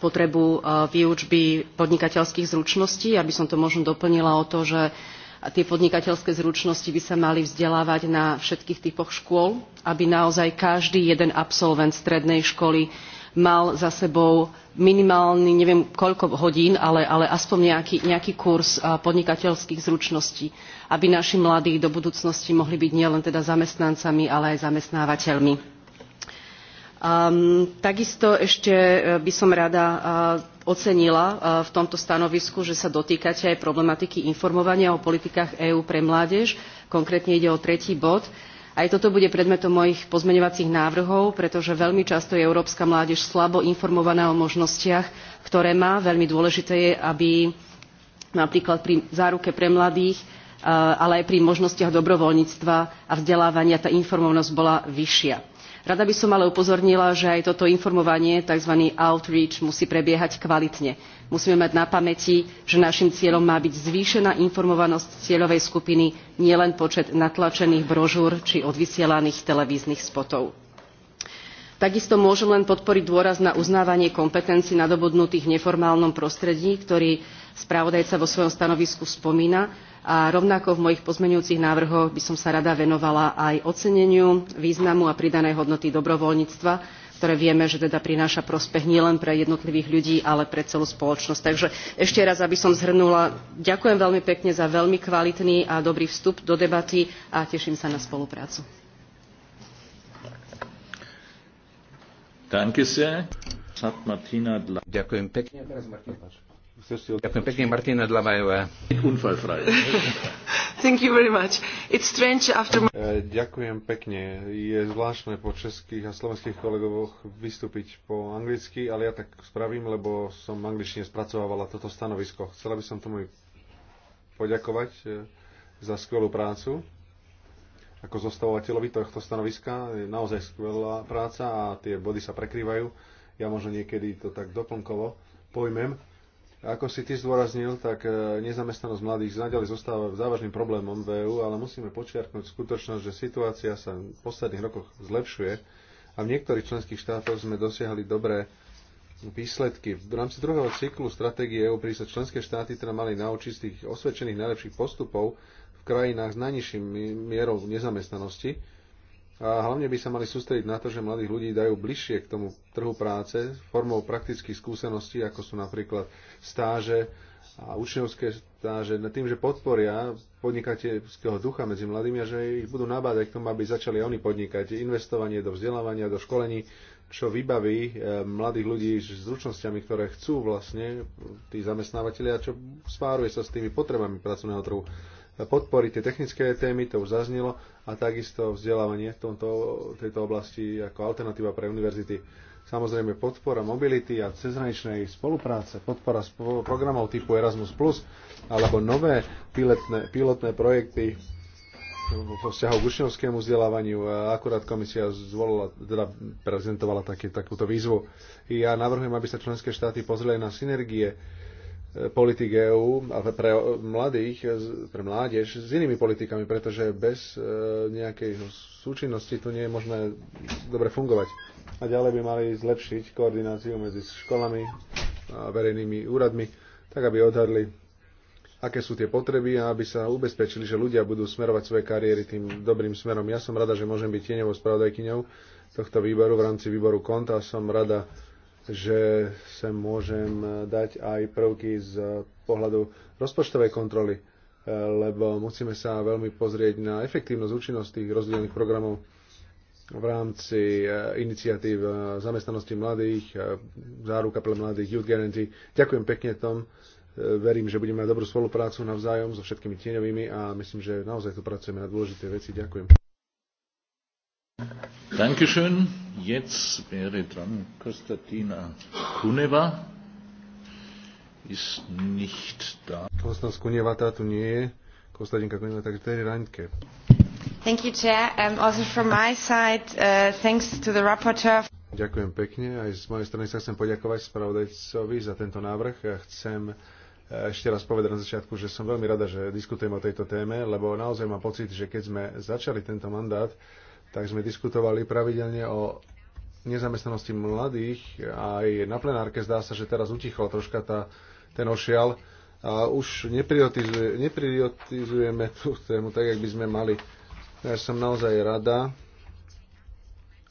potrebu e, výučby podnikateľských zručností. Ja by som to možno doplnila o to, že tie podnikateľské zručnosti by sa mali vzdelávať na všetkých typoch škôl, aby naozaj každý jeden absolvent strednej školy mal za sebou minimálny, neviem koľko hodín, ale, ale aspoň nejaký, nejaký kurz e, podnikateľských zručností, aby naši mladí do budúcnosti mohli byť nielen teda zamestnancami, ale aj zamestnávateľmi Ehm, takisto ešte eh, by som rada eh, ocenila eh, v tomto stanovisku že sa dotýkate aj problematiky informovania o politikách eú pre mládež konkrétne ide o tretí bod aj toto bude predmetom mojich pozmeňovacích návrhov pretože veľmi často je európska mládež slabo informovaná o možnostiach ktoré má veľmi dôležité je aby napríklad pri záruke pre mladých ale aj pri možnostiach dobrovoľníctva a vzdelávania tá informovanosť bola vyššia Rada by som ale upozornila, že aj toto informovanie, tzv. outreach, musí prebiehať kvalitne. Musíme mať na pamäti, že našim cieľom má byť zvýšená informovanosť cieľovej skupiny, nielen počet natlačených brožúr či odvysielaných televíznych spotov. Takisto môžem len podporiť dôraz na uznávanie kompetencií nadobudnutých v neformálnom prostredí, ktorý spravodajca vo svojom stanovisku spomína a rovnako v mojich pozmeňujúcich návrhoch by som sa rada venovala aj oceneniu významu a pridanej hodnoty dobrovoľníctva, ktoré vieme, že teda prináša prospech nielen pre jednotlivých ľudí, ale pre celú spoločnosť. Takže ešte raz, aby som zhrnula, ďakujem veľmi pekne za veľmi kvalitný a dobrý vstup do debaty a teším sa na spoluprácu. Ďakujem pekne. Ďakujem pekne, Martina Thank you very much. It's strange after... E, ďakujem pekne. Je zvláštne po českých a slovenských kolegovoch vystúpiť po anglicky, ale ja tak spravím, lebo som angličtine spracovávala toto stanovisko. Chcela by som tomu poďakovať e, za skvelú prácu ako zostavovateľovi tohto stanoviska. Je naozaj skvelá práca a tie body sa prekrývajú. Ja možno niekedy to tak doplnkovo pojmem ako si ty zdôraznil, tak e, nezamestnanosť mladých naďalej zostáva závažným problémom v EU, ale musíme počiarknúť skutočnosť, že situácia sa v posledných rokoch zlepšuje a v niektorých členských štátoch sme dosiahli dobré výsledky. V rámci druhého cyklu stratégie EU sa členské štáty teda mali naučiť z tých osvedčených najlepších postupov v krajinách s najnižším mierou nezamestnanosti a hlavne by sa mali sústrediť na to, že mladých ľudí dajú bližšie k tomu trhu práce formou praktických skúseností, ako sú napríklad stáže a učňovské stáže, tým, že podporia podnikateľského ducha medzi mladými a že ich budú nabádať k tomu, aby začali oni podnikať, investovanie do vzdelávania, do školení, čo vybaví eh, mladých ľudí s zručnosťami, ktoré chcú vlastne tí zamestnávateľia, čo spáruje sa s tými potrebami pracovného trhu podporiť tie technické témy, to už zaznelo, a takisto vzdelávanie v tomto, tejto oblasti ako alternatíva pre univerzity. Samozrejme podpora mobility a cezhraničnej spolupráce, podpora sp- programov typu Erasmus+, alebo nové pilotné, pilotné projekty vo vzťahu k učňovskému vzdelávaniu. Akurát komisia zvolila, teda prezentovala také, takúto výzvu. Ja navrhujem, aby sa členské štáty pozreli na synergie politik EÚ a pre mladých, pre mládež s inými politikami, pretože bez e, nejakej súčinnosti tu nie je možné dobre fungovať. A ďalej by mali zlepšiť koordináciu medzi školami a verejnými úradmi, tak aby odhadli, aké sú tie potreby a aby sa ubezpečili, že ľudia budú smerovať svoje kariéry tým dobrým smerom. Ja som rada, že môžem byť tieňovou spravodajkyňou tohto výboru v rámci výboru Konta a som rada, že sem môžem dať aj prvky z pohľadu rozpočtovej kontroly, lebo musíme sa veľmi pozrieť na efektívnosť, účinnosť tých rozdielných programov v rámci eh, iniciatív eh, zamestnanosti mladých, eh, záruka pre mladých, Youth Guarantee. Ďakujem pekne tom. Verím, že budeme mať dobrú spoluprácu navzájom so všetkými tieňovými a myslím, že naozaj tu pracujeme na dôležité veci. Ďakujem. Dankeschön. Jetzt wäre dran Konstantina Kuneva. Ist nicht da. Konstantina Kuneva tu nie je. Eh. Kuneva, takže Reintke. Thank you, Chair. Um, also from my side, uh, thanks to the rapporteur. Ďakujem pekne. Aj z mojej strany sa chcem poďakovať spravodajcovi za tento návrh. Ja chcem uh, ešte raz povedať na začiatku, že som veľmi rada, že diskutujem o tejto téme, lebo naozaj mám pocit, že keď sme začali tento mandát, tak sme diskutovali pravidelne o nezamestnanosti mladých. Aj na plenárke zdá sa, že teraz utichol troška tá, ten ošial. A už nepriotizuje, nepriotizujeme tú tému tak, jak by sme mali. Ja som naozaj rada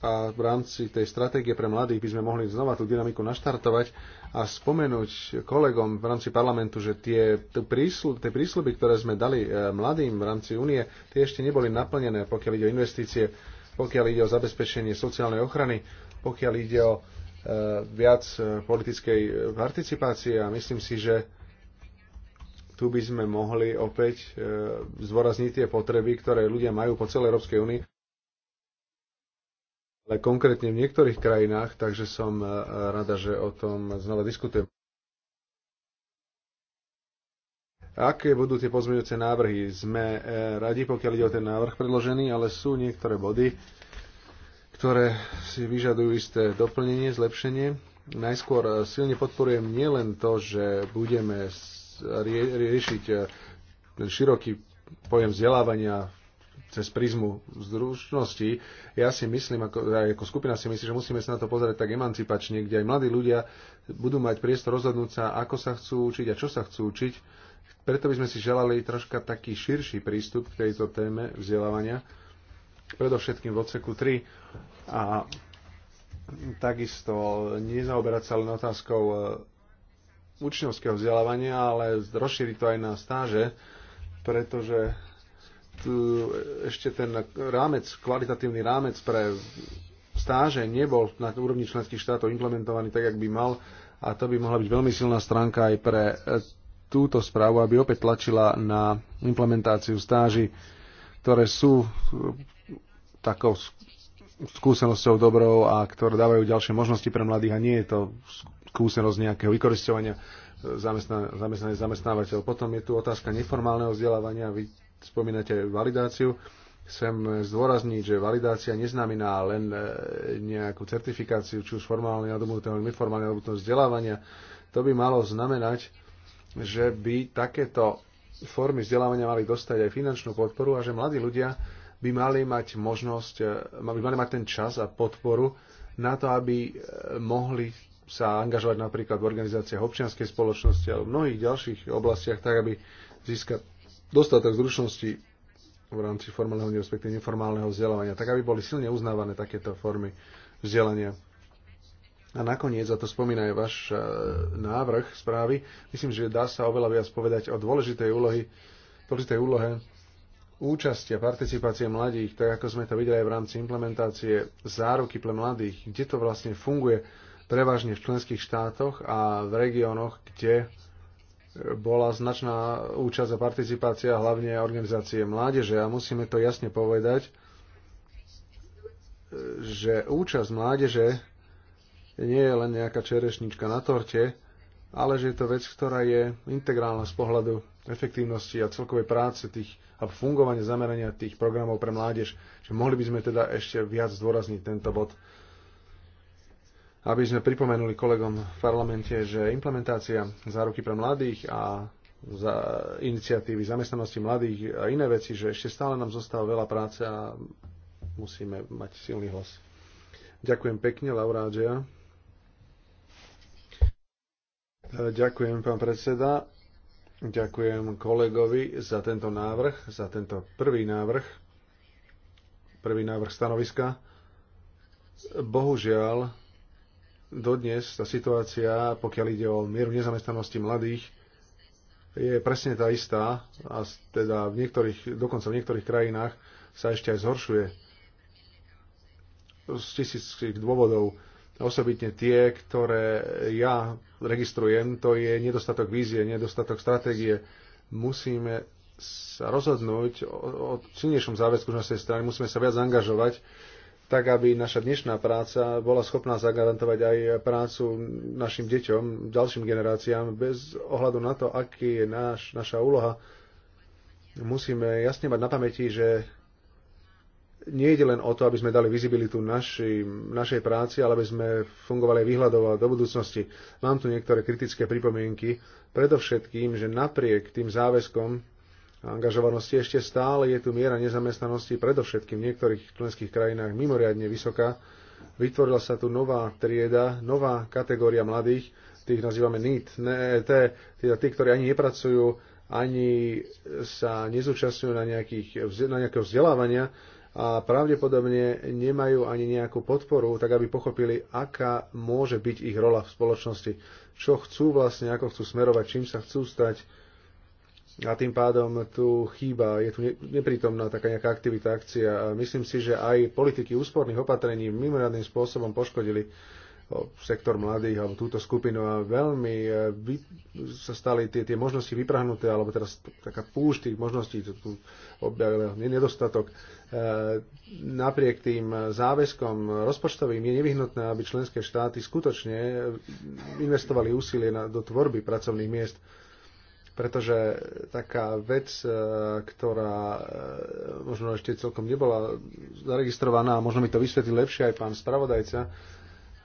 a v rámci tej stratégie pre mladých by sme mohli znova tú dynamiku naštartovať a spomenúť kolegom v rámci parlamentu, že tie, prísl, tie prísľuby, ktoré sme dali eh, mladým v rámci únie, tie ešte neboli naplnené, pokiaľ ide o investície pokiaľ ide o zabezpečenie sociálnej ochrany, pokiaľ ide o e, viac e, politickej participácie a myslím si, že tu by sme mohli opäť e, zdôrazniť tie potreby, ktoré ľudia majú po celej Európskej únii, ale konkrétne v niektorých krajinách, takže som rada, že o tom znova diskutujem. Aké budú tie pozmeňujúce návrhy? Sme e, radi, pokiaľ ide o ten návrh predložený, ale sú niektoré body, ktoré si vyžadujú isté doplnenie, zlepšenie. Najskôr e, silne podporujem nielen to, že budeme riešiť e, ten široký pojem vzdelávania cez prízmu zručnosti. Ja si myslím, ako, ako skupina si myslí, že musíme sa na to pozerať tak emancipačne, kde aj mladí ľudia budú mať priestor rozhodnúť sa, ako sa chcú učiť a čo sa chcú učiť preto by sme si želali troška taký širší prístup k tejto téme vzdelávania, predovšetkým v odseku 3 a takisto nezaoberať sa len otázkou e, učňovského vzdelávania, ale rozšíriť to aj na stáže, pretože tu ešte ten rámec, kvalitatívny rámec pre stáže nebol na úrovni členských štátov implementovaný tak, jak by mal a to by mohla byť veľmi silná stránka aj pre túto správu, aby opäť tlačila na implementáciu stáží, ktoré sú e, takou skúsenosťou dobrou a ktoré dávajú ďalšie možnosti pre mladých a nie je to skúsenosť nejakého vykoristovania e, zamestnaných zamestnávateľ. Potom je tu otázka neformálneho vzdelávania. Vy spomínate validáciu. Chcem zdôrazniť, že validácia neznamená len e, nejakú certifikáciu, či už formálne, alebo neformálne, alebo vzdelávania. To by malo znamenať že by takéto formy vzdelávania mali dostať aj finančnú podporu a že mladí ľudia by mali mať možnosť, e, by mali mať ten čas a podporu na to, aby e, mohli sa angažovať napríklad v organizáciách občianskej spoločnosti alebo v mnohých ďalších oblastiach, tak aby získať dostatok zručnosti v rámci formálneho, respektíve neformálneho vzdelávania, tak aby boli silne uznávané takéto formy vzdelania. A nakoniec, a to spomína aj váš e, návrh správy, myslím, že dá sa oveľa viac povedať o dôležitej, úlohy, dôležitej úlohe účasti a participácie mladých, tak ako sme to videli aj v rámci implementácie záruky pre mladých, kde to vlastne funguje prevažne v členských štátoch a v regiónoch, kde e, bola značná účasť a participácia hlavne organizácie mládeže a musíme to jasne povedať, e, že účasť mládeže nie je len nejaká čerešnička na torte, ale že je to vec, ktorá je integrálna z pohľadu efektívnosti a celkovej práce tých a fungovania zamerania tých programov pre mládež, že mohli by sme teda ešte viac zdôrazniť tento bod, aby sme pripomenuli kolegom v parlamente, že implementácia záruky pre mladých a za iniciatívy zamestnanosti mladých a iné veci, že ešte stále nám zostáva veľa práce a musíme mať silný hlas. Ďakujem pekne, Laura Adžia. E, ďakujem, pán predseda. Ďakujem kolegovi za tento návrh, za tento prvý návrh, prvý návrh stanoviska. Bohužiaľ, dodnes tá situácia, pokiaľ ide o mieru nezamestnanosti mladých, je presne tá istá a teda v niektorých, dokonca v niektorých krajinách sa ešte aj zhoršuje z tisíckých dôvodov osobitne tie, ktoré ja registrujem, to je nedostatok vízie, nedostatok stratégie. Musíme sa rozhodnúť o, o silnejšom záväzku z našej strany, musíme sa viac angažovať, tak aby naša dnešná práca bola schopná zagarantovať aj prácu našim deťom, ďalším generáciám, bez ohľadu na to, aký je náš, naša úloha. Musíme jasne mať na pamäti, že nie ide len o to, aby sme dali vizibilitu naši, našej práci, ale aby sme fungovali výhľadovo do budúcnosti. Mám tu niektoré kritické pripomienky, predovšetkým, že napriek tým záväzkom a angažovanosti ešte stále je tu miera nezamestnanosti, predovšetkým v niektorých členských krajinách mimoriadne vysoká. Vytvorila sa tu nová trieda, nová kategória mladých, tých nazývame NIT, NET, teda tí, ktorí ani nepracujú, ani sa nezúčastňujú na, nejakých, na nejakého vzdelávania, a pravdepodobne nemajú ani nejakú podporu, tak aby pochopili, aká môže byť ich rola v spoločnosti, čo chcú vlastne, ako chcú smerovať, čím sa chcú stať. A tým pádom tu chýba, je tu neprítomná taká nejaká aktivita, akcia. A myslím si, že aj politiky úsporných opatrení mimoriadným spôsobom poškodili sektor mladých alebo túto skupinu a veľmi e, vy, sa stali tie, tie možnosti vyprahnuté, alebo teraz taká púšť tých možností, to tu objavil nedostatok. E, napriek tým záväzkom rozpočtovým je nevyhnutné, aby členské štáty skutočne investovali úsilie na, do tvorby pracovných miest pretože taká vec, e, ktorá možno ešte celkom nebola zaregistrovaná, a možno mi to vysvetlí lepšie aj pán spravodajca,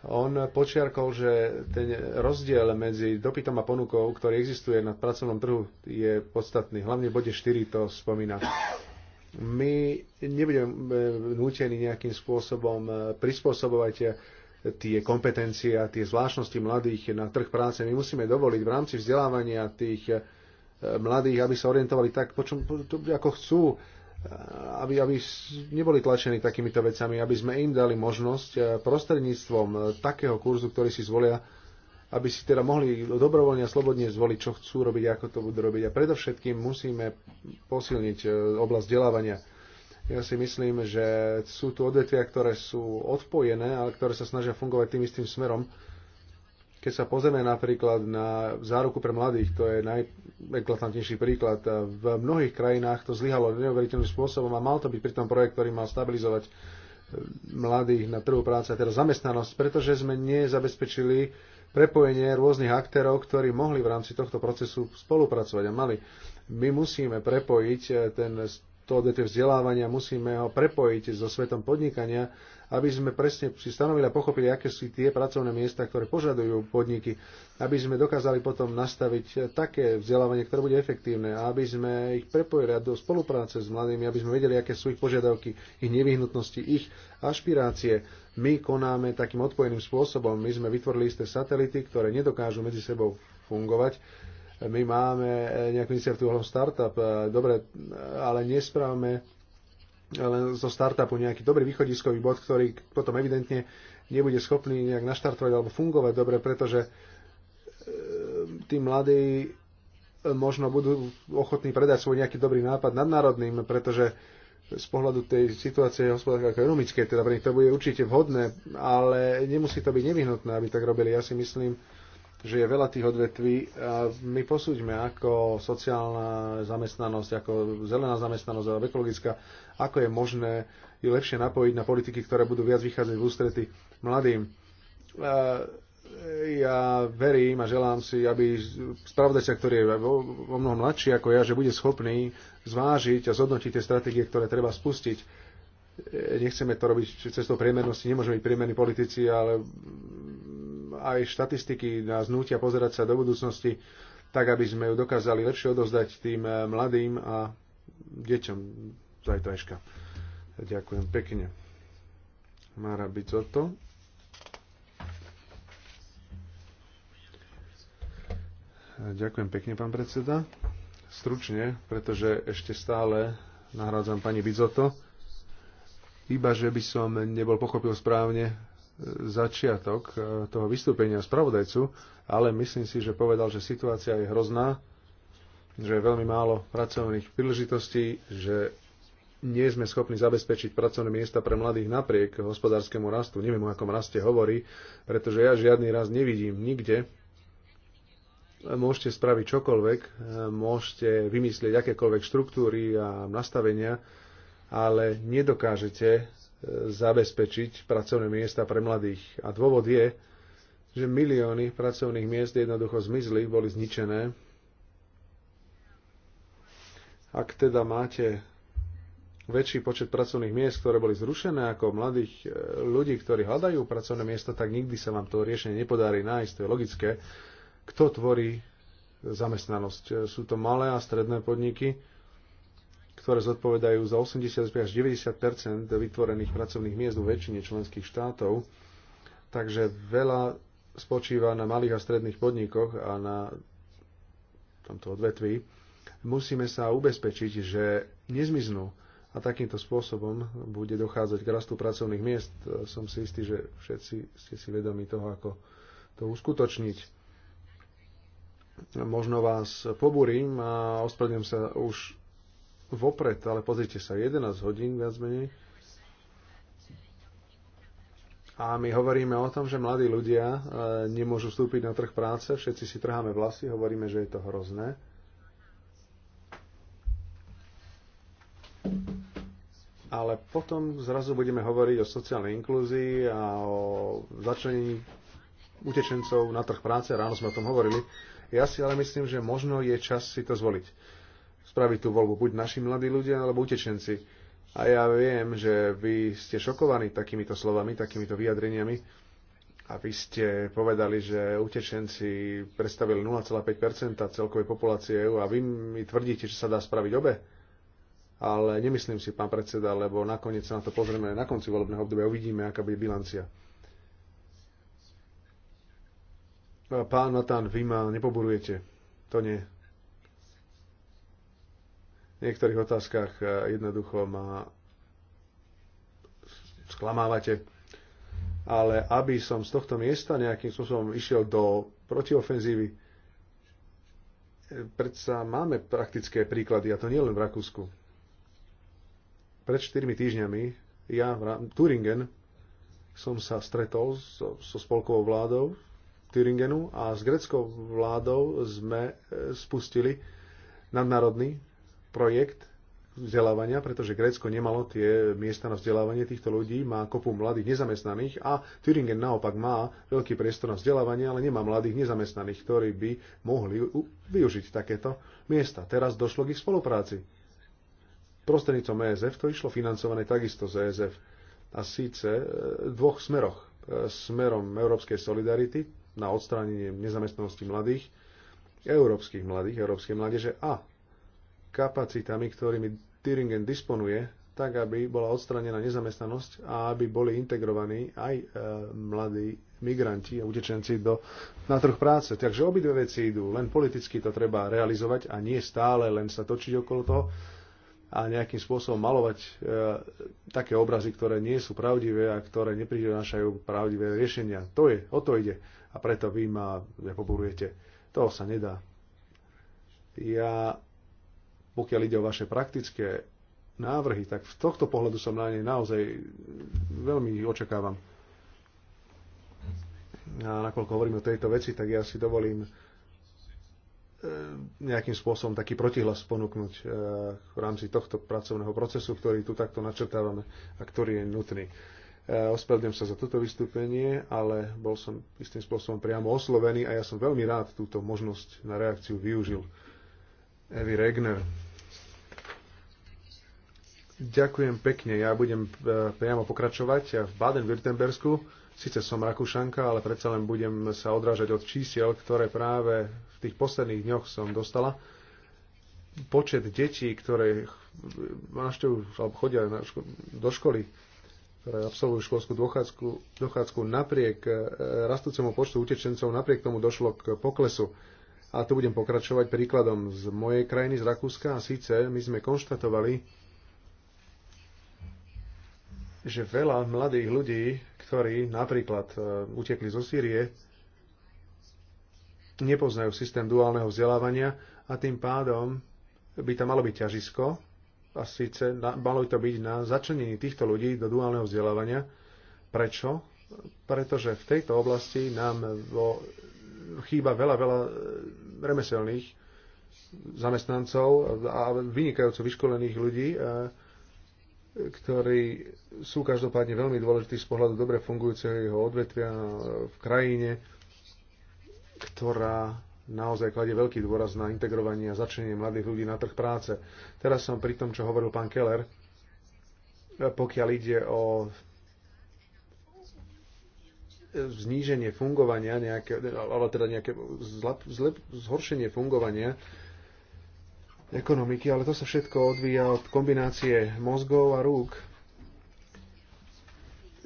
on počiarkol, že ten rozdiel medzi dopytom a ponukou, ktorý existuje na pracovnom trhu, je podstatný. Hlavne v bode 4 to spomína. My nebudeme eh, nútení nejakým spôsobom eh, prispôsobovať eh, tie kompetencie a tie zvláštnosti mladých na trh práce. My musíme dovoliť v rámci vzdelávania tých mladých, aby sa orientovali tak, po čom, ako chcú aby, aby neboli tlačení takýmito vecami, aby sme im dali možnosť eh, prostredníctvom eh, takého kurzu, ktorý si zvolia, aby si teda mohli dobrovoľne a slobodne zvoliť, čo chcú robiť, ako to budú robiť. A predovšetkým musíme posilniť eh, oblasť vzdelávania. Ja si myslím, že sú tu odvetvia, ktoré sú odpojené, ale ktoré sa snažia fungovať tým istým smerom keď sa pozrieme napríklad na záruku pre mladých, to je najeklatantnejší príklad, v mnohých krajinách to zlyhalo neuveriteľným spôsobom a mal to byť pritom projekt, ktorý mal stabilizovať e, mladých na trhu práce, teda zamestnanosť, pretože sme nezabezpečili prepojenie rôznych aktérov, ktorí mohli v rámci tohto procesu spolupracovať a mali. My musíme prepojiť e, ten, to odvetvie vzdelávania, musíme ho prepojiť so svetom podnikania, aby sme presne si stanovili a pochopili, aké sú tie pracovné miesta, ktoré požadujú podniky, aby sme dokázali potom nastaviť také vzdelávanie, ktoré bude efektívne a aby sme ich prepojili do spolupráce s mladými, aby sme vedeli, aké sú ich požiadavky, ich nevyhnutnosti, ich ašpirácie. My konáme takým odpojeným spôsobom. My sme vytvorili isté satelity, ktoré nedokážu medzi sebou fungovať my máme nejakú iniciatívu ohľadom startup, dobre, ale nesprávame len zo startupu nejaký dobrý východiskový bod, ktorý potom evidentne nebude schopný nejak naštartovať alebo fungovať dobre, pretože e, tí mladí možno budú ochotní predať svoj nejaký dobrý nápad nadnárodným, pretože z pohľadu tej situácie hospodársko-ekonomickej, teda pre nich to bude určite vhodné, ale nemusí to byť nevyhnutné, aby tak robili. Ja si myslím, že je veľa tých odvetví a my posúďme, ako sociálna zamestnanosť, ako zelená zamestnanosť alebo ekologická, ako je možné ju lepšie napojiť na politiky, ktoré budú viac vychádzať v ústrety mladým. Ja verím a želám si, aby spravodajca, ktorý je o mnoho mladší ako ja, že bude schopný zvážiť a zhodnotiť tie stratégie, ktoré treba spustiť e, nechceme to robiť cestou priemernosti, nemôžeme byť priemerní politici, ale aj štatistiky nás nútia pozerať sa do budúcnosti, tak aby sme ju dokázali lepšie odozdať tým eh, mladým a deťom zajtrajška. Ďakujem pekne. Mara Bicotto. Ďakujem pekne, pán predseda. Stručne, pretože ešte stále nahrádzam pani Bizoto. Iba, že by som nebol pochopil správne začiatok e, toho vystúpenia spravodajcu, ale myslím si, že povedal, že situácia je hrozná, že je veľmi málo pracovných príležitostí, že nie sme schopní zabezpečiť pracovné miesta pre mladých napriek hospodárskému rastu. Neviem, o akom raste hovorí, pretože ja žiadny rast nevidím nikde. Môžete spraviť čokoľvek, e, môžete vymyslieť akékoľvek štruktúry a nastavenia, ale nedokážete zabezpečiť pracovné miesta pre mladých. A dôvod je, že milióny pracovných miest jednoducho zmizli, boli zničené. Ak teda máte väčší počet pracovných miest, ktoré boli zrušené ako mladých e, ľudí, ktorí hľadajú pracovné miesta, tak nikdy sa vám to riešenie nepodarí nájsť, to je logické. Kto tvorí zamestnanosť? E, sú to malé a stredné podniky, ktoré zodpovedajú za 80 až 90 vytvorených pracovných miest vo väčšine členských štátov. Takže veľa spočíva na malých a stredných podnikoch a na tomto odvetví. Musíme sa ubezpečiť, že nezmiznú a takýmto spôsobom bude dochádzať k rastu pracovných miest. Som si istý, že všetci ste si vedomi toho, ako to uskutočniť možno vás poburím a ospravedlňujem sa už vopred, ale pozrite sa, 11 hodín viac menej. A my hovoríme o tom, že mladí ľudia e, nemôžu vstúpiť na trh práce, všetci si trháme vlasy, hovoríme, že je to hrozné. Ale potom zrazu budeme hovoriť o sociálnej inklúzii a o začlenení utečencov na trh práce. Ráno sme o tom hovorili. Ja si ale myslím, že možno je čas si to zvoliť spraviť tú voľbu buď naši mladí ľudia alebo utečenci. A ja viem, že vy ste šokovaní takýmito slovami, takýmito vyjadreniami. A vy ste povedali, že utečenci predstavili 0,5% celkovej populácie EU a vy mi tvrdíte, že sa dá spraviť obe. Ale nemyslím si, pán predseda, lebo nakoniec sa na to pozrieme na konci volebného obdobia, uvidíme, aká bude bilancia. Pán Natán, vy ma nepoburujete, To nie v niektorých otázkach e, jednoducho ma sklamávate. Ale aby som z tohto miesta nejakým spôsobom išiel do protiofenzívy, e, predsa máme praktické príklady, a to nie len v Rakúsku. Pred 4 týždňami ja v Turingen som sa stretol so, so spolkovou vládou Turingenu a s greckou vládou sme e, spustili nadnárodný projekt vzdelávania, pretože Grécko nemalo tie miesta na vzdelávanie týchto ľudí, má kopu mladých nezamestnaných a Thüringen naopak má veľký priestor na vzdelávanie, ale nemá mladých nezamestnaných, ktorí by mohli využiť takéto miesta. Teraz došlo k ich spolupráci. Prostrednícom ESF to išlo financované takisto z ESF. A síce e, v dvoch smeroch. E, smerom európskej solidarity na odstránenie nezamestnanosti mladých, európskych mladých, európskej mládeže a kapacitami, ktorými Thüringen disponuje, tak aby bola odstranená nezamestnanosť a aby boli integrovaní aj e, mladí migranti a utečenci do, na trh práce. Takže obidve veci idú, len politicky to treba realizovať a nie stále len sa točiť okolo toho a nejakým spôsobom malovať e, také obrazy, ktoré nie sú pravdivé a ktoré neprinášajú pravdivé riešenia. To je, o to ide. A preto vy ma nepoburujete. To sa nedá. Ja pokiaľ ide o vaše praktické návrhy, tak v tohto pohľadu som na nej naozaj veľmi očakávam. A nakoľko hovorím o tejto veci, tak ja si dovolím e, nejakým spôsobom taký protihlas ponúknuť e, v rámci tohto pracovného procesu, ktorý tu takto načrtávame a ktorý je nutný. E, ospravedlňujem sa za toto vystúpenie, ale bol som istým spôsobom priamo oslovený a ja som veľmi rád túto možnosť na reakciu využil. Evi Regner. Ďakujem pekne. Ja budem e, priamo pokračovať ja v Baden-Württembersku. Sice som Rakúšanka, ale predsa len budem sa odrážať od čísiel, ktoré práve v tých posledných dňoch som dostala. Počet detí, ktoré našťujú, alebo chodia na ško- do školy, ktoré absolvujú školskú dochádzku, dochádzku napriek e, rastúcemu počtu utečencov, napriek tomu došlo k poklesu. A tu budem pokračovať príkladom z mojej krajiny, z Rakúska. A síce my sme konštatovali, že veľa mladých ľudí, ktorí napríklad e, utekli zo Sýrie, nepoznajú systém duálneho vzdelávania a tým pádom by tam malo byť ťažisko a síce na, malo by to byť na začlenení týchto ľudí do duálneho vzdelávania. Prečo? Pretože v tejto oblasti nám vo, chýba veľa, veľa e, remeselných zamestnancov a vynikajúco vyškolených ľudí, e, ktorí sú každopádne veľmi dôležití z pohľadu dobre fungujúceho odvetvia v krajine, ktorá naozaj kladie veľký dôraz na integrovanie a začlenie mladých ľudí na trh práce. Teraz som pri tom, čo hovoril pán Keller, pokiaľ ide o zníženie fungovania, nejaké, ale teda nejaké zlep, zlep, zhoršenie fungovania ekonomiky, ale to sa všetko odvíja od kombinácie mozgov a rúk.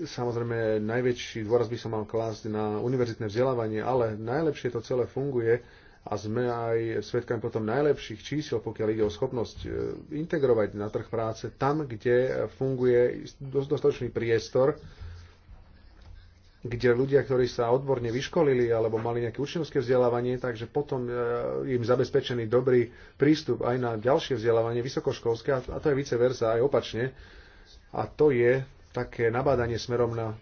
Samozrejme, najväčší dôraz by som mal klásť na univerzitné vzdelávanie, ale najlepšie to celé funguje a sme aj svetkami potom najlepších čísel, pokiaľ ide o schopnosť e, integrovať na trh práce tam, kde funguje dostatočný priestor kde ľudia, ktorí sa odborne vyškolili alebo mali nejaké učňovské vzdelávanie, takže potom e, im zabezpečený dobrý prístup aj na ďalšie vzdelávanie vysokoškolské, a to je vice versa aj opačne. A to je také nabádanie smerom na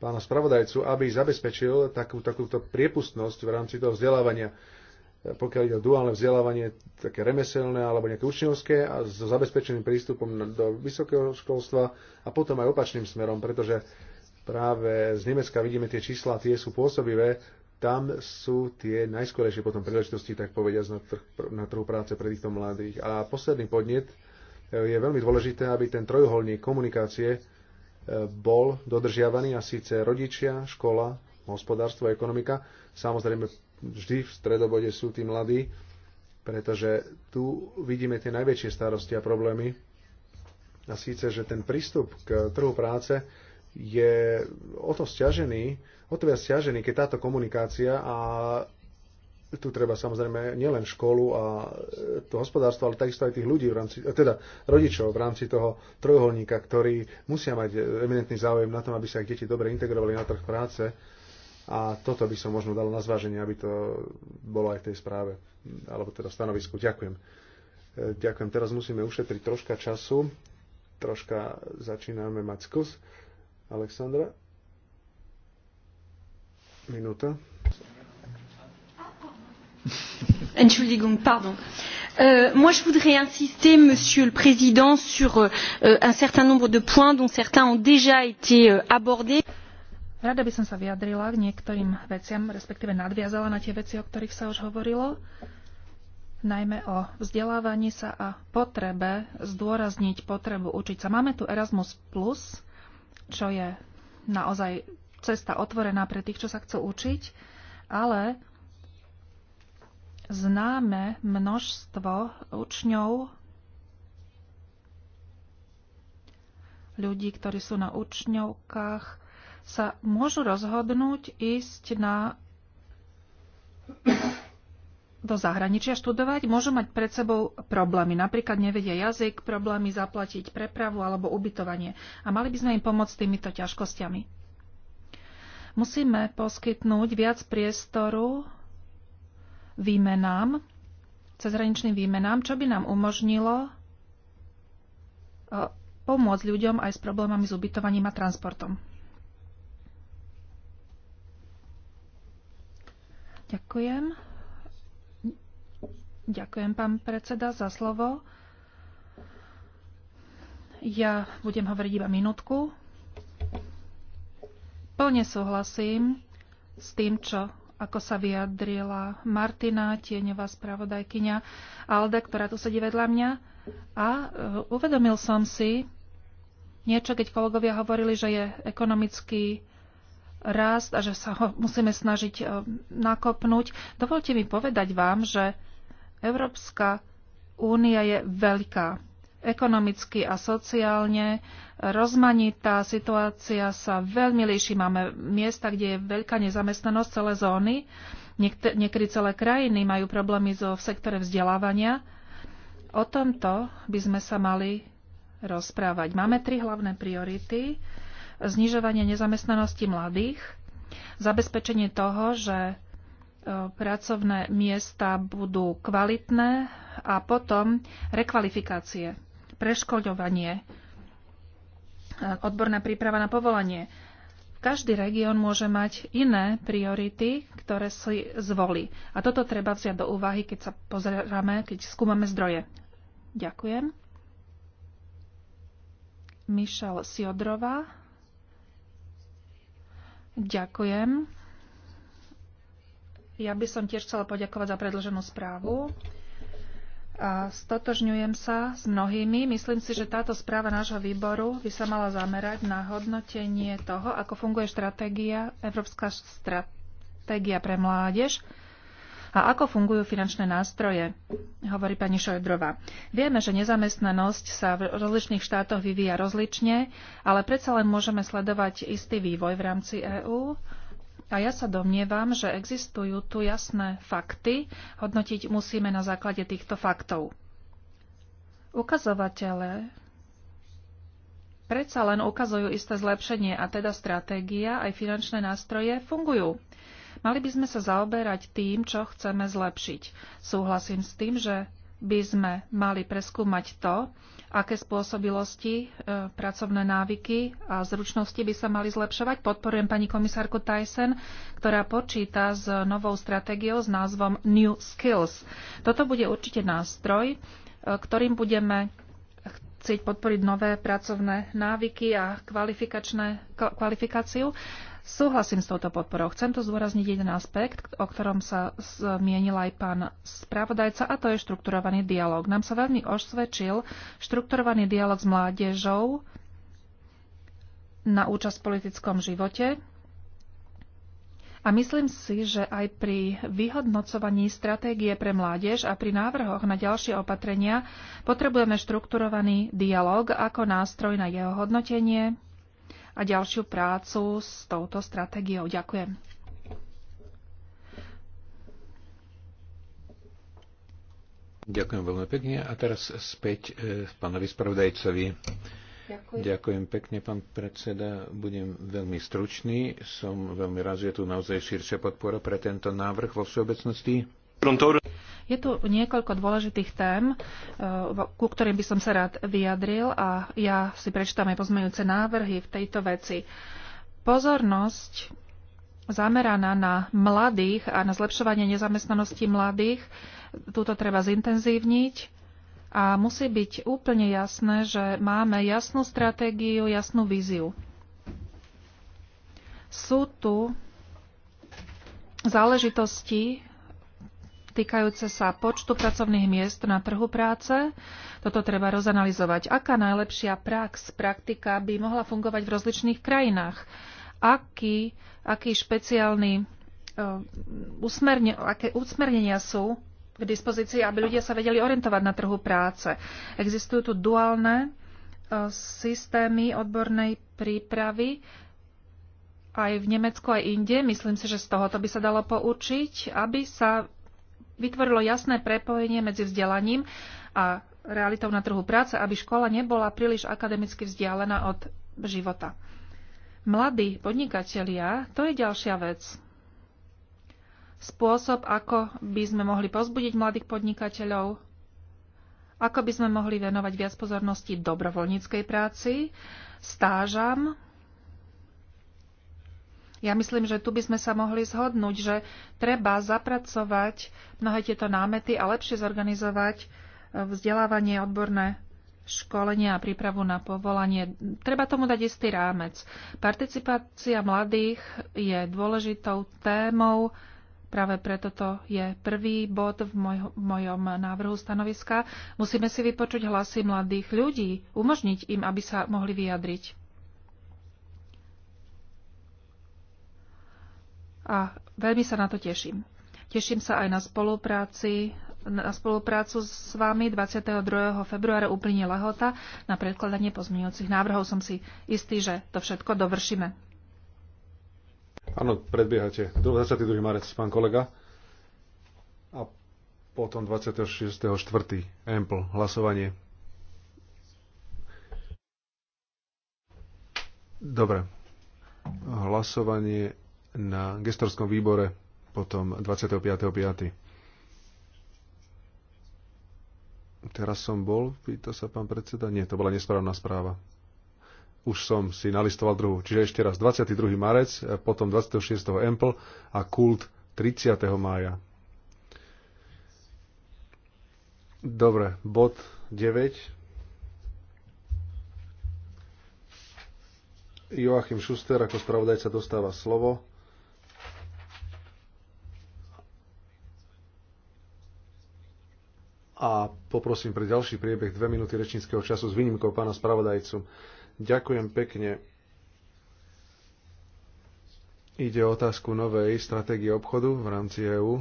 pána spravodajcu, aby zabezpečil takú, takúto priepustnosť v rámci toho vzdelávania. E, pokiaľ ide o duálne vzdelávanie, také remeselné alebo nejaké učňovské a so zabezpečeným prístupom do vysokého školstva a potom aj opačným smerom, pretože práve z Nemecka vidíme tie čísla, tie sú pôsobivé, tam sú tie najskorejšie potom príležitosti, tak povediať, na, trh, na trhu práce pre týchto mladých. A posledný podnet e, je veľmi dôležité, aby ten trojuholník komunikácie e, bol dodržiavaný a síce rodičia, škola, hospodárstvo, ekonomika. Samozrejme, vždy v stredobode sú tí mladí, pretože tu vidíme tie najväčšie starosti a problémy. A síce, že ten prístup k trhu práce je o to stiažený, o to viac stiažený, keď táto komunikácia a tu treba samozrejme nielen školu a to hospodárstvo, ale takisto aj tých ľudí, v rámci, teda rodičov v rámci toho trojuholníka, ktorí musia mať eminentný záujem na tom, aby sa ich deti dobre integrovali na trh práce. A toto by som možno dal na zváženie, aby to bolo aj v tej správe, alebo teda stanovisku. Ďakujem. Ďakujem. Teraz musíme ušetriť troška času. Troška začíname mať skús. Alexandra. Minuta. Entschuldigung, pardon. Euh, moi, je voudrais insister, Monsieur le Président, sur euh, un certain nombre de points dont certains ont déjà été euh, abordés. Rada by som sa vyjadrila k niektorým veciam, respektíve nadviazala na tie veci, o ktorých sa už hovorilo, najmä o vzdelávaní sa a potrebe zdôrazniť potrebu učiť sa. Máme tu Erasmus+, čo je naozaj cesta otvorená pre tých, čo sa chcú učiť, ale známe množstvo učňov, ľudí, ktorí sú na učňovkách, sa môžu rozhodnúť ísť na do zahraničia študovať, môžu mať pred sebou problémy. Napríklad nevedia jazyk, problémy zaplatiť prepravu alebo ubytovanie. A mali by sme im pomôcť týmito ťažkosťami. Musíme poskytnúť viac priestoru výmenám, cezhraničným výmenám, čo by nám umožnilo e, pomôcť ľuďom aj s problémami s ubytovaním a transportom. Ďakujem. Ďakujem, pán predseda, za slovo. Ja budem hovoriť iba minútku. Plne súhlasím s tým, čo ako sa vyjadrila Martina, tieňová spravodajkyňa Alda, ktorá tu sedí vedľa mňa. A e, uvedomil som si niečo, keď kolegovia hovorili, že je ekonomický rast a že sa ho musíme snažiť e, nakopnúť. Dovolte mi povedať vám, že Európska únia je veľká. Ekonomicky a sociálne rozmanitá situácia sa veľmi líši. Máme miesta, kde je veľká nezamestnanosť, celé zóny. Niekedy celé krajiny majú problémy so v sektore vzdelávania. O tomto by sme sa mali rozprávať. Máme tri hlavné priority. Znižovanie nezamestnanosti mladých, zabezpečenie toho, že E, pracovné miesta budú kvalitné a potom rekvalifikácie, preškoľovanie, e, odborná príprava na povolanie. Každý región môže mať iné priority, ktoré si zvolí. A toto treba vziať do úvahy, keď sa pozeráme, keď skúmame zdroje. Ďakujem. Mišel Siodrova. Ďakujem. Ja by som tiež chcela poďakovať za predloženú správu. A stotožňujem sa s mnohými. Myslím si, že táto správa nášho výboru by sa mala zamerať na hodnotenie toho, ako funguje stratégia, Európska stratégia pre mládež a ako fungujú finančné nástroje, hovorí pani Šojdrova. Vieme, že nezamestnanosť sa v rozličných štátoch vyvíja rozlične, ale predsa len môžeme sledovať istý vývoj v rámci EÚ a ja sa domnievam, že existujú tu jasné fakty, hodnotiť musíme na základe týchto faktov. Ukazovatele predsa len ukazujú isté zlepšenie a teda stratégia aj finančné nástroje fungujú. Mali by sme sa zaoberať tým, čo chceme zlepšiť. Súhlasím s tým, že by sme mali preskúmať to, aké spôsobilosti, e, pracovné návyky a zručnosti by sa mali zlepšovať. Podporujem pani komisárku Tyson, ktorá počíta s novou stratégiou s názvom New Skills. Toto bude určite nástroj, e, ktorým budeme chcieť podporiť nové pracovné návyky a kvalifikačné, kvalifikáciu. Súhlasím s touto podporou. Chcem tu zdôrazniť jeden aspekt, o ktorom sa zmienil aj pán spravodajca, a to je štrukturovaný dialog. Nám sa veľmi osvedčil štrukturovaný dialog s mládežou na účasť v politickom živote. A myslím si, že aj pri vyhodnocovaní stratégie pre mládež a pri návrhoch na ďalšie opatrenia potrebujeme štrukturovaný dialog ako nástroj na jeho hodnotenie, a ďalšiu prácu s touto stratégiou. Ďakujem. Ďakujem veľmi pekne. A teraz späť e, pánovi spravodajcovi. Ďakujem. Ďakujem pekne, pán predseda. Budem veľmi stručný. Som veľmi rád, že je tu naozaj širšia podpora pre tento návrh vo všeobecnosti. Je tu niekoľko dôležitých tém, e, ku ktorým by som sa rád vyjadril a ja si prečítam aj pozmejúce návrhy v tejto veci. Pozornosť zameraná na mladých a na zlepšovanie nezamestnanosti mladých, túto treba zintenzívniť a musí byť úplne jasné, že máme jasnú stratégiu, jasnú víziu. Sú tu záležitosti, týkajúce sa počtu pracovných miest na trhu práce. Toto treba rozanalizovať. Aká najlepšia prax, praktika by mohla fungovať v rozličných krajinách? Aký, aký špeciálny uh, aké usmernenia sú k dispozícii, aby ľudia sa vedeli orientovať na trhu práce. Existujú tu duálne e, systémy odbornej prípravy aj v Nemecku, aj inde. Myslím si, že z tohoto by sa dalo poučiť, aby sa vytvorilo jasné prepojenie medzi vzdelaním a realitou na trhu práce, aby škola nebola príliš akademicky vzdialená od života. Mladí podnikatelia, to je ďalšia vec. Spôsob, ako by sme mohli pozbudiť mladých podnikateľov, ako by sme mohli venovať viac pozornosti dobrovoľníckej práci, stážam, ja myslím, že tu by sme sa mohli zhodnúť, že treba zapracovať mnohé tieto námety a lepšie zorganizovať e, vzdelávanie odborné školenia a prípravu na povolanie. Treba tomu dať istý rámec. Participácia mladých je dôležitou témou, práve preto to je prvý bod v, moj, v mojom návrhu stanoviska. Musíme si vypočuť hlasy mladých ľudí, umožniť im, aby sa mohli vyjadriť. a veľmi sa na to teším. Teším sa aj na, spolupráci, na spoluprácu s vami. 22. februára úplne lehota na predkladanie pozmeňujúcich návrhov. Som si istý, že to všetko dovršíme. Áno, predbiehate. 22. marec, pán kolega. A potom 26.4. Ample, hlasovanie. Dobre. Hlasovanie na gestorskom výbore potom 25.5. Teraz som bol, pýta sa pán predseda. Nie, to bola nesprávna správa. Už som si nalistoval druhú. Čiže ešte raz 22. marec, potom 26. Empl a Kult 30. mája. Dobre, bod 9. Joachim Šuster ako spravodajca dostáva slovo. a poprosím pre ďalší priebeh dve minúty rečníckého času s výnimkou pána spravodajcu. Ďakujem pekne. Ide o otázku novej stratégie obchodu v rámci EÚ.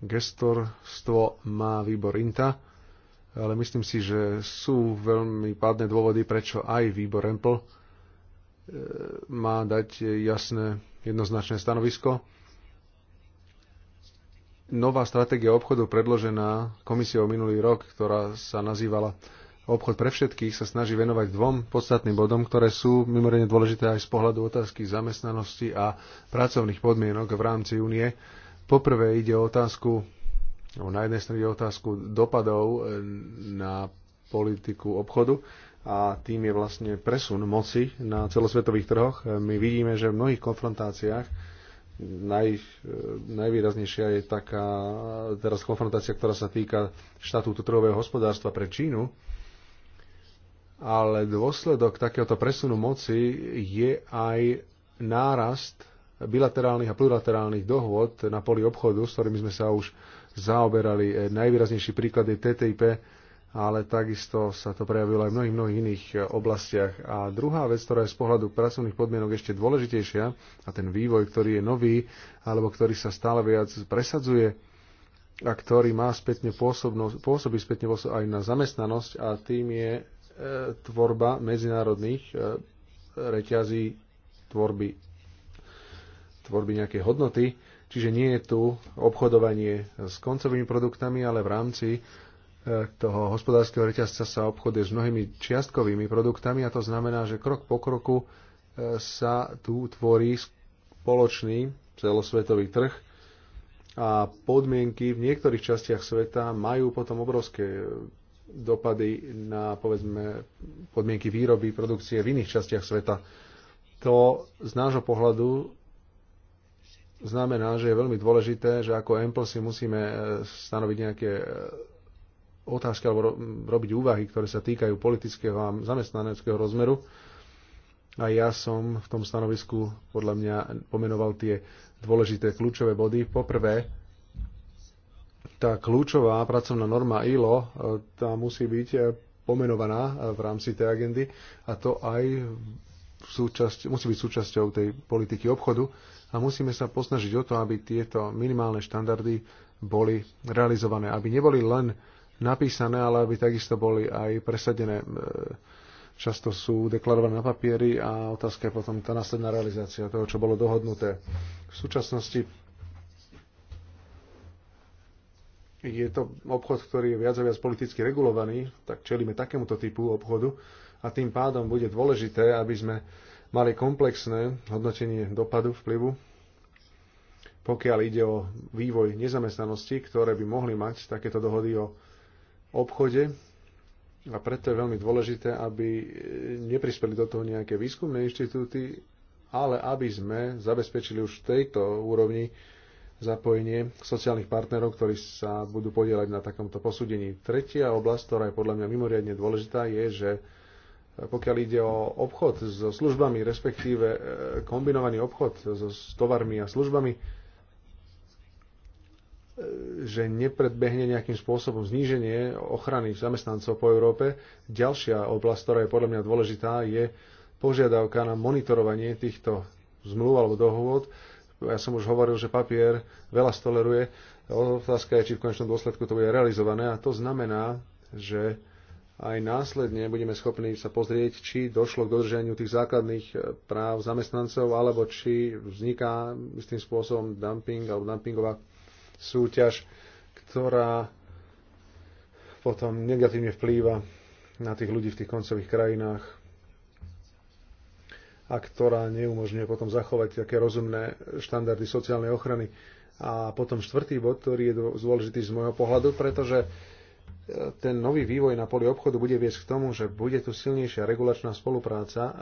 Gestorstvo má výbor INTA, ale myslím si, že sú veľmi pádne dôvody, prečo aj výbor EMPL e, má dať jasné, jednoznačné stanovisko nová stratégia obchodu predložená komisiou minulý rok, ktorá sa nazývala obchod pre všetkých, sa snaží venovať dvom podstatným bodom, ktoré sú mimoriadne dôležité aj z pohľadu otázky zamestnanosti a pracovných podmienok v rámci únie. Poprvé ide o otázku, na jednej strane ide o otázku dopadov eh, na politiku obchodu a tým je vlastne presun moci na celosvetových trhoch. Eh, my vidíme, že v mnohých konfrontáciách Naj, najvýraznejšia je taká teraz konfrontácia, ktorá sa týka štatútu trhového hospodárstva pre Čínu, ale dôsledok takéhoto presunu moci je aj nárast bilaterálnych a plurilaterálnych dohôd na poli obchodu, s ktorými sme sa už zaoberali. Najvýraznejší príklad je TTIP, ale takisto sa to prejavilo aj v mnohých, mnohých iných e, oblastiach. A druhá vec, ktorá je z pohľadu pracovných podmienok ešte dôležitejšia, a ten vývoj, ktorý je nový, alebo ktorý sa stále viac presadzuje, a ktorý má spätne pôsobí spätne pôsob aj na zamestnanosť a tým je e, tvorba medzinárodných e, reťazí tvorby, tvorby nejakej hodnoty. Čiže nie je tu obchodovanie s koncovými produktami, ale v rámci toho hospodárskeho reťazca sa obchoduje s mnohými čiastkovými produktami a to znamená, že krok po kroku e, sa tu tvorí spoločný celosvetový trh a podmienky v niektorých častiach sveta majú potom obrovské dopady na povedzme podmienky výroby, produkcie v iných častiach sveta. To z nášho pohľadu znamená, že je veľmi dôležité, že ako Ample si musíme e, stanoviť nejaké e, otázky alebo robiť úvahy, ktoré sa týkajú politického a zamestnaneckého rozmeru. A ja som v tom stanovisku podľa mňa pomenoval tie dôležité kľúčové body. Poprvé, tá kľúčová pracovná norma ILO, e, tá musí byť e, pomenovaná e, v rámci tej agendy a to aj súčasť, musí byť súčasťou tej politiky obchodu a musíme sa posnažiť o to, aby tieto minimálne štandardy boli realizované, aby neboli len uh, napísané, ale aby takisto boli aj presadené. E, často sú deklarované na papieri a otázka je potom tá následná realizácia toho, čo bolo dohodnuté. V súčasnosti je to obchod, ktorý je viac a viac politicky regulovaný, tak čelíme takémuto typu obchodu a tým pádom bude dôležité, aby sme mali komplexné hodnotenie dopadu vplyvu, pokiaľ ide o vývoj nezamestnanosti, ktoré by mohli mať takéto dohody o obchode a preto je veľmi dôležité, aby e, neprispeli do toho nejaké výskumné inštitúty, ale aby sme zabezpečili už v tejto úrovni zapojenie sociálnych partnerov, ktorí sa budú podielať na takomto posúdení. Tretia oblasť, ktorá je podľa mňa mimoriadne dôležitá, je, že e, pokiaľ ide o obchod so službami, respektíve e, kombinovaný obchod so tovarmi a službami, že nepredbehne nejakým spôsobom zníženie ochrany zamestnancov po Európe. Ďalšia oblasť, ktorá je podľa mňa dôležitá, je požiadavka na monitorovanie týchto zmluv alebo dohôd. Ja som už hovoril, že papier veľa stoleruje. Otázka je, či v konečnom dôsledku to bude realizované a to znamená, že aj následne budeme schopní sa pozrieť, či došlo k dodržaniu tých základných eh, práv zamestnancov, alebo či vzniká istým spôsobom dumping alebo dumpingová súťaž, ktorá potom negatívne vplýva na tých ľudí v tých koncových krajinách a ktorá neumožňuje potom zachovať také rozumné štandardy sociálnej ochrany. A potom štvrtý bod, ktorý je dôležitý z môjho pohľadu, pretože e, ten nový vývoj na poli obchodu bude viesť k tomu, že bude tu silnejšia regulačná spolupráca, e,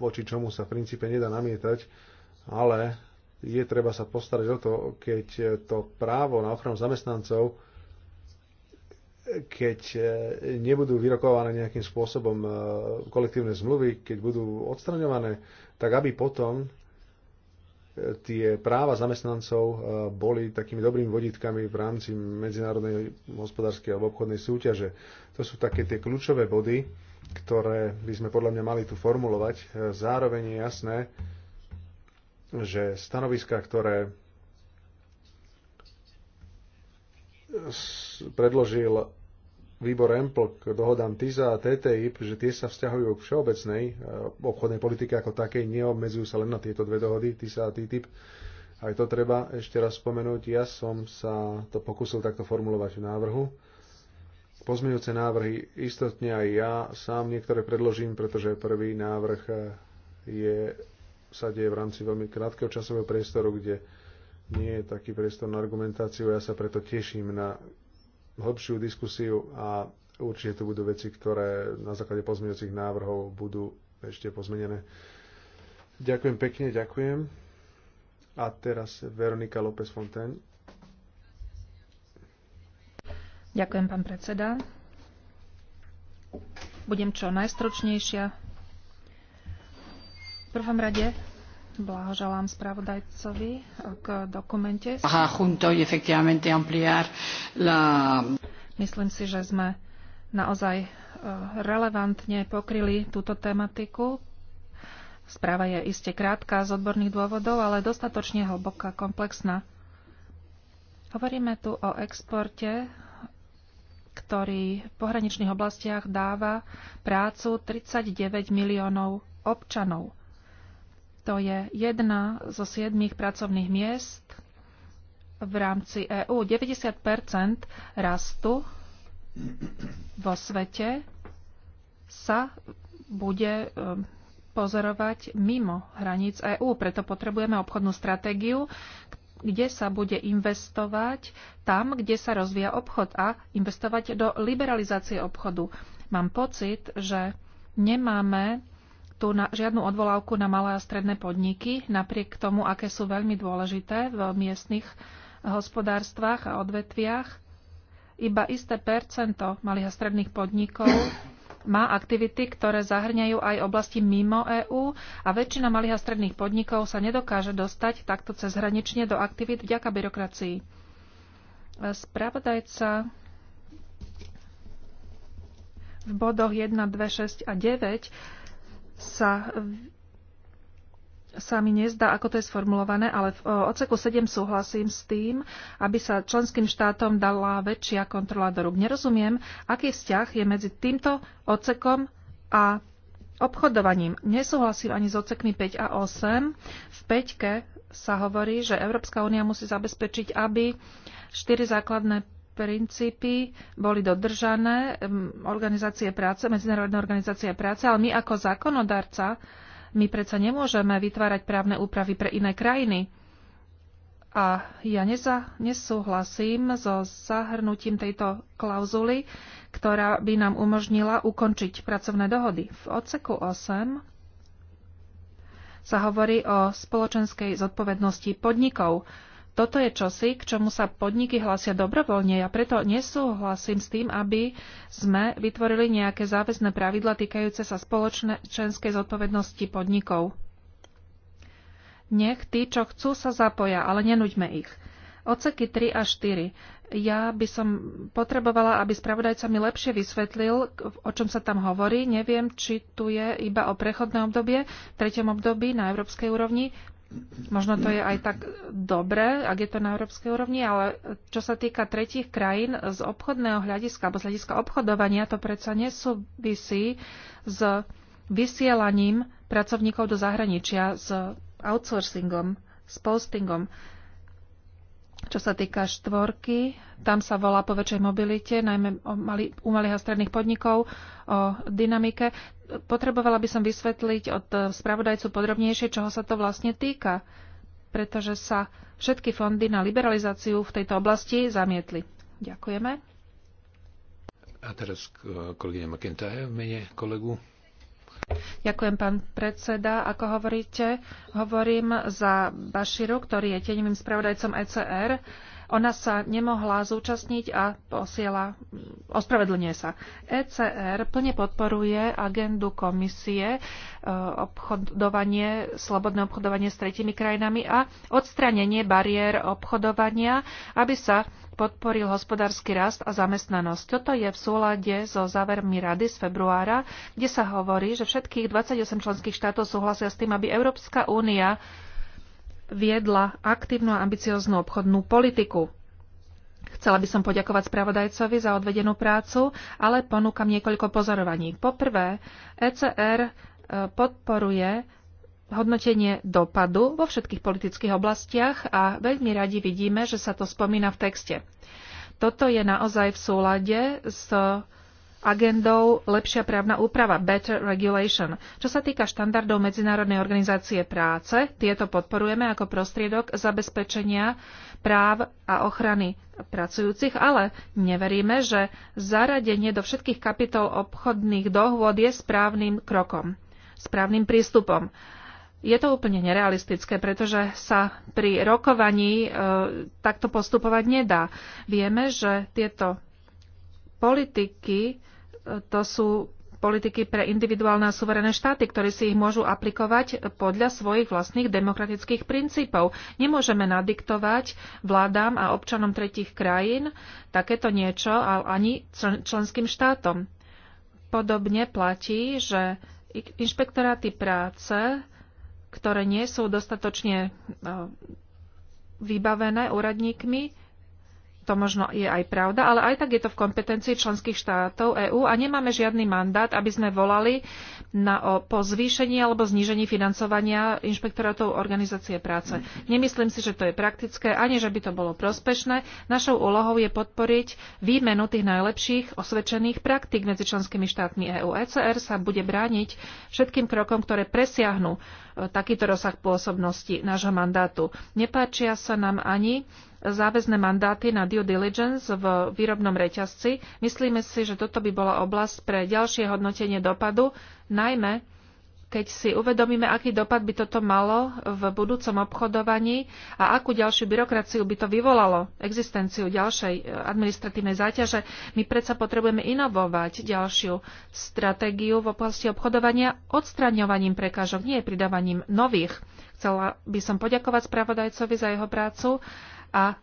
voči čomu sa v princípe nedá namietať, ale je treba sa postarať o to, keď to právo na ochranu zamestnancov, keď e, nebudú vyrokované nejakým spôsobom e, kolektívne zmluvy, keď budú odstraňované, tak aby potom e, tie práva zamestnancov boli takými dobrými vodítkami v rámci medzinárodnej hospodárskej alebo obchodnej súťaže. To sú také tie kľúčové body, ktoré by sme podľa mňa mali tu formulovať. Zároveň je jasné, že stanoviska, ktoré predložil výbor EMPL k dohodám TISA a TTIP, že tie sa vzťahujú k všeobecnej e, obchodnej politike ako takej, neobmedzujú sa len na tieto dve dohody, TISA a TTIP. Aj to treba ešte raz spomenúť. Ja som sa to pokusil takto formulovať v návrhu. Pozmeňujúce návrhy istotne aj ja sám niektoré predložím, pretože prvý návrh e, je sa deje v rámci veľmi krátkeho časového priestoru, kde nie je taký priestor na argumentáciu. Ja sa preto teším na hĺbšiu diskusiu a určite to budú veci, ktoré na základe pozmeňujúcich návrhov budú ešte pozmenené. Ďakujem pekne, ďakujem. A teraz Veronika López Fontaine. Ďakujem, pán predseda. Budem čo najstročnejšia prvom rade blahoželám spravodajcovi k dokumente. Myslím si, že sme naozaj eh, relevantne pokryli túto tematiku. Správa je iste krátka z odborných dôvodov, ale dostatočne hlboká, komplexná. Hovoríme tu o exporte, ktorý v pohraničných oblastiach dáva prácu 39 miliónov občanov. To je jedna zo siedmých pracovných miest v rámci EÚ. 90 rastu vo svete sa bude um, pozorovať mimo hraníc EÚ. Preto potrebujeme obchodnú stratégiu, kde sa bude investovať tam, kde sa rozvíja obchod a investovať do liberalizácie obchodu. Mám pocit, že nemáme tu na, žiadnu odvolávku na malé a stredné podniky, napriek tomu, aké sú veľmi dôležité v miestnych eh, hospodárstvách a odvetviach. Iba isté percento malých a stredných podnikov má aktivity, ktoré zahrňajú aj oblasti mimo EÚ a väčšina malých a stredných podnikov sa nedokáže dostať takto cezhranične do aktivít vďaka byrokracii. Eh, spravodajca v bodoch 1, 2, 6 a 9 sa sa mi nezdá, ako to je sformulované, ale v odseku 7 súhlasím s tým, aby sa členským štátom dala väčšia kontrola do rúk. Nerozumiem, aký vzťah je medzi týmto odsekom a obchodovaním. Nesúhlasím ani s odsekmi 5 a 8. V 5 sa hovorí, že Európska únia musí zabezpečiť, aby štyri základné princípy boli dodržané organizácie práce, medzinárodné organizácie práce, ale my ako zákonodarca, my predsa nemôžeme vytvárať právne úpravy pre iné krajiny. A ja neza, nesúhlasím so zahrnutím tejto klauzuly, ktorá by nám umožnila ukončiť pracovné dohody. V odseku 8 sa hovorí o spoločenskej zodpovednosti podnikov toto je čosi, k čomu sa podniky hlasia dobrovoľne. Ja preto nesúhlasím s tým, aby sme vytvorili nejaké záväzné pravidla týkajúce sa spoločenskej zodpovednosti podnikov. Nech tí, čo chcú, sa zapoja, ale nenuďme ich. Oceky 3 a 4. Ja by som potrebovala, aby spravodajca mi lepšie vysvetlil, o čom sa tam hovorí. Neviem, či tu je iba o prechodné obdobie, v treťom období na európskej úrovni. Možno to je aj tak dobre, ak je to na európskej úrovni, ale čo sa týka tretích krajín, z obchodného hľadiska alebo z hľadiska obchodovania to predsa nesúvisí s vysielaním pracovníkov do zahraničia, s outsourcingom, s postingom. Čo sa týka štvorky, tam sa volá po väčšej mobilite, najmä o mali, u malých a stredných podnikov, o dynamike potrebovala by som vysvetliť od eh, spravodajcu podrobnejšie, čoho sa to vlastne týka, pretože sa všetky fondy na liberalizáciu v tejto oblasti zamietli. Ďakujeme. A teraz eh, kolegyne McIntyre v mene kolegu. Ďakujem, pán predseda. Ako hovoríte, hovorím za Baširu, ktorý je tenivým spravodajcom ECR. Ona sa nemohla zúčastniť a posiela, ospravedlňuje sa. ECR plne podporuje agendu komisie e, obchodovanie, slobodné obchodovanie s tretimi krajinami a odstranenie bariér obchodovania, aby sa podporil hospodársky rast a zamestnanosť. Toto je v súlade so závermi rady z februára, kde sa hovorí, že všetkých 28 členských štátov súhlasia s tým, aby Európska únia viedla aktívnu a ambicioznú obchodnú politiku. Chcela by som poďakovať spravodajcovi za odvedenú prácu, ale ponúkam niekoľko pozorovaní. Poprvé, ECR e, podporuje hodnotenie dopadu vo všetkých politických oblastiach a veľmi radi vidíme, že sa to spomína v texte. Toto je naozaj v súlade s agendou lepšia právna úprava, better regulation. Čo sa týka štandardov Medzinárodnej organizácie práce, tieto podporujeme ako prostriedok zabezpečenia práv a ochrany pracujúcich, ale neveríme, že zaradenie do všetkých kapitol obchodných dohôd je správnym krokom, správnym prístupom. Je to úplne nerealistické, pretože sa pri rokovaní e, takto postupovať nedá. Vieme, že tieto politiky to sú politiky pre individuálne a suverené štáty, ktoré si ich môžu aplikovať podľa svojich vlastných demokratických princípov. Nemôžeme nadiktovať vládám a občanom tretich krajín takéto niečo, ale ani členským štátom. Podobne platí, že inšpektoráty práce, ktoré nie sú dostatočne eh, vybavené úradníkmi, to možno je aj pravda, ale aj tak je to v kompetencii členských štátov EÚ a nemáme žiadny mandát, aby sme volali na, o, po zvýšení alebo znížení financovania inšpektorátov organizácie práce. Nemyslím si, že to je praktické, ani že by to bolo prospešné. Našou úlohou je podporiť výmenu tých najlepších osvedčených praktík medzi členskými štátmi EÚ. ECR sa bude brániť všetkým krokom, ktoré presiahnu e, takýto rozsah pôsobnosti nášho mandátu. Nepáčia sa nám ani záväzné mandáty na due diligence v výrobnom reťazci. Myslíme si, že toto by bola oblasť pre ďalšie hodnotenie dopadu, najmä keď si uvedomíme, aký dopad by toto malo v budúcom obchodovaní a akú ďalšiu byrokraciu by to vyvolalo, existenciu ďalšej e, administratívnej záťaže, my predsa potrebujeme inovovať ďalšiu stratégiu v oblasti obchodovania odstraňovaním prekážok, nie pridávaním nových. Chcela by som poďakovať spravodajcovi za jeho prácu a e,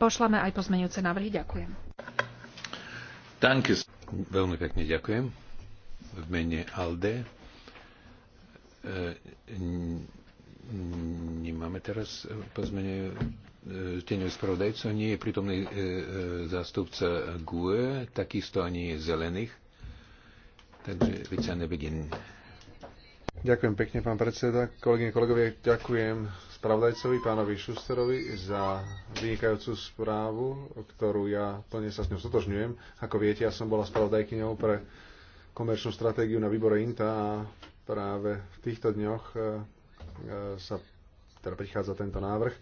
pošleme aj pozmeňujúce návrhy. Ďakujem. Danke. Veľmi pekne ďakujem. V mene ALDE. E, nemáme teraz pozmeňujúce teňový spravodajco. nie je prítomný e, zástupca GUE, takisto ani zelených. Takže Vicane Begin. Ďakujem pekne, pán predseda. Kolegyne, kolegovia, ďakujem spravodajcovi, pánovi Šusterovi, za vynikajúcu správu, ktorú ja plne sa s ňou stotožňujem. Ako viete, ja som bola spravodajkyňou pre komerčnú stratégiu na výbore INTA a práve v týchto dňoch e, e, sa teda prichádza tento návrh.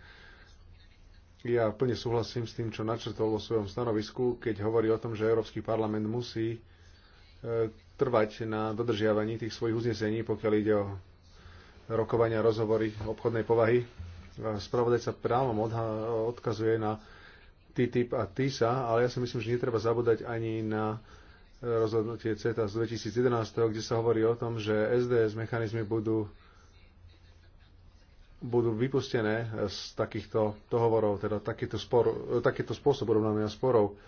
Ja plne súhlasím s tým, čo načrtol vo svojom stanovisku, keď hovorí o tom, že Európsky parlament musí e, trvať na dodržiavaní tých svojich uznesení, pokiaľ ide o rokovania, rozhovory obchodnej povahy. Spravodajca právom odkazuje na TTIP a TISA, ale ja si myslím, že netreba zabúdať ani na rozhodnutie CETA z 2011, kde sa hovorí o tom, že SDS mechanizmy budú, budú vypustené z takýchto dohovorov, teda takýto, spor, takýto spôsob urovnania sporov.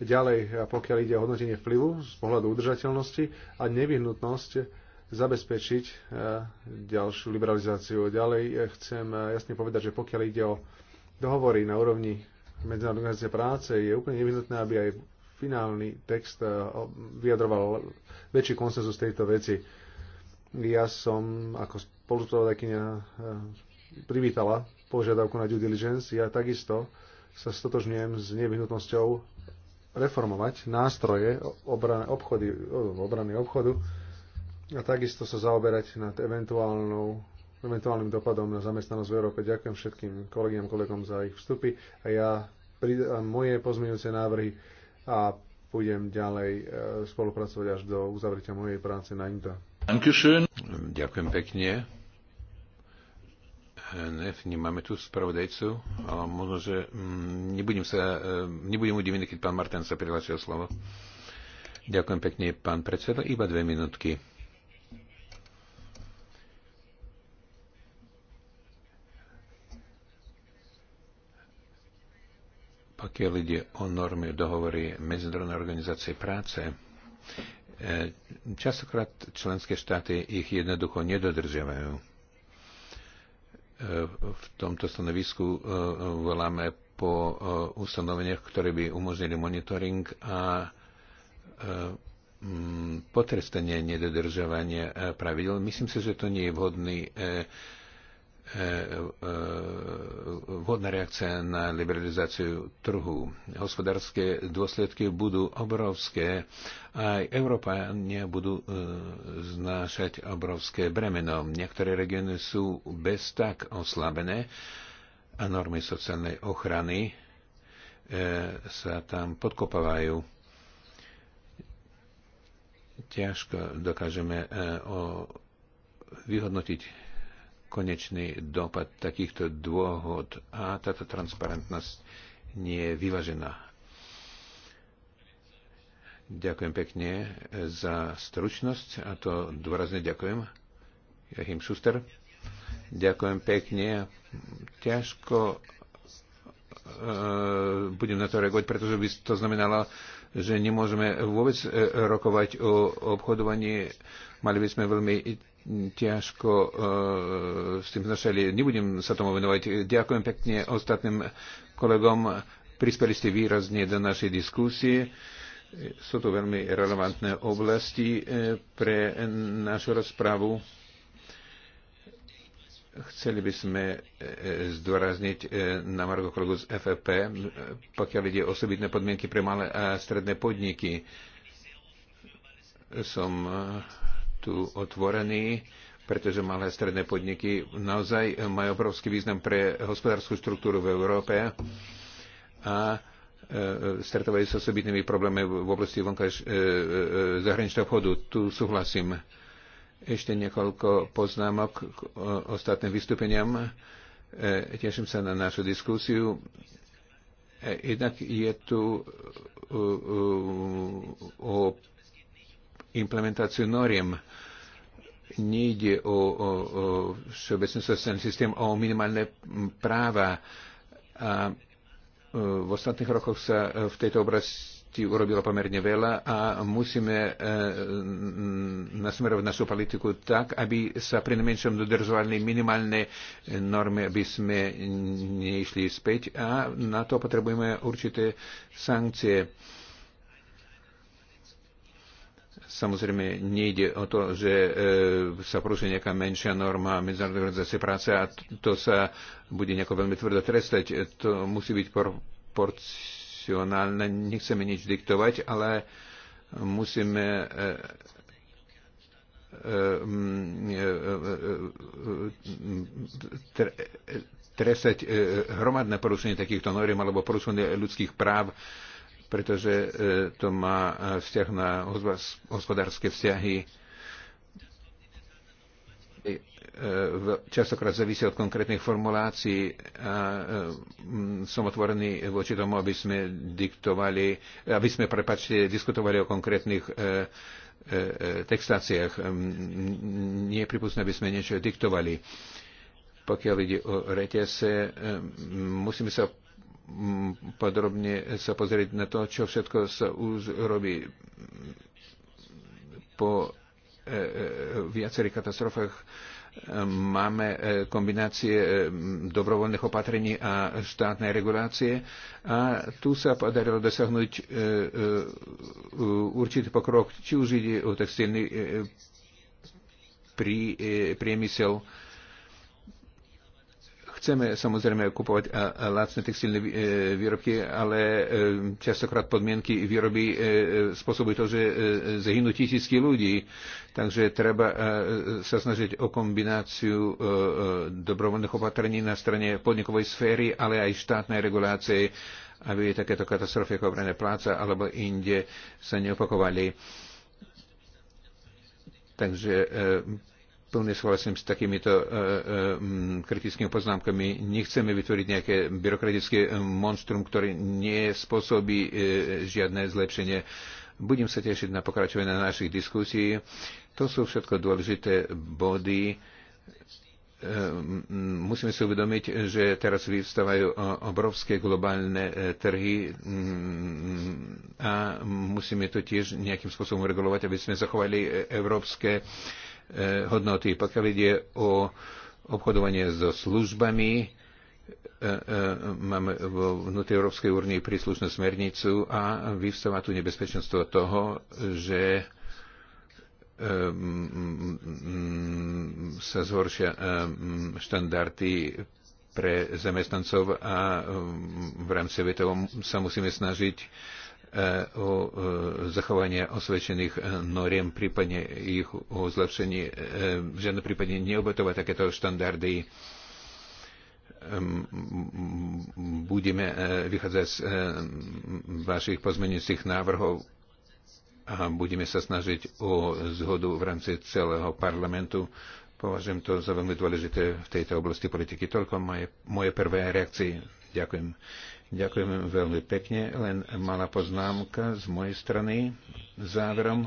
Ďalej, pokiaľ ide o hodnotenie vplyvu z pohľadu udržateľnosti a nevyhnutnosť zabezpečiť eh, ďalšiu liberalizáciu. Ďalej eh, chcem eh, jasne povedať, že pokiaľ ide o dohovory na úrovni Medzinárodnej organizácie práce, je úplne nevyhnutné, aby aj finálny text vyjadroval väčší konsenzus tejto veci. Ja som ako spolupravodajkynia privítala požiadavku na due diligence. Ja takisto sa stotožňujem s nevyhnutnosťou reformovať nástroje obrany obrany obchodu a takisto sa zaoberať nad eventuálnou, eventuálnym dopadom na zamestnanosť v Európe. Ďakujem všetkým kolegiam kolegom za ich vstupy a ja pridám moje pozmeňujúce návrhy a pôjdem ďalej e, spolupracovať až do uzavretia mojej práce na INTA. Ďakujem pekne. NF, nemáme tu spravodajcu, ale možno, že mm, nebudem, sa, e, nebudem udivený, keď pán Martin sa prihlásil slovo. Ďakujem pekne, pán predseda. Iba dve minútky pokiaľ ide o normy dohovory Medzinárodnej organizácie práce, e, častokrát členské štáty ich jednoducho nedodržiavajú. E, v tomto stanovisku e, voláme po ustanoveniach, ktoré by umožnili monitoring a potrestanie nedodržovania pravidel. Myslím si, že to nie je vhodný E, e, vodná reakcia na liberalizáciu trhu. Hospodárske dôsledky budú obrovské. Aj Európania budú e, znášať obrovské bremeno. Niektoré regióny sú bez tak oslabené a normy sociálnej ochrany sa tam podkopávajú ťažko dokážeme vyhodnotiť konečný dopad takýchto dôhod a táto transparentnosť nie je vyvažená. Ďakujem pekne za stručnosť a to dôrazne ďakujem. Jachim Šuster. Ďakujem pekne. Ťažko e, budem na to reagovať, pretože by to znamenalo, že nemôžeme vôbec e, rokovať o obchodovaní. Mali by sme veľmi ťažko e, s tým znašali. Nebudem sa tomu venovať. Ďakujem pekne ostatným kolegom. Prispeli ste výrazne do našej diskusie. Sú to veľmi relevantné oblasti e, pre našu rozpravu. Chceli by sme e, zdôrazniť e, na Margo kolegu z FFP, pokiaľ ide osobitné podmienky pre malé a stredné podniky. Som tu otvorení, pretože malé a stredné podniky naozaj majú obrovský význam pre hospodárskú štruktúru v Európe a e, stretávajú sa s osobitnými problémy v oblasti vonkaž, e, e, zahraničného obchodu. Tu súhlasím. Ešte niekoľko poznámok k ostatným vystúpeniam. Teším sa na našu diskusiu. Jednak je tu o implementáciu noriem. Nejde o, o, o všeobecný sociálny systém, o minimálne práva. A e, v ostatných rokoch sa v tejto oblasti urobilo pomerne veľa a musíme e, nasmerovať našu politiku tak, aby sa pri najmenšom dodržovali minimálne normy, aby sme neišli späť a na to potrebujeme určité sankcie Samozrejme, nejde o to, že e, sa porušuje nejaká menšia norma Medzinárodnej organizácie práce a to sa bude nejako veľmi tvrdo trestať. To musí byť proporcionálne. Nechceme nič diktovať, ale musíme e, e, e, e trestať hromadné porušenie takýchto noriem alebo porušenie ľudských práv pretože e, to má e, vzťah na hospodárske vzťahy. E, častokrát závisí od konkrétnych formulácií a som otvorený voči tomu, aby sme diktovali, aby sme, prepačte, diskutovali o konkrétnych textáciách. Nie je pripustné, aby sme niečo diktovali. Pokiaľ ide o reťase, musíme sa podrobne sa pozrieť na to, čo všetko sa už robí po e, e, viacerých katastrofách e, máme kombinácie dobrovoľných opatrení a štátnej regulácie a tu sa podarilo dosiahnuť určitý pokrok, či už ide o textilný priemysel, Chceme samozrejme kupovať lacné textilné e, výrobky, ale e, častokrát podmienky výroby e, spôsobujú to, že zahynú tisícky ľudí. Takže treba sa snažiť o kombináciu dobrovoľných opatrení na strane podnikovej sféry, ale aj štátnej regulácie, aby takéto katastrofy ako obrané pláca alebo inde sa neopakovali. Takže plne súhlasím s takýmito e, e, kritickými poznámkami. Nechceme vytvoriť nejaké byrokratické e, monstrum, ktoré nespôsobí e, žiadne zlepšenie. Budem sa tešiť na pokračovanie na našich diskusí. To sú všetko dôležité body. E, musíme si uvedomiť, že teraz vyvstávajú e, obrovské globálne trhy a musíme to tiež nejakým spôsobom regulovať, aby sme zachovali európske Eh, hodnoty. Pokiaľ ide o obchodovanie so službami, eh, eh, máme vo vnútri Európskej únie príslušnú smernicu a vyvstáva tu nebezpečenstvo toho, že mm, sa zhoršia mm, štandardy pre zamestnancov a mm, v rámci vetovom sa musíme snažiť Eh, o eh, zachovanie osvedčených eh, noriem, prípadne ich o zlepšení, v žiadnom prípade neobetovať takéto štandardy. Ehm, budeme vychádzať z vašich pozmeňujúcich návrhov a budeme sa snažiť o zhodu v rámci celého parlamentu. Považujem to za veľmi dôležité v tejto oblasti politiky. Toľko moje, moje prvé reakcie. Ďakujem. Ďakujem veľmi pekne. Len malá poznámka z mojej strany záverom.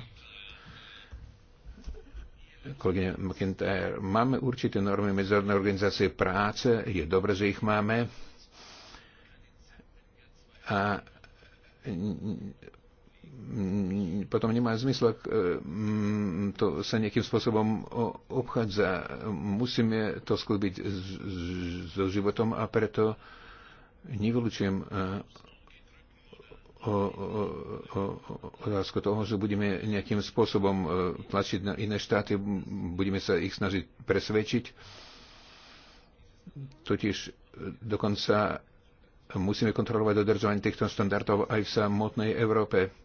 Kolegyne McIntyre, máme určité normy Medzinárodnej organizácie práce, je dobré, že ich máme. A potom nemá zmysel, ak e, to sa nejakým spôsobom obchádza. Musíme to sklbiť so životom a preto nevylučujem e, otázku toho, že budeme nejakým spôsobom e, tlačiť na iné štáty, budeme sa ich snažiť presvedčiť. Totiž e, dokonca musíme kontrolovať dodržovanie týchto standardov aj v samotnej Európe.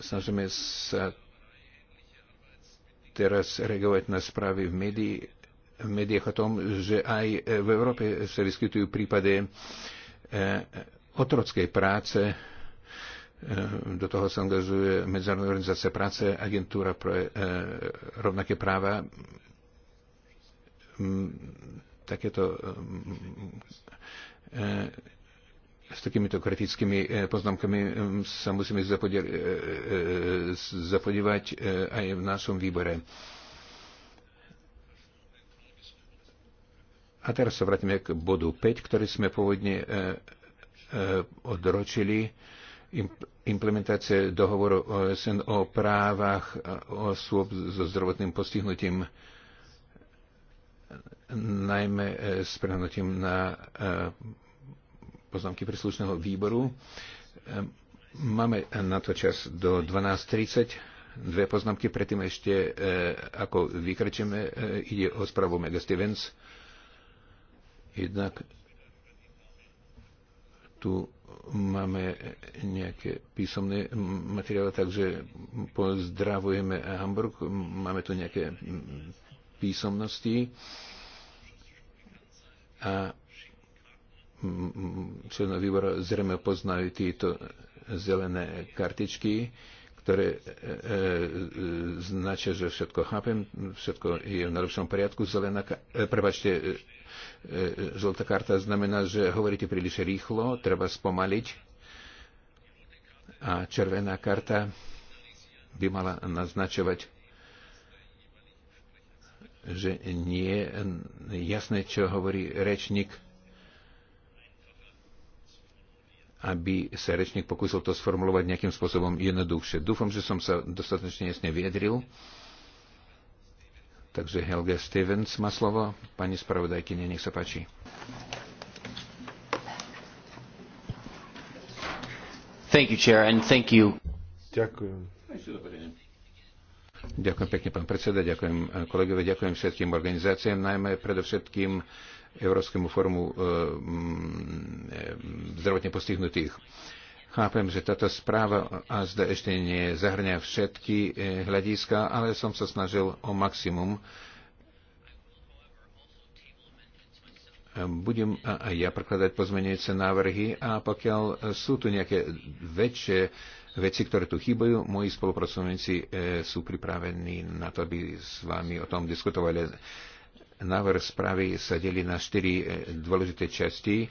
Snažíme sa teraz reagovať na správy v médií médiách o tom, že aj v Európe sa vyskytujú prípady e, otrockej práce. E, do toho sa angažuje Medzinárodná organizácia práce, agentúra pre e, rovnaké práva. Takéto s takýmito kritickými poznámkami sa musíme zapodívať aj v našom výbore. A teraz sa vrátime k bodu 5, ktorý sme pôvodne e, e, odročili. Implementácia dohovoru OSN o právach e, osôb so zdravotným postihnutím najmä s prehnutím na poznámky príslušného výboru. Máme na to čas do 12.30 dve poznámky predtým ešte, ako vykračujeme, ide o správu Mega Stevens Jednak tu máme nejaké písomné materiály, takže pozdravujeme Hamburg, máme tu nejaké písomnosti a členov výboru zrejme poznajú tieto zelené kartičky, ktoré e, e, značia, že všetko chápem, všetko je v najlepšom poriadku. Zelená, e, prebačte, E, žltá karta znamená, že hovoríte príliš rýchlo, treba spomaliť. A červená karta by mala naznačovať, že nie je jasné, čo hovorí rečník, aby sa rečník pokúsil to sformulovať nejakým spôsobom jednoduchšie. Dúfam, že som sa dostatočne jasne vyjadril. Takže Helge Stevens má slovo. Pani spravodajkyne, nech sa páči. Thank you, Chair, and thank you. Ďakujem. Ďakujem pekne, pán predseda, ďakujem eh, kolegovi, ďakujem všetkým organizáciám, najmä predovšetkým Európskemu fórumu e, e, zdravotne postihnutých. E, Chápem, že táto správa a zde ešte nie zahrňa všetky e, hľadiska, ale som sa snažil o maximum. Budem aj ja prekladať pozmenujúce návrhy a pokiaľ sú tu nejaké väčšie veci, ktoré tu chýbajú, moji spolupracovníci e, sú pripravení na to, aby s vami o tom diskutovali. Návrh správy sa delí na štyri e, dôležité časti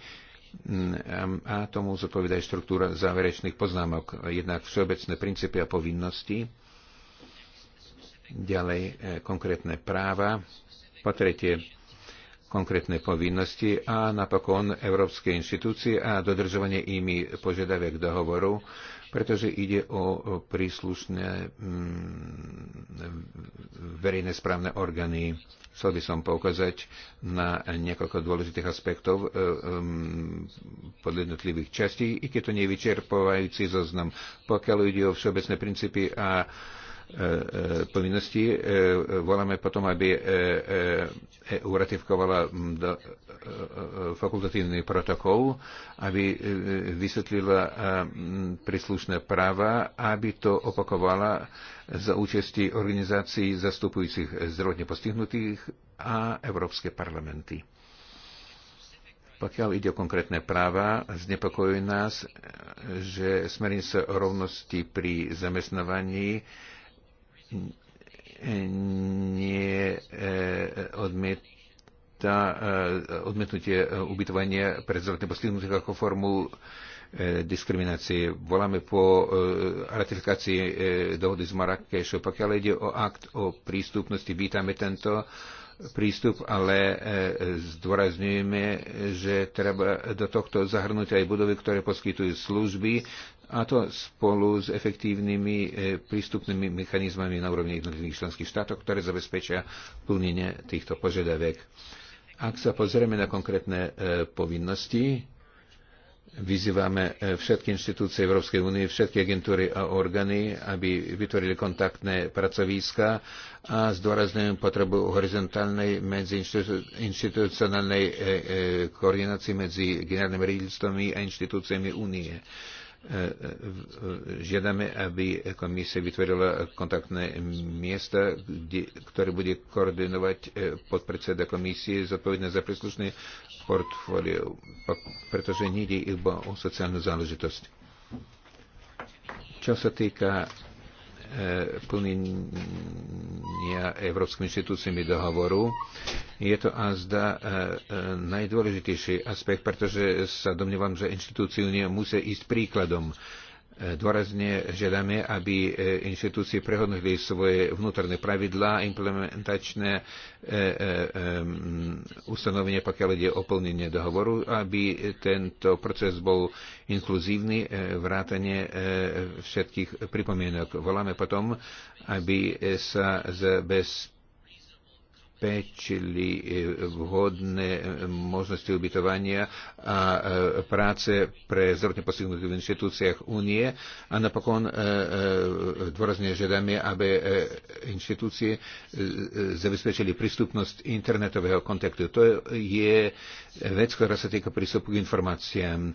Mm, a tomu zodpovedá aj štruktúra záverečných poznámok, jednak všeobecné princípy a povinnosti, ďalej eh, konkrétne práva, po tretie konkrétne povinnosti a napokon európske inštitúcie a dodržovanie imi požiadaviek dohovoru pretože ide o príslušné mm, verejné správne orgány. Chcel by som poukázať na niekoľko dôležitých aspektov e, podľa jednotlivých častí, i keď to nevyčerpovajúci zoznam. Pokiaľ ide o všeobecné princípy a E, e, povinnosti. E, voláme potom, aby EU ratifikovala fakultatívny protokol, aby vysvetlila príslušné práva, aby to opakovala za účasti organizácií zastupujúcich zdravotne postihnutých a Európske parlamenty. Pokiaľ ide o konkrétne práva, znepokojuje nás, že smernica o rovnosti pri zamestnávaní nie eh, odmieta eh, odmietnutie eh, ubytovania pre zdravotne postihnutých ako formu diskriminácie. Voláme po ratifikácii dohody z Marrakešu. Pokiaľ ide o akt o prístupnosti, vítame tento prístup, ale e, zdôrazňujeme, že treba do tohto zahrnúť aj budovy, ktoré poskytujú služby a to spolu s efektívnymi e, prístupnými mechanizmami na úrovni jednotlivých členských štátov, ktoré zabezpečia plnenie týchto požiadaviek. Ak sa pozrieme na konkrétne e, povinnosti, Vyzývame e, všetky inštitúcie Európskej únie, všetky agentúry a orgány, aby vytvorili kontaktné pracoviska a zdôrazňujem potrebu horizontálnej medziinstitucionálnej e, e, koordinácii medzi generálnymi riaditeľstvami a inštitúciami únie. Žiadame, aby komisia vytvorila kontaktné miesta, kde, ktoré bude koordinovať e, podpredseda komisie zodpovedné za príslušné portfólio, pretože nie nejde iba o sociálnu záležitosť. Čo sa týka E, plnenia európskymi inštitúciami dohovoru. Je to a zda e, e, najdôležitejší aspekt, pretože sa domnievam, že inštitúcie únie musia ísť príkladom. E, dôrazne žiadame, aby e, inštitúcie prehodnotili svoje vnútorné pravidlá, implementačné e, ustanovenie, pokiaľ ide o plnenie dohovoru, aby tento proces bol inkluzívny, vrátanie všetkých pripomienok. Voláme potom, aby sa bez zabezpečili e, vhodné e, možnosti ubytovania a e, práce pre zdravotne postihnutých v inštitúciách únie a napokon dôrazne žiadame, aby inštitúcie zabezpečili prístupnosť internetového kontaktu. To je vec, ktorá sa týka prístupu k informáciám.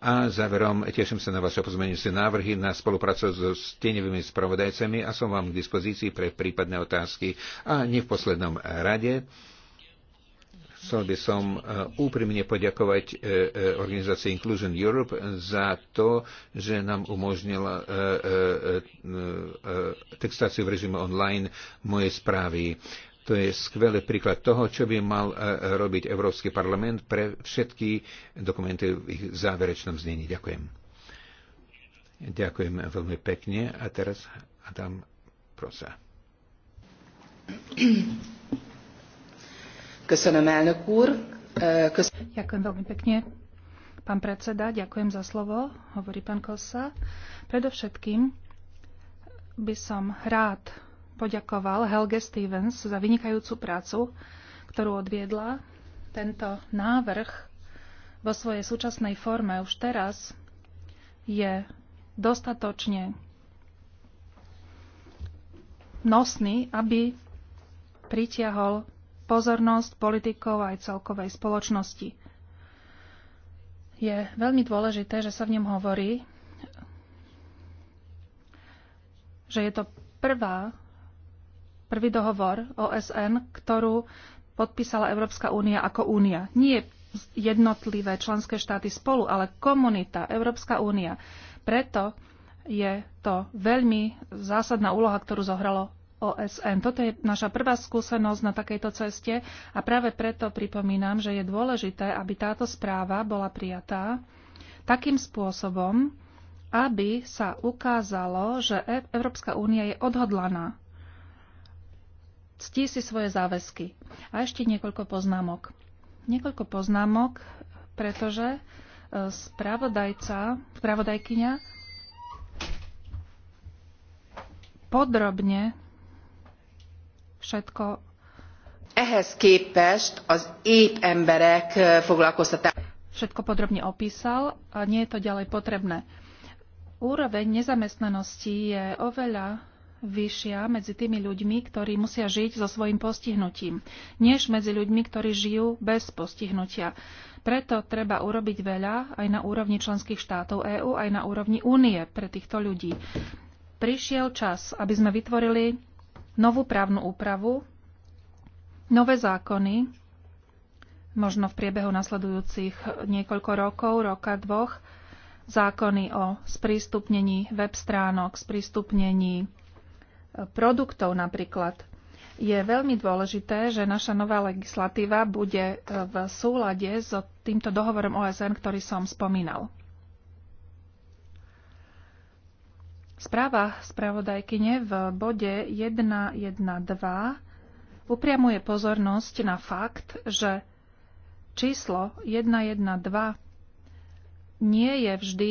A záverom teším sa na vaše pozmenujúce návrhy, na spoluprácu so stenevými spravodajcami a som vám k dispozícii pre prípadné otázky a nie v poslednom rade. Chcel by som e, úprimne poďakovať e, e, organizácii Inclusion Europe za to, že nám umožnila textáciu v režime online mojej správy. To je skvelý príklad toho, čo by mal robiť Európsky parlament pre všetky dokumenty v ich záverečnom znení. Ďakujem. Ďakujem veľmi pekne a teraz Adam Prosa. Köszönöm, elnök úr. Köszönöm. Ďakujem veľmi pekne. Pán predseda, ďakujem za slovo, hovorí pán Kosa. Predovšetkým by som rád poďakoval Helge Stevens za vynikajúcu prácu, ktorú odviedla. Tento návrh vo svojej súčasnej forme už teraz je dostatočne nosný, aby pritiahol pozornosť politikov aj celkovej spoločnosti. Je veľmi dôležité, že sa v ňom hovorí, že je to prvá, prvý dohovor OSN, ktorú podpísala Európska únia ako únia. Nie jednotlivé členské štáty spolu, ale komunita, Európska únia. Preto je to veľmi zásadná úloha, ktorú zohralo OSN. Toto je naša prvá skúsenosť na takejto ceste a práve preto pripomínam, že je dôležité, aby táto správa bola prijatá takým spôsobom, aby sa ukázalo, že e- Európska únia je odhodlaná. Ctí si svoje záväzky. A ešte niekoľko poznámok. Niekoľko poznámok, pretože e, spravodajca, spravodajkyňa podrobne všetko. Ehhez képest az ép emberek Všetko podrobne opísal a nie je to ďalej potrebné. Úroveň nezamestnanosti je oveľa vyššia medzi tými ľuďmi, ktorí musia žiť so svojím postihnutím, než medzi ľuďmi, ktorí žijú bez postihnutia. Preto treba urobiť veľa aj na úrovni členských štátov EÚ, aj na úrovni únie pre týchto ľudí. Prišiel čas, aby sme vytvorili novú právnu úpravu, nové zákony, možno v priebehu nasledujúcich niekoľko rokov, roka, dvoch, zákony o sprístupnení web stránok, sprístupnení e, produktov napríklad. Je veľmi dôležité, že naša nová legislatíva bude e, v súlade s týmto dohovorom OSN, ktorý som spomínal. Správa spravodajkyne v bode 1.1.2 upriamuje pozornosť na fakt, že číslo 112 nie je vždy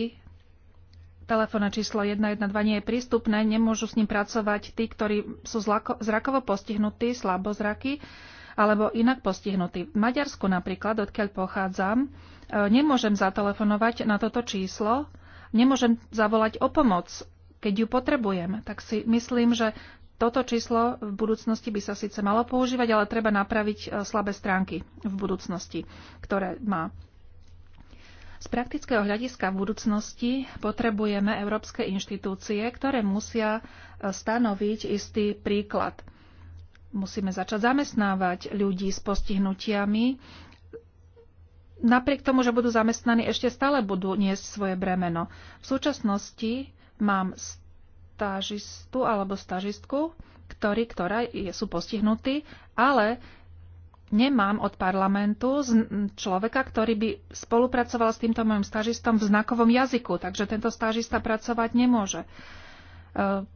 telefónne číslo 112 nie je prístupné, nemôžu s ním pracovať tí, ktorí sú zrakovo postihnutí, slabozraky alebo inak postihnutí. V Maďarsku napríklad, odkiaľ pochádzam, e, nemôžem zatelefonovať na toto číslo, nemôžem zavolať o pomoc keď ju potrebujem. Tak si myslím, že toto číslo v budúcnosti by sa síce malo používať, ale treba napraviť e, slabé stránky v budúcnosti, ktoré má. Z praktického hľadiska v budúcnosti potrebujeme európske inštitúcie, ktoré musia e, stanoviť istý príklad. Musíme začať zamestnávať ľudí s postihnutiami. Napriek tomu, že budú zamestnaní, ešte stále budú niesť svoje bremeno. V súčasnosti mám stážistu alebo stážistku, ktorí, ktorá sú postihnutí, ale nemám od parlamentu človeka, ktorý by spolupracoval s týmto môjim stážistom v znakovom jazyku, takže tento stážista pracovať nemôže. E,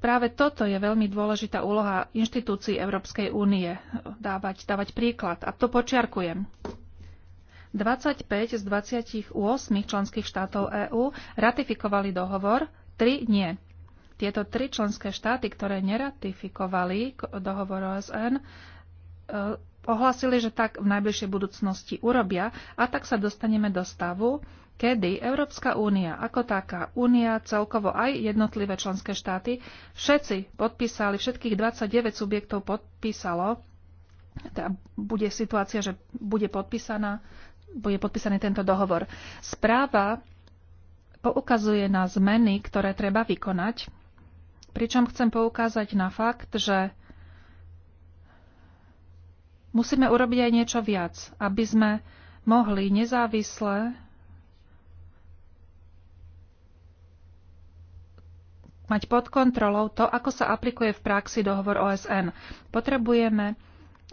práve toto je veľmi dôležitá úloha inštitúcií Európskej únie, e, dávať, dávať príklad. A to počiarkujem. 25 z 28 členských štátov EÚ ratifikovali dohovor, Tri nie. Tieto tri členské štáty, ktoré neratifikovali dohovor OSN, e, ohlasili, že tak v najbližšej budúcnosti urobia a tak sa dostaneme do stavu, kedy Európska únia ako taká, únia celkovo aj jednotlivé členské štáty, všetci podpísali, všetkých 29 subjektov podpísalo, teda bude situácia, že bude podpísaná, bude podpísaný tento dohovor. Správa poukazuje na zmeny, ktoré treba vykonať, pričom chcem poukázať na fakt, že musíme urobiť aj niečo viac, aby sme mohli nezávisle mať pod kontrolou to, ako sa aplikuje v praxi dohovor OSN. Potrebujeme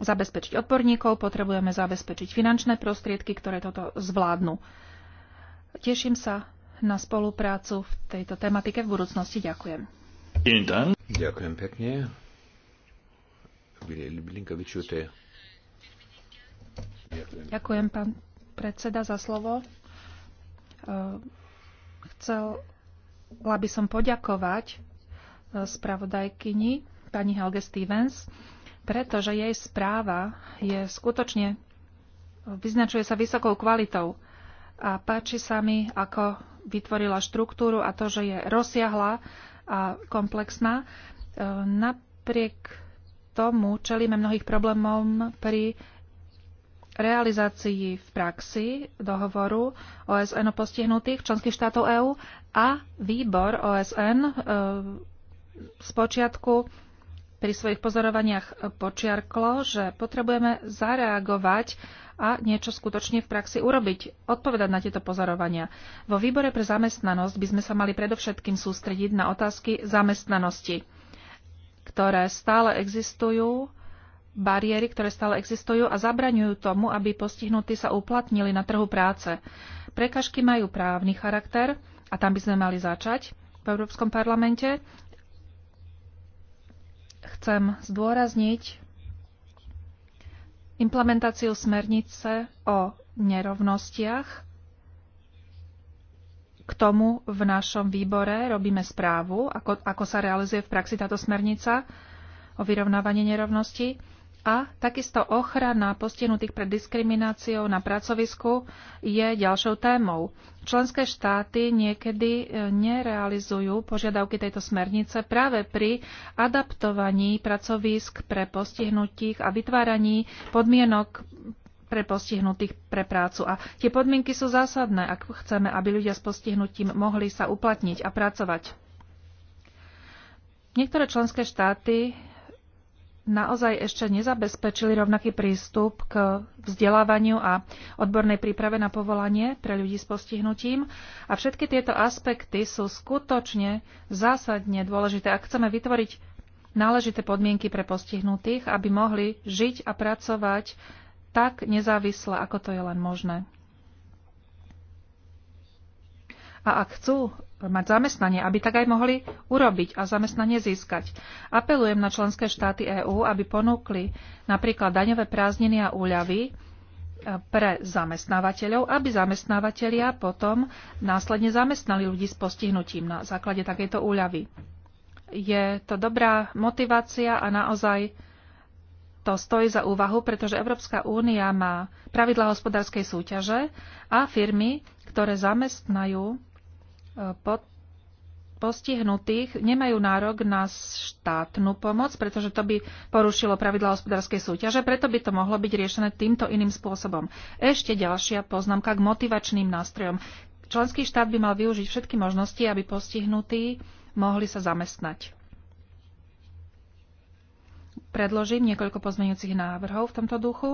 zabezpečiť odborníkov, potrebujeme zabezpečiť finančné prostriedky, ktoré toto zvládnu. Teším sa na spoluprácu v tejto tematike v budúcnosti. Ďakujem. Ďakujem pekne. Ďakujem, pán predseda, za slovo. E, chcela by som poďakovať e, spravodajkyni pani Helge Stevens, pretože jej správa je skutočne, vyznačuje sa vysokou kvalitou a páči sa mi, ako vytvorila štruktúru a to, že je rozsiahla a komplexná. E, napriek tomu čelíme mnohých problémom pri realizácii v praxi dohovoru OSN o postihnutých členských štátov EÚ a výbor OSN e, z počiatku pri svojich pozorovaniach počiarklo, že potrebujeme zareagovať a niečo skutočne v praxi urobiť, odpovedať na tieto pozorovania. Vo výbore pre zamestnanosť by sme sa mali predovšetkým sústrediť na otázky zamestnanosti, ktoré stále existujú, bariéry, ktoré stále existujú a zabraňujú tomu, aby postihnutí sa uplatnili na trhu práce. Prekažky majú právny charakter a tam by sme mali začať v Európskom parlamente chcem zdôrazniť implementáciu smernice o nerovnostiach. K tomu v našom výbore robíme správu, ako, ako sa realizuje v praxi táto smernica o vyrovnávaní nerovností. A takisto ochrana postihnutých pred diskrimináciou na pracovisku je ďalšou témou. Členské štáty niekedy e, nerealizujú požiadavky tejto smernice práve pri adaptovaní pracovisk pre postihnutých a vytváraní podmienok pre postihnutých pre prácu. A tie podmienky sú zásadné, ak chceme, aby ľudia s postihnutím mohli sa uplatniť a pracovať. Niektoré členské štáty naozaj ešte nezabezpečili rovnaký prístup k vzdelávaniu a odbornej príprave na povolanie pre ľudí s postihnutím. A všetky tieto aspekty sú skutočne zásadne dôležité. Ak chceme vytvoriť náležité podmienky pre postihnutých, aby mohli žiť a pracovať tak nezávisle, ako to je len možné. A ak chcú mať zamestnanie, aby tak aj mohli urobiť a zamestnanie získať. Apelujem na členské štáty EÚ, aby ponúkli napríklad daňové prázdniny a úľavy e, pre zamestnávateľov, aby zamestnávateľia potom následne zamestnali ľudí s postihnutím na základe takejto úľavy. Je to dobrá motivácia a naozaj to stojí za úvahu, pretože Európska únia má pravidla hospodárskej súťaže a firmy, ktoré zamestnajú postihnutých nemajú nárok na štátnu pomoc, pretože to by porušilo pravidla hospodárskej súťaže, preto by to mohlo byť riešené týmto iným spôsobom. Ešte ďalšia poznámka k motivačným nástrojom. Členský štát by mal využiť všetky možnosti, aby postihnutí mohli sa zamestnať. Predložím niekoľko pozmeňujúcich návrhov v tomto duchu.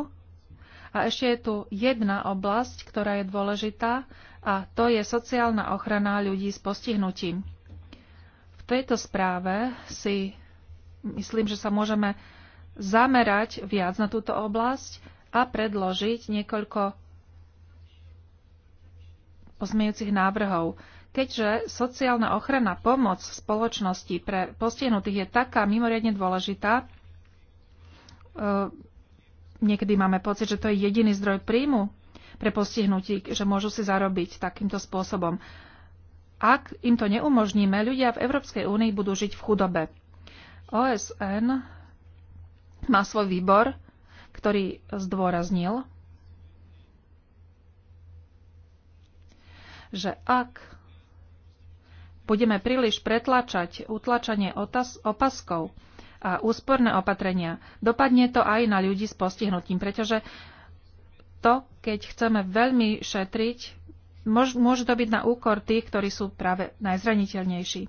A ešte je tu jedna oblasť, ktorá je dôležitá a to je sociálna ochrana ľudí s postihnutím. V tejto správe si myslím, že sa môžeme zamerať viac na túto oblasť a predložiť niekoľko pozmejúcich návrhov. Keďže sociálna ochrana pomoc v spoločnosti pre postihnutých je taká mimoriadne dôležitá, e, niekedy máme pocit, že to je jediný zdroj príjmu pre postihnutí, že môžu si zarobiť takýmto spôsobom. Ak im to neumožníme, ľudia v Európskej únii budú žiť v chudobe. OSN má svoj výbor, ktorý zdôraznil, že ak budeme príliš pretlačať utlačanie otaz- opaskov a úsporné opatrenia, dopadne to aj na ľudí s postihnutím, pretože to, keď chceme veľmi šetriť, môže to byť na úkor tých, ktorí sú práve najzraniteľnejší.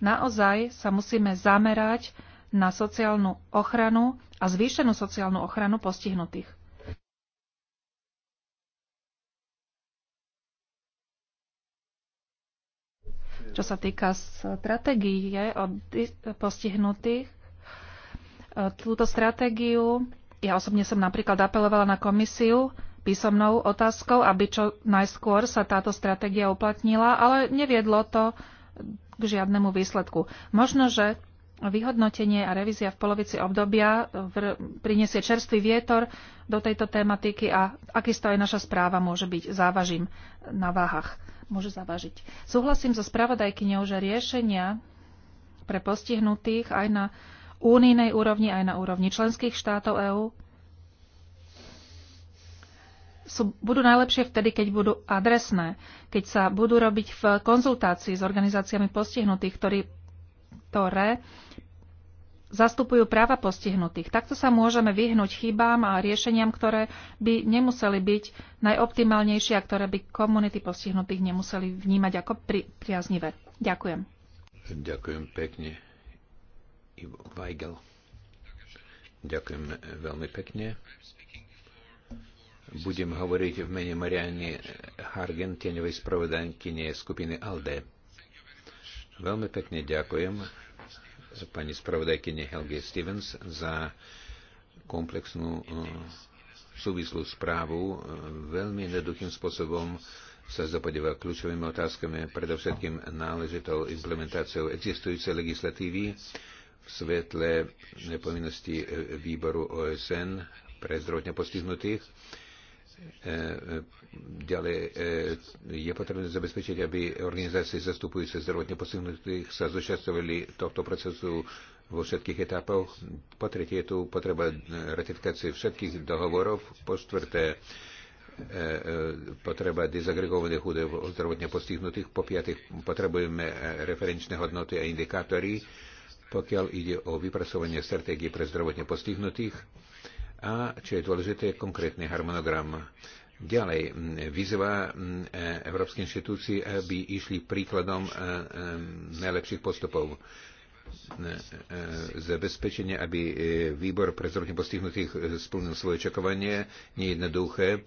Naozaj sa musíme zamerať na sociálnu ochranu a zvýšenú sociálnu ochranu postihnutých. Čo sa týka stratégie od postihnutých, e, túto stratégiu ja osobne som napríklad apelovala na komisiu písomnou otázkou, aby čo najskôr sa táto stratégia uplatnila, ale neviedlo to k žiadnemu výsledku. Možno, že vyhodnotenie a revízia v polovici obdobia prinesie čerstvý vietor do tejto tematiky a akisto aj naša správa môže byť závažím na váhach. Môže závažiť. Súhlasím so spravodajkyňou, že riešenia pre postihnutých aj na únijnej úrovni aj na úrovni členských štátov EÚ sú, budú najlepšie vtedy, keď budú adresné, keď sa budú robiť v konzultácii s organizáciami postihnutých, ktorí, ktoré zastupujú práva postihnutých. Takto sa môžeme vyhnúť chybám a riešeniam, ktoré by nemuseli byť najoptimálnejšie a ktoré by komunity postihnutých nemuseli vnímať ako pri, priaznivé. Ďakujem. Ďakujem pekne. Ivo Weigel. Ďakujem veľmi pekne. Budem hovoriť v mene Mariany Hargen, tieňovej spravodajkyne skupiny ALDE. Veľmi pekne ďakujem pani spravodajkyne Helge Stevens za komplexnú eh, súvislú správu. Veľmi jednoduchým spôsobom sa zapodieva kľúčovými otázkami, predovšetkým náležitou implementáciou existujúcej legislatívy v svetle nepovinnosti e, výboru OSN pre zdravotne postihnutých. E, e, ďalej je potrebné zabezpečiť, aby organizácie zastupujúce zdravotne postihnutých sa zúčastňovali tohto procesu vo všetkých etapoch. Po tretie je tu potreba ratifikácie všetkých dohovorov. Po štvrté potreba dezagregovaných údajov o zdravotne postihnutých. Po piatých potrebujeme referenčné hodnoty a indikátory pokiaľ ide o vypracovanie stratégie pre zdravotne postihnutých a, čo je dôležité, konkrétny harmonogram. Ďalej vyzva e, Európskej inštitúcii, aby išli príkladom e, e, najlepších postupov zabezpečenie, aby výbor pre zdravotne postihnutých splnil svoje čakovanie, nie jednoduché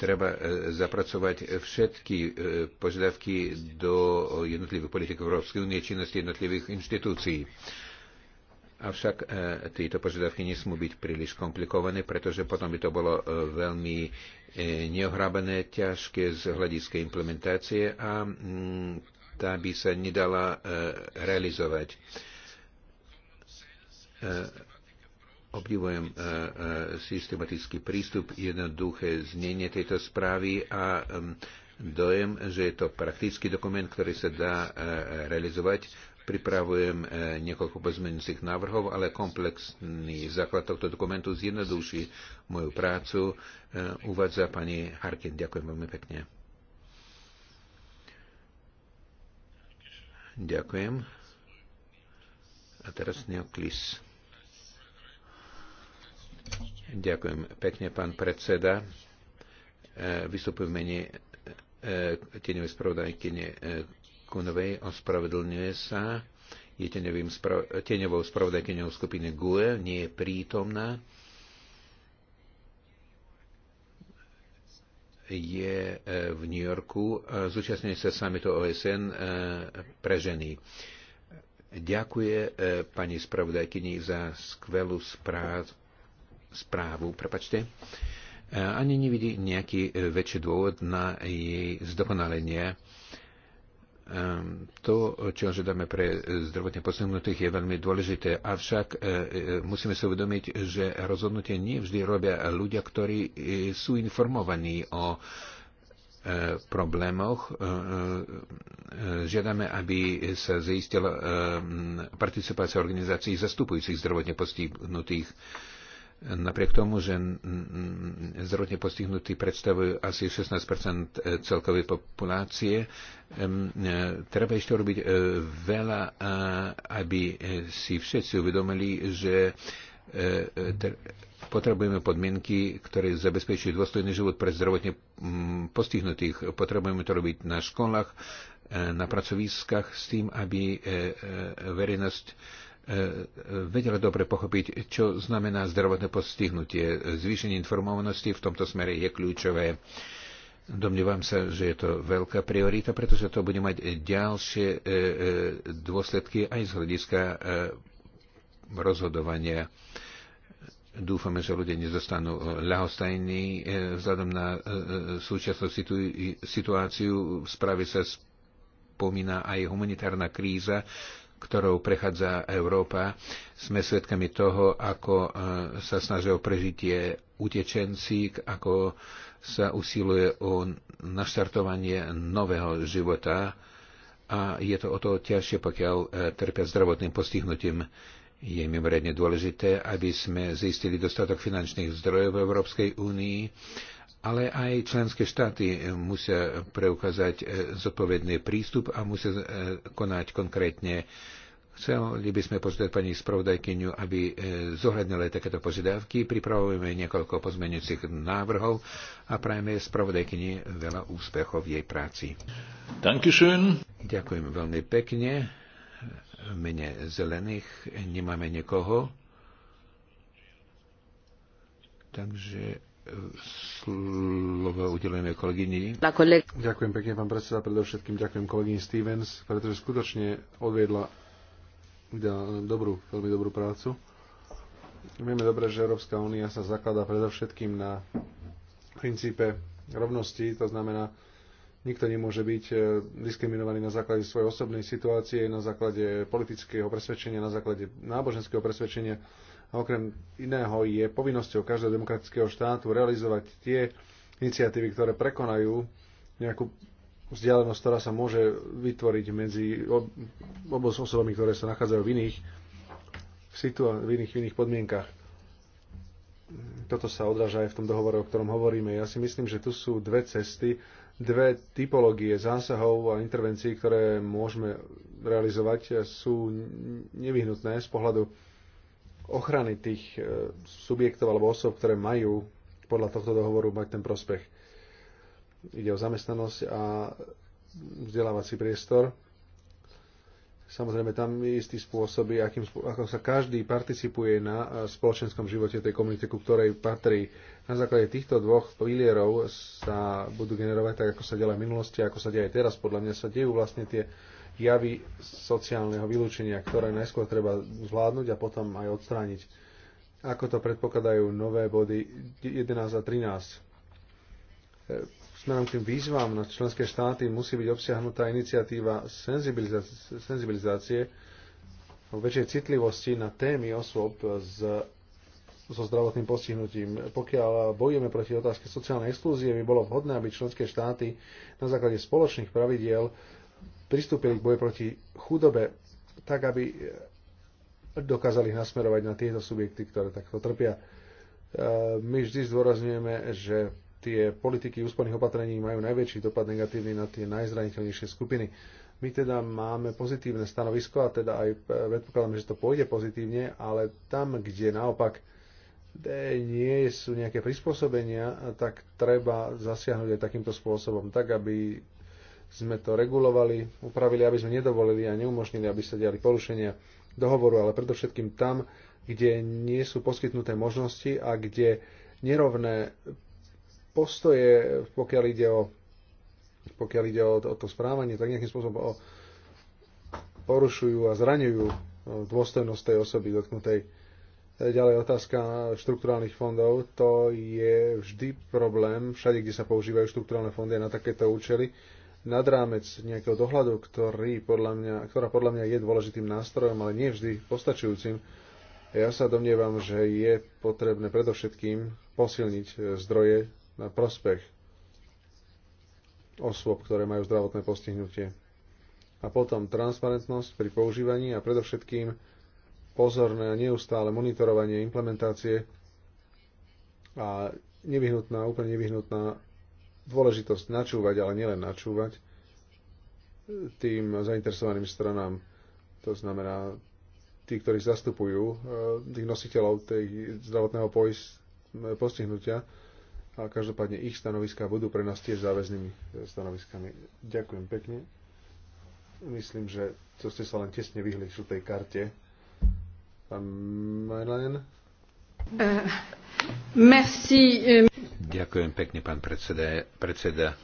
Treba e, zapracovať e, všetky e, požiadavky do jednotlivých politik Európskej únie, činnosti jednotlivých inštitúcií. Avšak tieto požiadavky nesmú byť príliš komplikované, pretože potom by to bolo veľmi neohrabené, ťažké z hľadiska implementácie a mm, tá by sa nedala realizovať Obdivujem uh, uh, systematický prístup, jednoduché znenie tejto správy a um, dojem, že je to praktický dokument, ktorý sa dá uh, realizovať. Pripravujem uh, niekoľko pozmeňujúcich návrhov, ale komplexný základ tohto dokumentu zjednoduší moju prácu. Uh, Uvádza pani Harkin. Ďakujem veľmi pekne. Ďakujem. A teraz neoklis. Ďakujem pekne, pán predseda. E, vystupujem v mene e, tieňovej spravodajky e, Kunovej. Ospravedlňuje sa. Je tieňovou spravodajkyňou skupiny GUE. Nie je prítomná. je v New Yorku, zúčastňuje sa samitu OSN pre ženy. Ďakuje pani spravodajkyni za skvelú správu správu, prepačte, e, ani nevidí nejaký e, väčší dôvod na jej zdokonalenie. E, to, čo žiadame pre zdravotne posunutých, je veľmi dôležité. Avšak musíme si uvedomiť, že rozhodnutie nie vždy robia ľudia, ktorí sú informovaní o problémoch. Žiadame, aby sa zaistila participácia organizácií zastupujúcich zdravotne postihnutých Napriek tomu, že zdravotne postihnutí predstavujú asi 16 e, celkovej populácie, e, treba ešte robiť e, veľa, aby si všetci uvedomili, že potrebujeme podmienky, ktoré zabezpečujú dôstojný život pre zdravotne postihnutých. Potrebujeme to robiť na školách, na pracoviskách s tým, aby verejnosť E, e, vedela dobre pochopiť, čo znamená zdravotné postihnutie. Zvýšenie informovanosti v tomto smere je kľúčové. Domnívam sa, že je to veľká priorita, pretože to bude mať ďalšie e, dôsledky aj z hľadiska rozhodovania. Dúfame, že ľudia nezostanú ľahostajní vzhľadom na súčasnú situáciu. V správe sa spomína aj humanitárna kríza, ktorou prechádza Európa, sme svedkami toho, ako e, sa snažia o prežitie utečenci, ako sa usiluje o naštartovanie nového života a je to o to ťažšie, pokiaľ e, trpia zdravotným postihnutím. Je mimoriadne dôležité, aby sme zistili dostatok finančných zdrojov v Európskej únii, ale aj členské štáty eh, musia preukázať eh, zodpovedný prístup a musia eh, konať konkrétne. Chceli by sme požiadať pani spravodajkyňu, aby zohľadnila takéto požiadavky. Pripravujeme niekoľko pozmeňujúcich návrhov a prajeme spravodajkyni veľa úspechov v jej práci. Dankeschön. Ďakujem veľmi pekne. V mene zelených nemáme nikoho. Takže slovo udelené kolegyni. Ďakujem pekne, pán predseda, predovšetkým ďakujem kolegyni Stevens, pretože skutočne odviedla dobrú, veľmi dobrú prácu. Vieme dobre, že Európska únia sa zakladá predovšetkým na princípe rovnosti, to znamená, nikto nemôže byť e, diskriminovaný na základe svojej osobnej situácie, na základe politického presvedčenia, na základe náboženského presvedčenia a okrem iného je povinnosťou každého demokratického štátu realizovať tie iniciatívy, ktoré prekonajú nejakú vzdialenosť, ktorá sa môže vytvoriť medzi obos osobami, ktoré sa nachádzajú v iných, situá- v iných, v iných podmienkach. Toto sa odráža aj v tom dohovore, o ktorom hovoríme. Ja si myslím, že tu sú dve cesty, dve typológie zásahov a intervencií, ktoré môžeme realizovať, sú nevyhnutné z pohľadu ochrany tých e, subjektov alebo osob, ktoré majú podľa tohto dohovoru mať ten prospech. Ide o zamestnanosť a vzdelávací priestor. Samozrejme, tam je istý spôsob, akým, ako sa každý participuje na e, spoločenskom živote tej komunity, ku ktorej patrí. Na základe týchto dvoch pilierov sa budú generovať tak, ako sa deje v minulosti, ako sa deje aj teraz. Podľa mňa sa dejú vlastne tie javy sociálneho vylúčenia, ktoré najskôr treba zvládnuť a potom aj odstrániť. Ako to predpokladajú nové body 11 a 13. E, smerom k tým výzvam na členské štáty musí byť obsiahnutá iniciatíva senzibilizácie, senzibilizácie o väčšej citlivosti na témy osôb z so zdravotným postihnutím. Pokiaľ bojujeme proti otázke sociálnej exklúzie, by bolo vhodné, aby členské štáty na základe spoločných pravidiel pristúpili k boju proti chudobe, tak aby eh, dokázali nasmerovať na tieto subjekty, ktoré takto trpia. Eh, my vždy zdôrazňujeme, že tie politiky úsporných opatrení majú najväčší dopad negatívny na tie najzraniteľnejšie skupiny. My teda máme pozitívne stanovisko a teda aj eh, predpokladáme, že to pôjde pozitívne, ale tam, kde naopak nie sú nejaké prispôsobenia, tak treba zasiahnuť aj takýmto spôsobom, tak aby sme to regulovali, upravili, aby sme nedovolili a neumožnili, aby sa diali porušenia dohovoru, ale predovšetkým tam, kde nie sú poskytnuté možnosti a kde nerovné postoje, pokiaľ ide o, pokiaľ ide o, o to správanie, tak nejakým spôsobom o, porušujú a zraňujú dôstojnosť tej osoby dotknutej. E, ďalej otázka štrukturálnych fondov. To je vždy problém všade, kde sa používajú štrukturálne fondy na takéto účely nad rámec nejakého dohľadu, ktorý podľa mňa, ktorá podľa mňa je dôležitým nástrojom, ale nie vždy postačujúcim. Ja sa domnievam, že je potrebné predovšetkým posilniť e, zdroje na prospech osôb, ktoré majú zdravotné postihnutie. A potom transparentnosť pri používaní a predovšetkým pozorné a neustále monitorovanie implementácie a nevyhnutná, úplne nevyhnutná dôležitosť načúvať, ale nielen načúvať tým zainteresovaným stranám, to znamená tí, ktorí zastupujú eh, tých nositeľov tej zdravotného postihnutia a každopádne ich stanoviská budú pre nás tiež záväznými eh, stanoviskami. Ďakujem pekne. Myslím, že to ste sa len tesne vyhli v tej karte. Pán Madeleine? Uh, merci. Eh, Ďakujem pekne, pán predseda. predseda.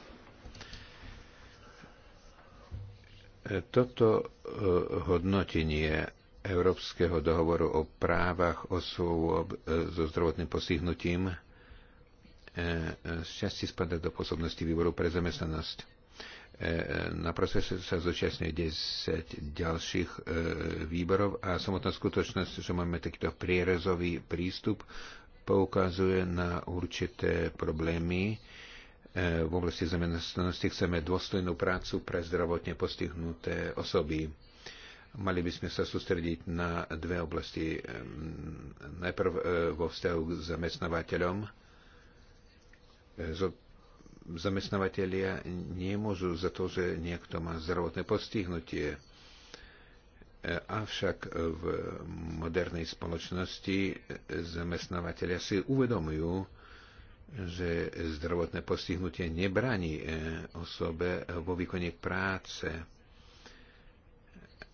Toto e, hodnotenie Európskeho dohovoru o právach osôb e, so zdravotným postihnutím e, z časti spada do pôsobnosti výboru pre zamestnanosť. Na procese sa zúčastňuje 10 ďalších výborov a samotná skutočnosť, že máme takýto prierezový prístup, poukazuje na určité problémy e, v oblasti zamestnanosti. Chceme dôstojnú prácu pre zdravotne postihnuté osoby. Mali by sme sa sústrediť na dve oblasti. E, najprv e, vo vzťahu k zamestnávateľom. Zamestnávateľia nemôžu za to, že niekto má zdravotné postihnutie E, avšak v modernej spoločnosti zamestnávateľia si uvedomujú, že zdravotné postihnutie nebraní e, osobe vo výkone práce,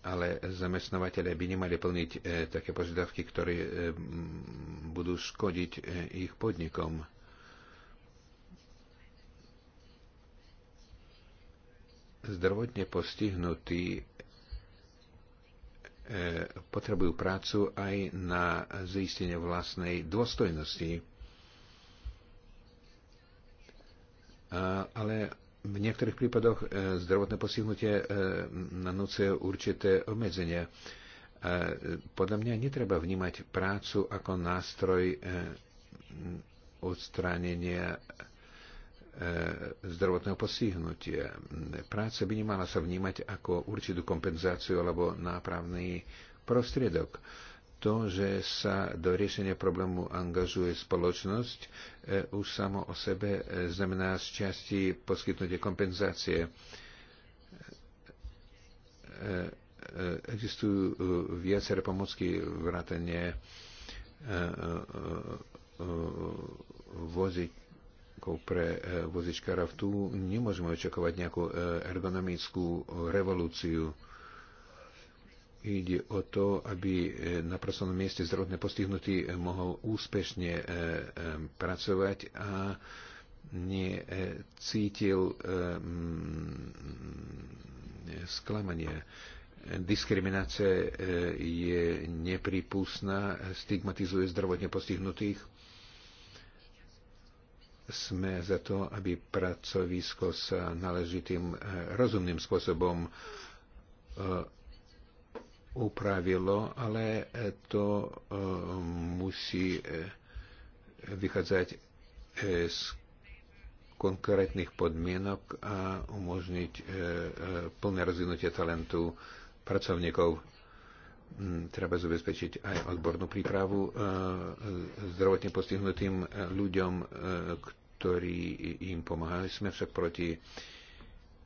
ale zamestnávateľe by nemali plniť e, také požiadavky, ktoré budú škodiť ich podnikom. Zdravotne postihnutí E, potrebujú prácu aj na zistenie vlastnej dôstojnosti. Ale v niektorých prípadoch e, zdravotné postihnutie e, nanúce určité obmedzenia. Podľa mňa netreba vnímať prácu ako nástroj odstránenia E, zdravotného postihnutia. Práca by nemala sa vnímať ako určitú kompenzáciu alebo nápravný prostriedok. To, že sa do riešenia problému angažuje spoločnosť, e, už samo o sebe e, znamená z časti poskytnutie kompenzácie. Existujú viaceré pomocky vrátanie voziť ako pre eh, vozičkára, Tu nemôžeme očakávať nejakú eh, ergonomickú revolúciu. Ide o to, aby eh, na pracovnom mieste zdravotne postihnutý mohol úspešne pracovať a necítil mm, sklamanie. Diskriminácia je nepripustná, stigmatizuje zdravotne postihnutých sme za to, aby pracovisko sa náležitým eh, rozumným spôsobom eh, upravilo, ale eh, to musí vychádzať z konkrétnych podmienok a umožniť plné rozvinutie talentu pracovníkov Hm, treba zabezpečiť aj odbornú prípravu eh, zdravotne postihnutým eh, ľuďom, eh, ktorí im pomáhajú. Sme však proti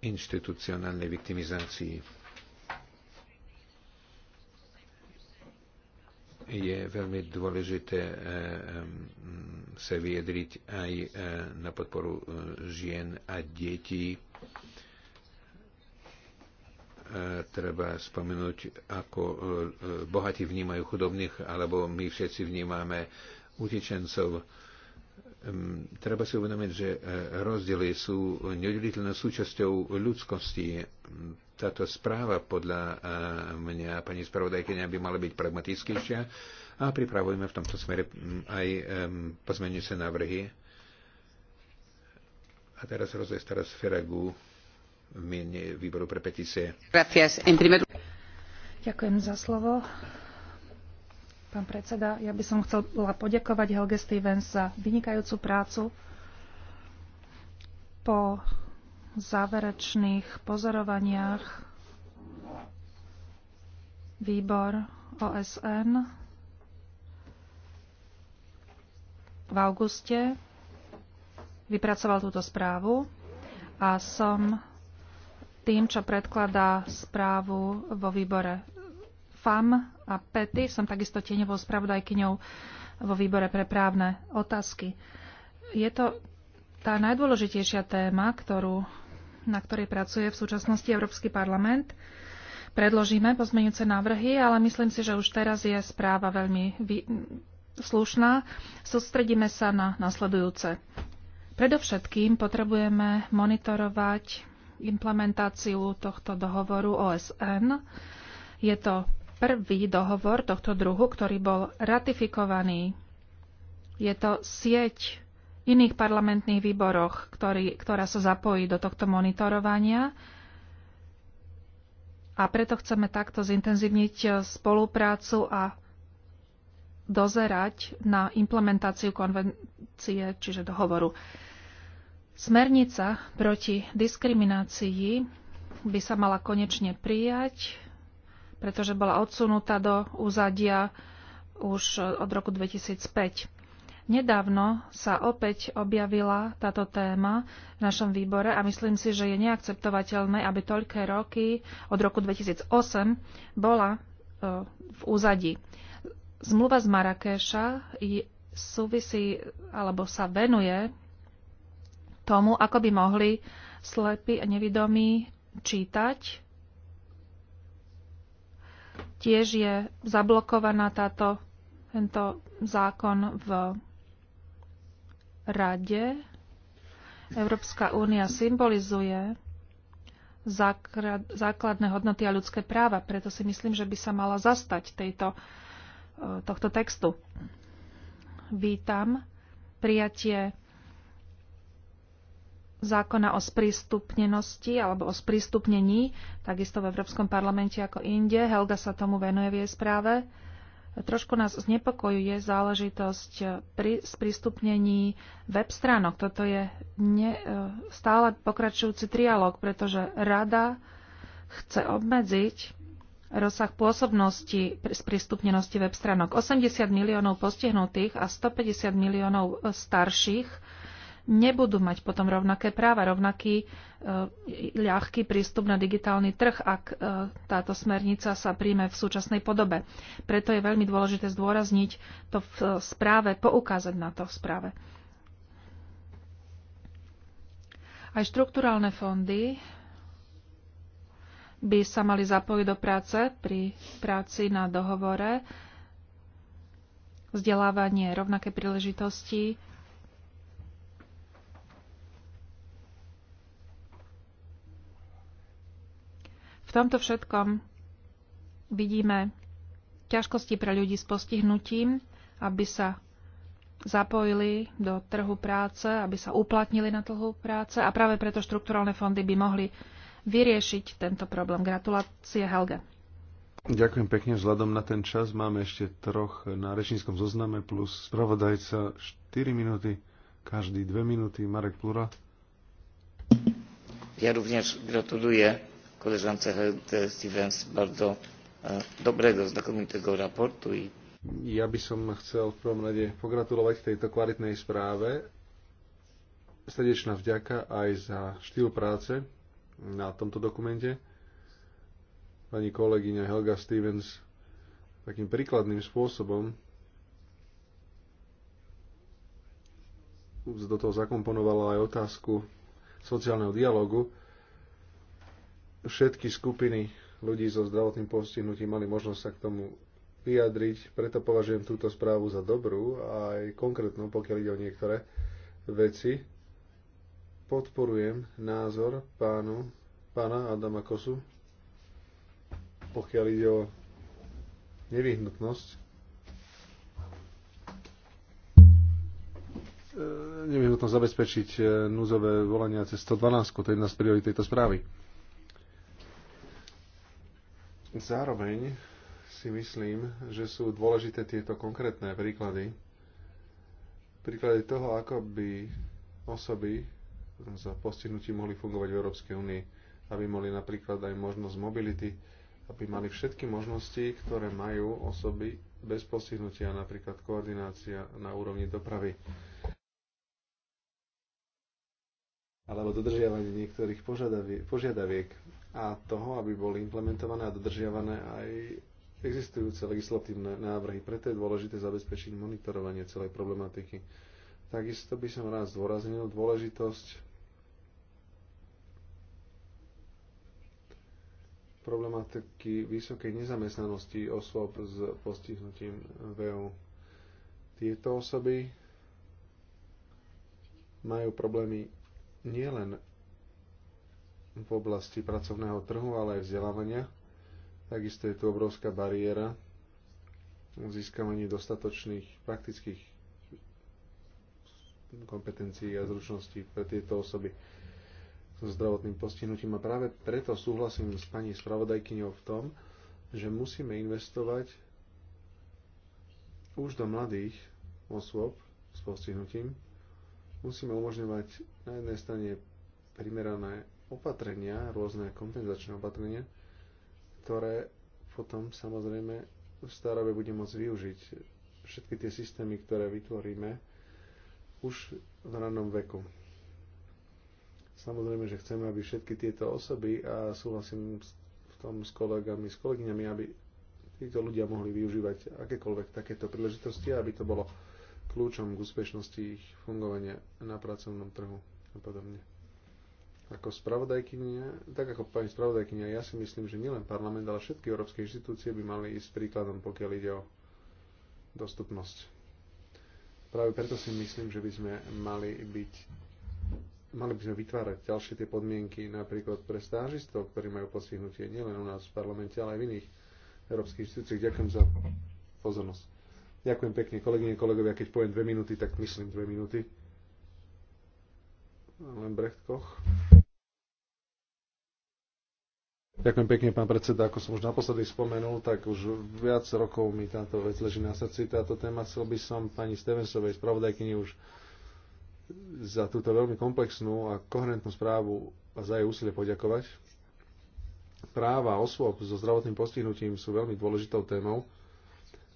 inštitucionálnej viktimizácii. Je veľmi dôležité sa vyjadriť aj na podporu žien a detí treba spomenúť, ako e, bohatí vnímajú chudobných, alebo my všetci vnímame utečencov. Treba si uvedomiť, že e, rozdiely sú neoddeliteľnou súčasťou ľudskosti. Táto správa podľa e, mňa, pani spravodajkyňa, by mala byť pragmatickejšia a pripravujeme v tomto smere aj pozmenujúce návrhy. A teraz rozvoj stará sféra GU v výboru pre petície. Ďakujem za slovo. Pán predseda, ja by som chcela poďakovať Helge Stevens za vynikajúcu prácu. Po záverečných pozorovaniach výbor OSN v auguste vypracoval túto správu a som tým, čo predkladá správu vo výbore FAM a PETY. Som takisto tieňovou spravodajkyňou vo výbore pre právne otázky. Je to tá najdôležitejšia téma, ktorú, na ktorej pracuje v súčasnosti Európsky parlament. Predložíme pozmeňujúce návrhy, ale myslím si, že už teraz je správa veľmi vý... slušná. Sústredíme sa na nasledujúce. Predovšetkým potrebujeme monitorovať implementáciu tohto dohovoru OSN. Je to prvý dohovor tohto druhu, ktorý bol ratifikovaný. Je to sieť iných parlamentných výboroch, ktorý, ktorá sa zapojí do tohto monitorovania. A preto chceme takto zintenzívniť spoluprácu a dozerať na implementáciu konvencie, čiže dohovoru. Smernica proti diskriminácii by sa mala konečne prijať, pretože bola odsunutá do úzadia už od roku 2005. Nedávno sa opäť objavila táto téma v našom výbore a myslím si, že je neakceptovateľné, aby toľké roky od roku 2008 bola e, v úzadí. Zmluva z Marrakeša súvisí alebo sa venuje tomu, ako by mohli slepí a nevidomí čítať. Tiež je zablokovaná táto, tento zákon v Rade. Európska únia symbolizuje základné hodnoty a ľudské práva, preto si myslím, že by sa mala zastať tejto, e, tohto textu. Vítam prijatie zákona o sprístupnenosti alebo o sprístupnení, takisto v Európskom parlamente ako inde. Helga sa tomu venuje v jej správe. Trošku nás znepokojuje záležitosť pri sprístupnení web stránok. Toto je ne, e, stále pokračujúci trialog, pretože rada chce obmedziť rozsah pôsobnosti sprístupnenosti web stránok. 80 miliónov postihnutých a 150 miliónov starších nebudú mať potom rovnaké práva, rovnaký e, ľahký prístup na digitálny trh, ak e, táto smernica sa príjme v súčasnej podobe. Preto je veľmi dôležité zdôrazniť to v správe, poukázať na to v správe. Aj štruktúrálne fondy by sa mali zapojiť do práce pri práci na dohovore, vzdelávanie, rovnaké príležitosti, V tomto všetkom vidíme ťažkosti pre ľudí s postihnutím, aby sa zapojili do trhu práce, aby sa uplatnili na trhu práce a práve preto štrukturálne fondy by mohli vyriešiť tento problém. Gratulácie Helge. Ďakujem pekne. Vzhľadom na ten čas máme ešte troch na rečníckom zozname plus spravodajca 4 minúty, každý 2 minúty. Marek Plura. Ja również gratuluję koleżance Helge Stevens bardzo e, dobrego, znakomitego raportu. I... Ja by som chcel v prvom rade pogratulovať tejto kvalitnej správe. Srdečná vďaka aj za štýl práce na tomto dokumente. Pani kolegyňa Helga Stevens takým príkladným spôsobom do toho zakomponovala aj otázku sociálneho dialogu všetky skupiny ľudí so zdravotným postihnutím mali možnosť sa k tomu vyjadriť, preto považujem túto správu za dobrú a aj konkrétnu, pokiaľ ide o niektoré veci. Podporujem názor pánu, pána Adama Kosu, pokiaľ ide o nevyhnutnosť e, nevyhnutnosť zabezpečiť e, núzové volania cez 112, to je jedna z priorit tejto správy. Zároveň si myslím, že sú dôležité tieto konkrétne príklady. Príklady toho, ako by osoby s postihnutím mohli fungovať v Európskej únii, aby mohli napríklad aj možnosť mobility, aby mali všetky možnosti, ktoré majú osoby bez postihnutia, napríklad koordinácia na úrovni dopravy alebo dodržiavanie niektorých požiadaviek a toho, aby boli implementované a dodržiavané aj existujúce legislatívne návrhy. Preto je dôležité zabezpečiť monitorovanie celej problematiky. Takisto by som raz zdôraznil dôležitosť problematiky vysokej nezamestnanosti osôb s postihnutím VO. Tieto osoby majú problémy nielen v oblasti pracovného trhu, ale aj vzdelávania. Takisto je tu obrovská bariéra v získavaní dostatočných praktických kompetencií a zručností pre tieto osoby so zdravotným postihnutím. A práve preto súhlasím s pani spravodajkyňou v tom, že musíme investovať už do mladých osôb s postihnutím. Musíme umožňovať na jednej strane primerané opatrenia, rôzne kompenzačné opatrenia, ktoré potom samozrejme v starobe bude môcť využiť všetky tie systémy, ktoré vytvoríme už v ranom veku. Samozrejme, že chceme, aby všetky tieto osoby, a súhlasím v tom s kolegami, s kolegyňami, aby títo ľudia mohli využívať akékoľvek takéto príležitosti, aby to bolo kľúčom k úspešnosti ich fungovania na pracovnom trhu a podobne ako spravodajkynia, tak ako pani spravodajkynia, ja si myslím, že nielen parlament, ale všetky európske inštitúcie by mali ísť príkladom, pokiaľ ide o dostupnosť. Práve preto si myslím, že by sme mali byť mali by sme vytvárať ďalšie tie podmienky napríklad pre stážistov, ktorí majú postihnutie nielen u nás v parlamente, ale aj v iných európskych inštitúciách. Ďakujem za pozornosť. Ďakujem pekne, kolegyne, kolegovia, keď poviem dve minúty, tak myslím dve minúty. Len Brecht Koch. Ďakujem pekne, pán predseda. Ako som už naposledy spomenul, tak už viac rokov mi táto vec leží na srdci. Táto téma chcel by som pani Stevensovej, spravodajkyni, už za túto veľmi komplexnú a koherentnú správu a za jej úsilie poďakovať. Práva osôb so zdravotným postihnutím sú veľmi dôležitou témou,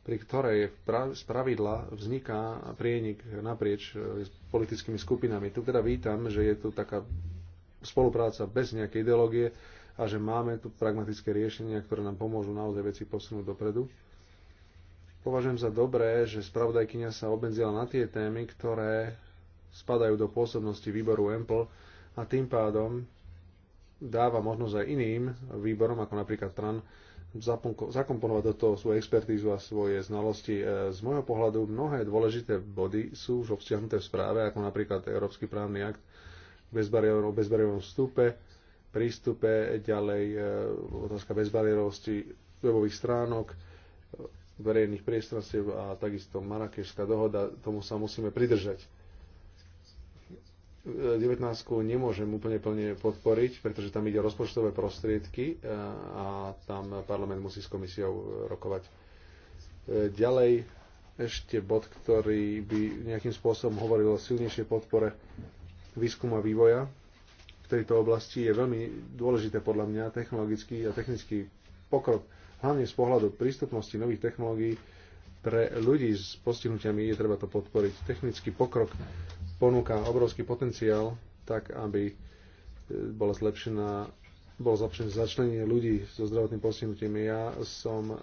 pri ktorej z pravidla vzniká prienik naprieč e, s politickými skupinami. Tu teda vítam, že je tu taká spolupráca bez nejakej ideológie, a že máme tu pragmatické riešenia, ktoré nám pomôžu naozaj veci posunúť dopredu. Považujem za dobré, že spravodajkynia sa obmedzila na tie témy, ktoré spadajú do pôsobnosti výboru EMPL a tým pádom dáva možnosť aj iným výborom, ako napríklad TRAN, zakomponovať do toho svoju expertízu a svoje znalosti. E, z môjho pohľadu mnohé dôležité body sú už obsiahnuté v správe, ako napríklad Európsky právny akt o bezbariérovom vstupe, prístupe, ďalej e, otázka bezbariérovosti webových stránok, verejných priestranstiev a takisto Marrakešská dohoda, tomu sa musíme pridržať. 19 nemôžem úplne plne podporiť, pretože tam ide rozpočtové prostriedky e, a tam parlament musí s komisiou rokovať. E, ďalej ešte bod, ktorý by nejakým spôsobom hovoril o silnejšej podpore výskumu a vývoja tejto oblasti je veľmi dôležité podľa mňa technologický a technický pokrok. Hlavne z pohľadu prístupnosti nových technológií pre ľudí s postihnutiami je treba to podporiť. Technický pokrok ponúka obrovský potenciál tak, aby e, bola zlepšená bolo zlepšené začlenie ľudí so zdravotným postihnutím. Ja som e,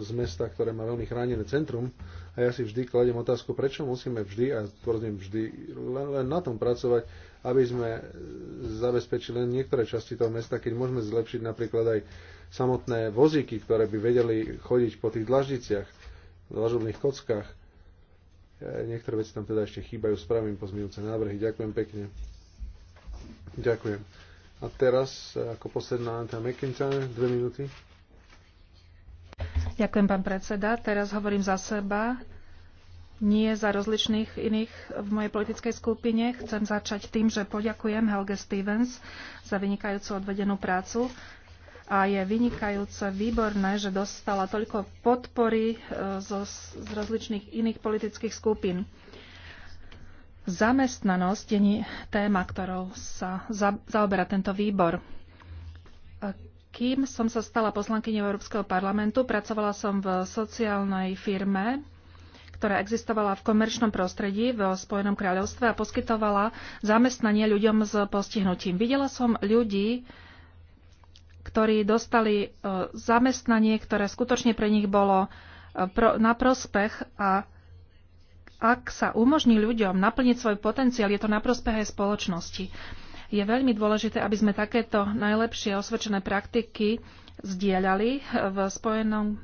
z mesta, ktoré má veľmi chránené centrum a ja si vždy kladem otázku, prečo musíme vždy, a tvrdím vždy, len, len na tom pracovať, aby sme zabezpečili len niektoré časti toho mesta, keď môžeme zlepšiť napríklad aj samotné vozíky, ktoré by vedeli chodiť po tých dlaždiciach, dlažobných kockách. E, niektoré veci tam teda ešte chýbajú, spravím pozmienujúce návrhy. Ďakujem pekne. Ďakujem. A teraz e, ako posledná Anta McIntyre, dve minúty. Ďakujem, pán predseda. Teraz hovorím za seba nie za rozličných iných v mojej politickej skupine. Chcem začať tým, že poďakujem Helge Stevens za vynikajúcu odvedenú prácu a je vynikajúce, výborné, že dostala toľko podpory e, zo, z rozličných iných politických skupín. Zamestnanosť je téma, ktorou sa za, zaoberá tento výbor. E, kým som sa stala poslankyňou Európskeho parlamentu, pracovala som v sociálnej firme, ktorá existovala v komerčnom prostredí v Spojenom kráľovstve a poskytovala zamestnanie ľuďom s postihnutím. Videla som ľudí, ktorí dostali e, zamestnanie, ktoré skutočne pre nich bolo e, na prospech a ak sa umožní ľuďom naplniť svoj potenciál, je to na prospech aj spoločnosti. Je veľmi dôležité, aby sme takéto najlepšie osvedčené praktiky zdieľali v Spojenom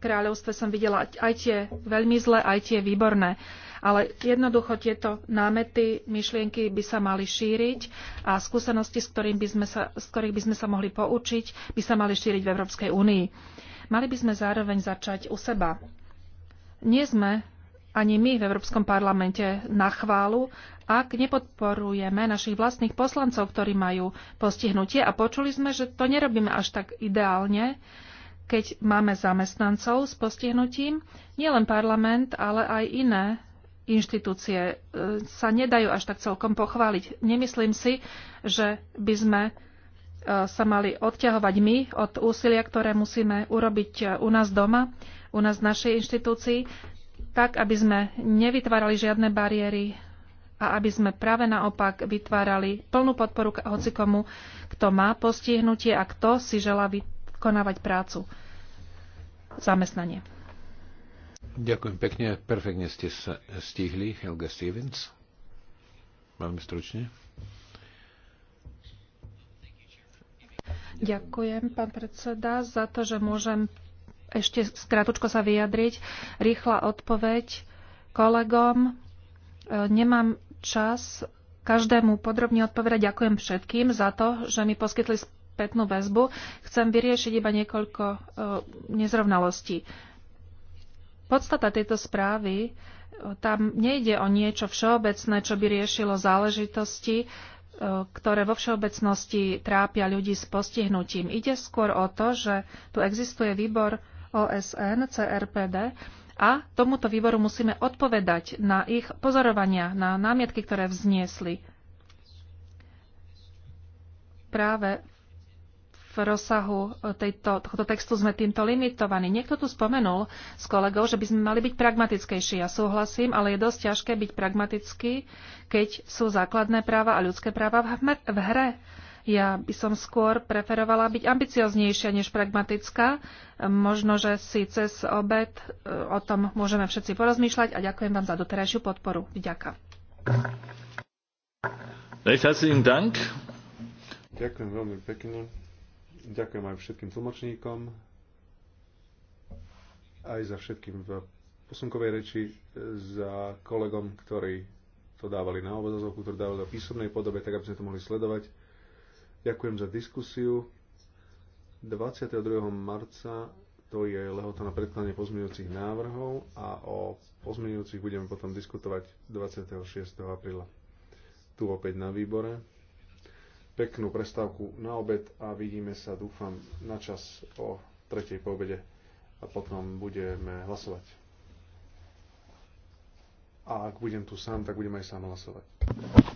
kráľovstve som videla aj tie veľmi zlé, aj tie výborné. Ale jednoducho tieto námety, myšlienky by sa mali šíriť a skúsenosti, s, ktorým by sme sa, z ktorých by sme sa mohli poučiť, by sa mali šíriť v Európskej únii. Mali by sme zároveň začať u seba. Nie sme ani my v Európskom parlamente na chválu, ak nepodporujeme našich vlastných poslancov, ktorí majú postihnutie. A počuli sme, že to nerobíme až tak ideálne, keď máme zamestnancov s postihnutím, nielen parlament, ale aj iné inštitúcie e, sa nedajú až tak celkom pochváliť. Nemyslím si, že by sme e, sa mali odťahovať my od úsilia, ktoré musíme urobiť e, u nás doma, u nás v našej inštitúcii, tak, aby sme nevytvárali žiadne bariéry a aby sme práve naopak vytvárali plnú podporu hocikomu, kto má postihnutie a kto si želá vytvárať vykonávať prácu, zamestnanie. Ďakujem pekne, perfektne ste sa stihli, Helga Stevens. Veľmi stručne. Ďakujem, pán predseda, za to, že môžem ešte skratučko sa vyjadriť. Rýchla odpoveď kolegom. E, nemám čas každému podrobne odpovedať. Ďakujem všetkým za to, že mi poskytli spätnú väzbu, chcem vyriešiť iba niekoľko e, nezrovnalostí. Podstata tejto správy, e, tam nejde o niečo všeobecné, čo by riešilo záležitosti, e, ktoré vo všeobecnosti trápia ľudí s postihnutím. Ide skôr o to, že tu existuje výbor OSN, CRPD, a tomuto výboru musíme odpovedať na ich pozorovania, na námietky, ktoré vzniesli. Práve v rozsahu e, tejto, tohto textu sme týmto limitovaní. Niekto tu spomenul s kolegou, že by sme mali byť pragmatickejší. Ja súhlasím, ale je dosť ťažké byť pragmatický, keď sú základné práva a ľudské práva v, v hre. Ja by som skôr preferovala byť ambicioznejšia než pragmatická. Možno, že si cez obed e, o tom môžeme všetci porozmýšľať a ďakujem vám za doterajšiu podporu. Ďakujem. Recht herzlichen Dank. Ďakujem veľmi pekne. Ďakujem aj všetkým tlmočníkom, aj za všetkým v posunkovej reči, za kolegom, ktorí to dávali na obozovku, ktorí dávali do písomnej podobe, tak aby sme to mohli sledovať. Ďakujem za diskusiu. 22. marca to je lehota na predkladanie pozmeňujúcich návrhov a o pozmeňujúcich budeme potom diskutovať 26. apríla tu opäť na výbore peknú prestávku na obed a vidíme sa, dúfam, na čas o tretej po obede a potom budeme hlasovať. A ak budem tu sám, tak budem aj sám hlasovať.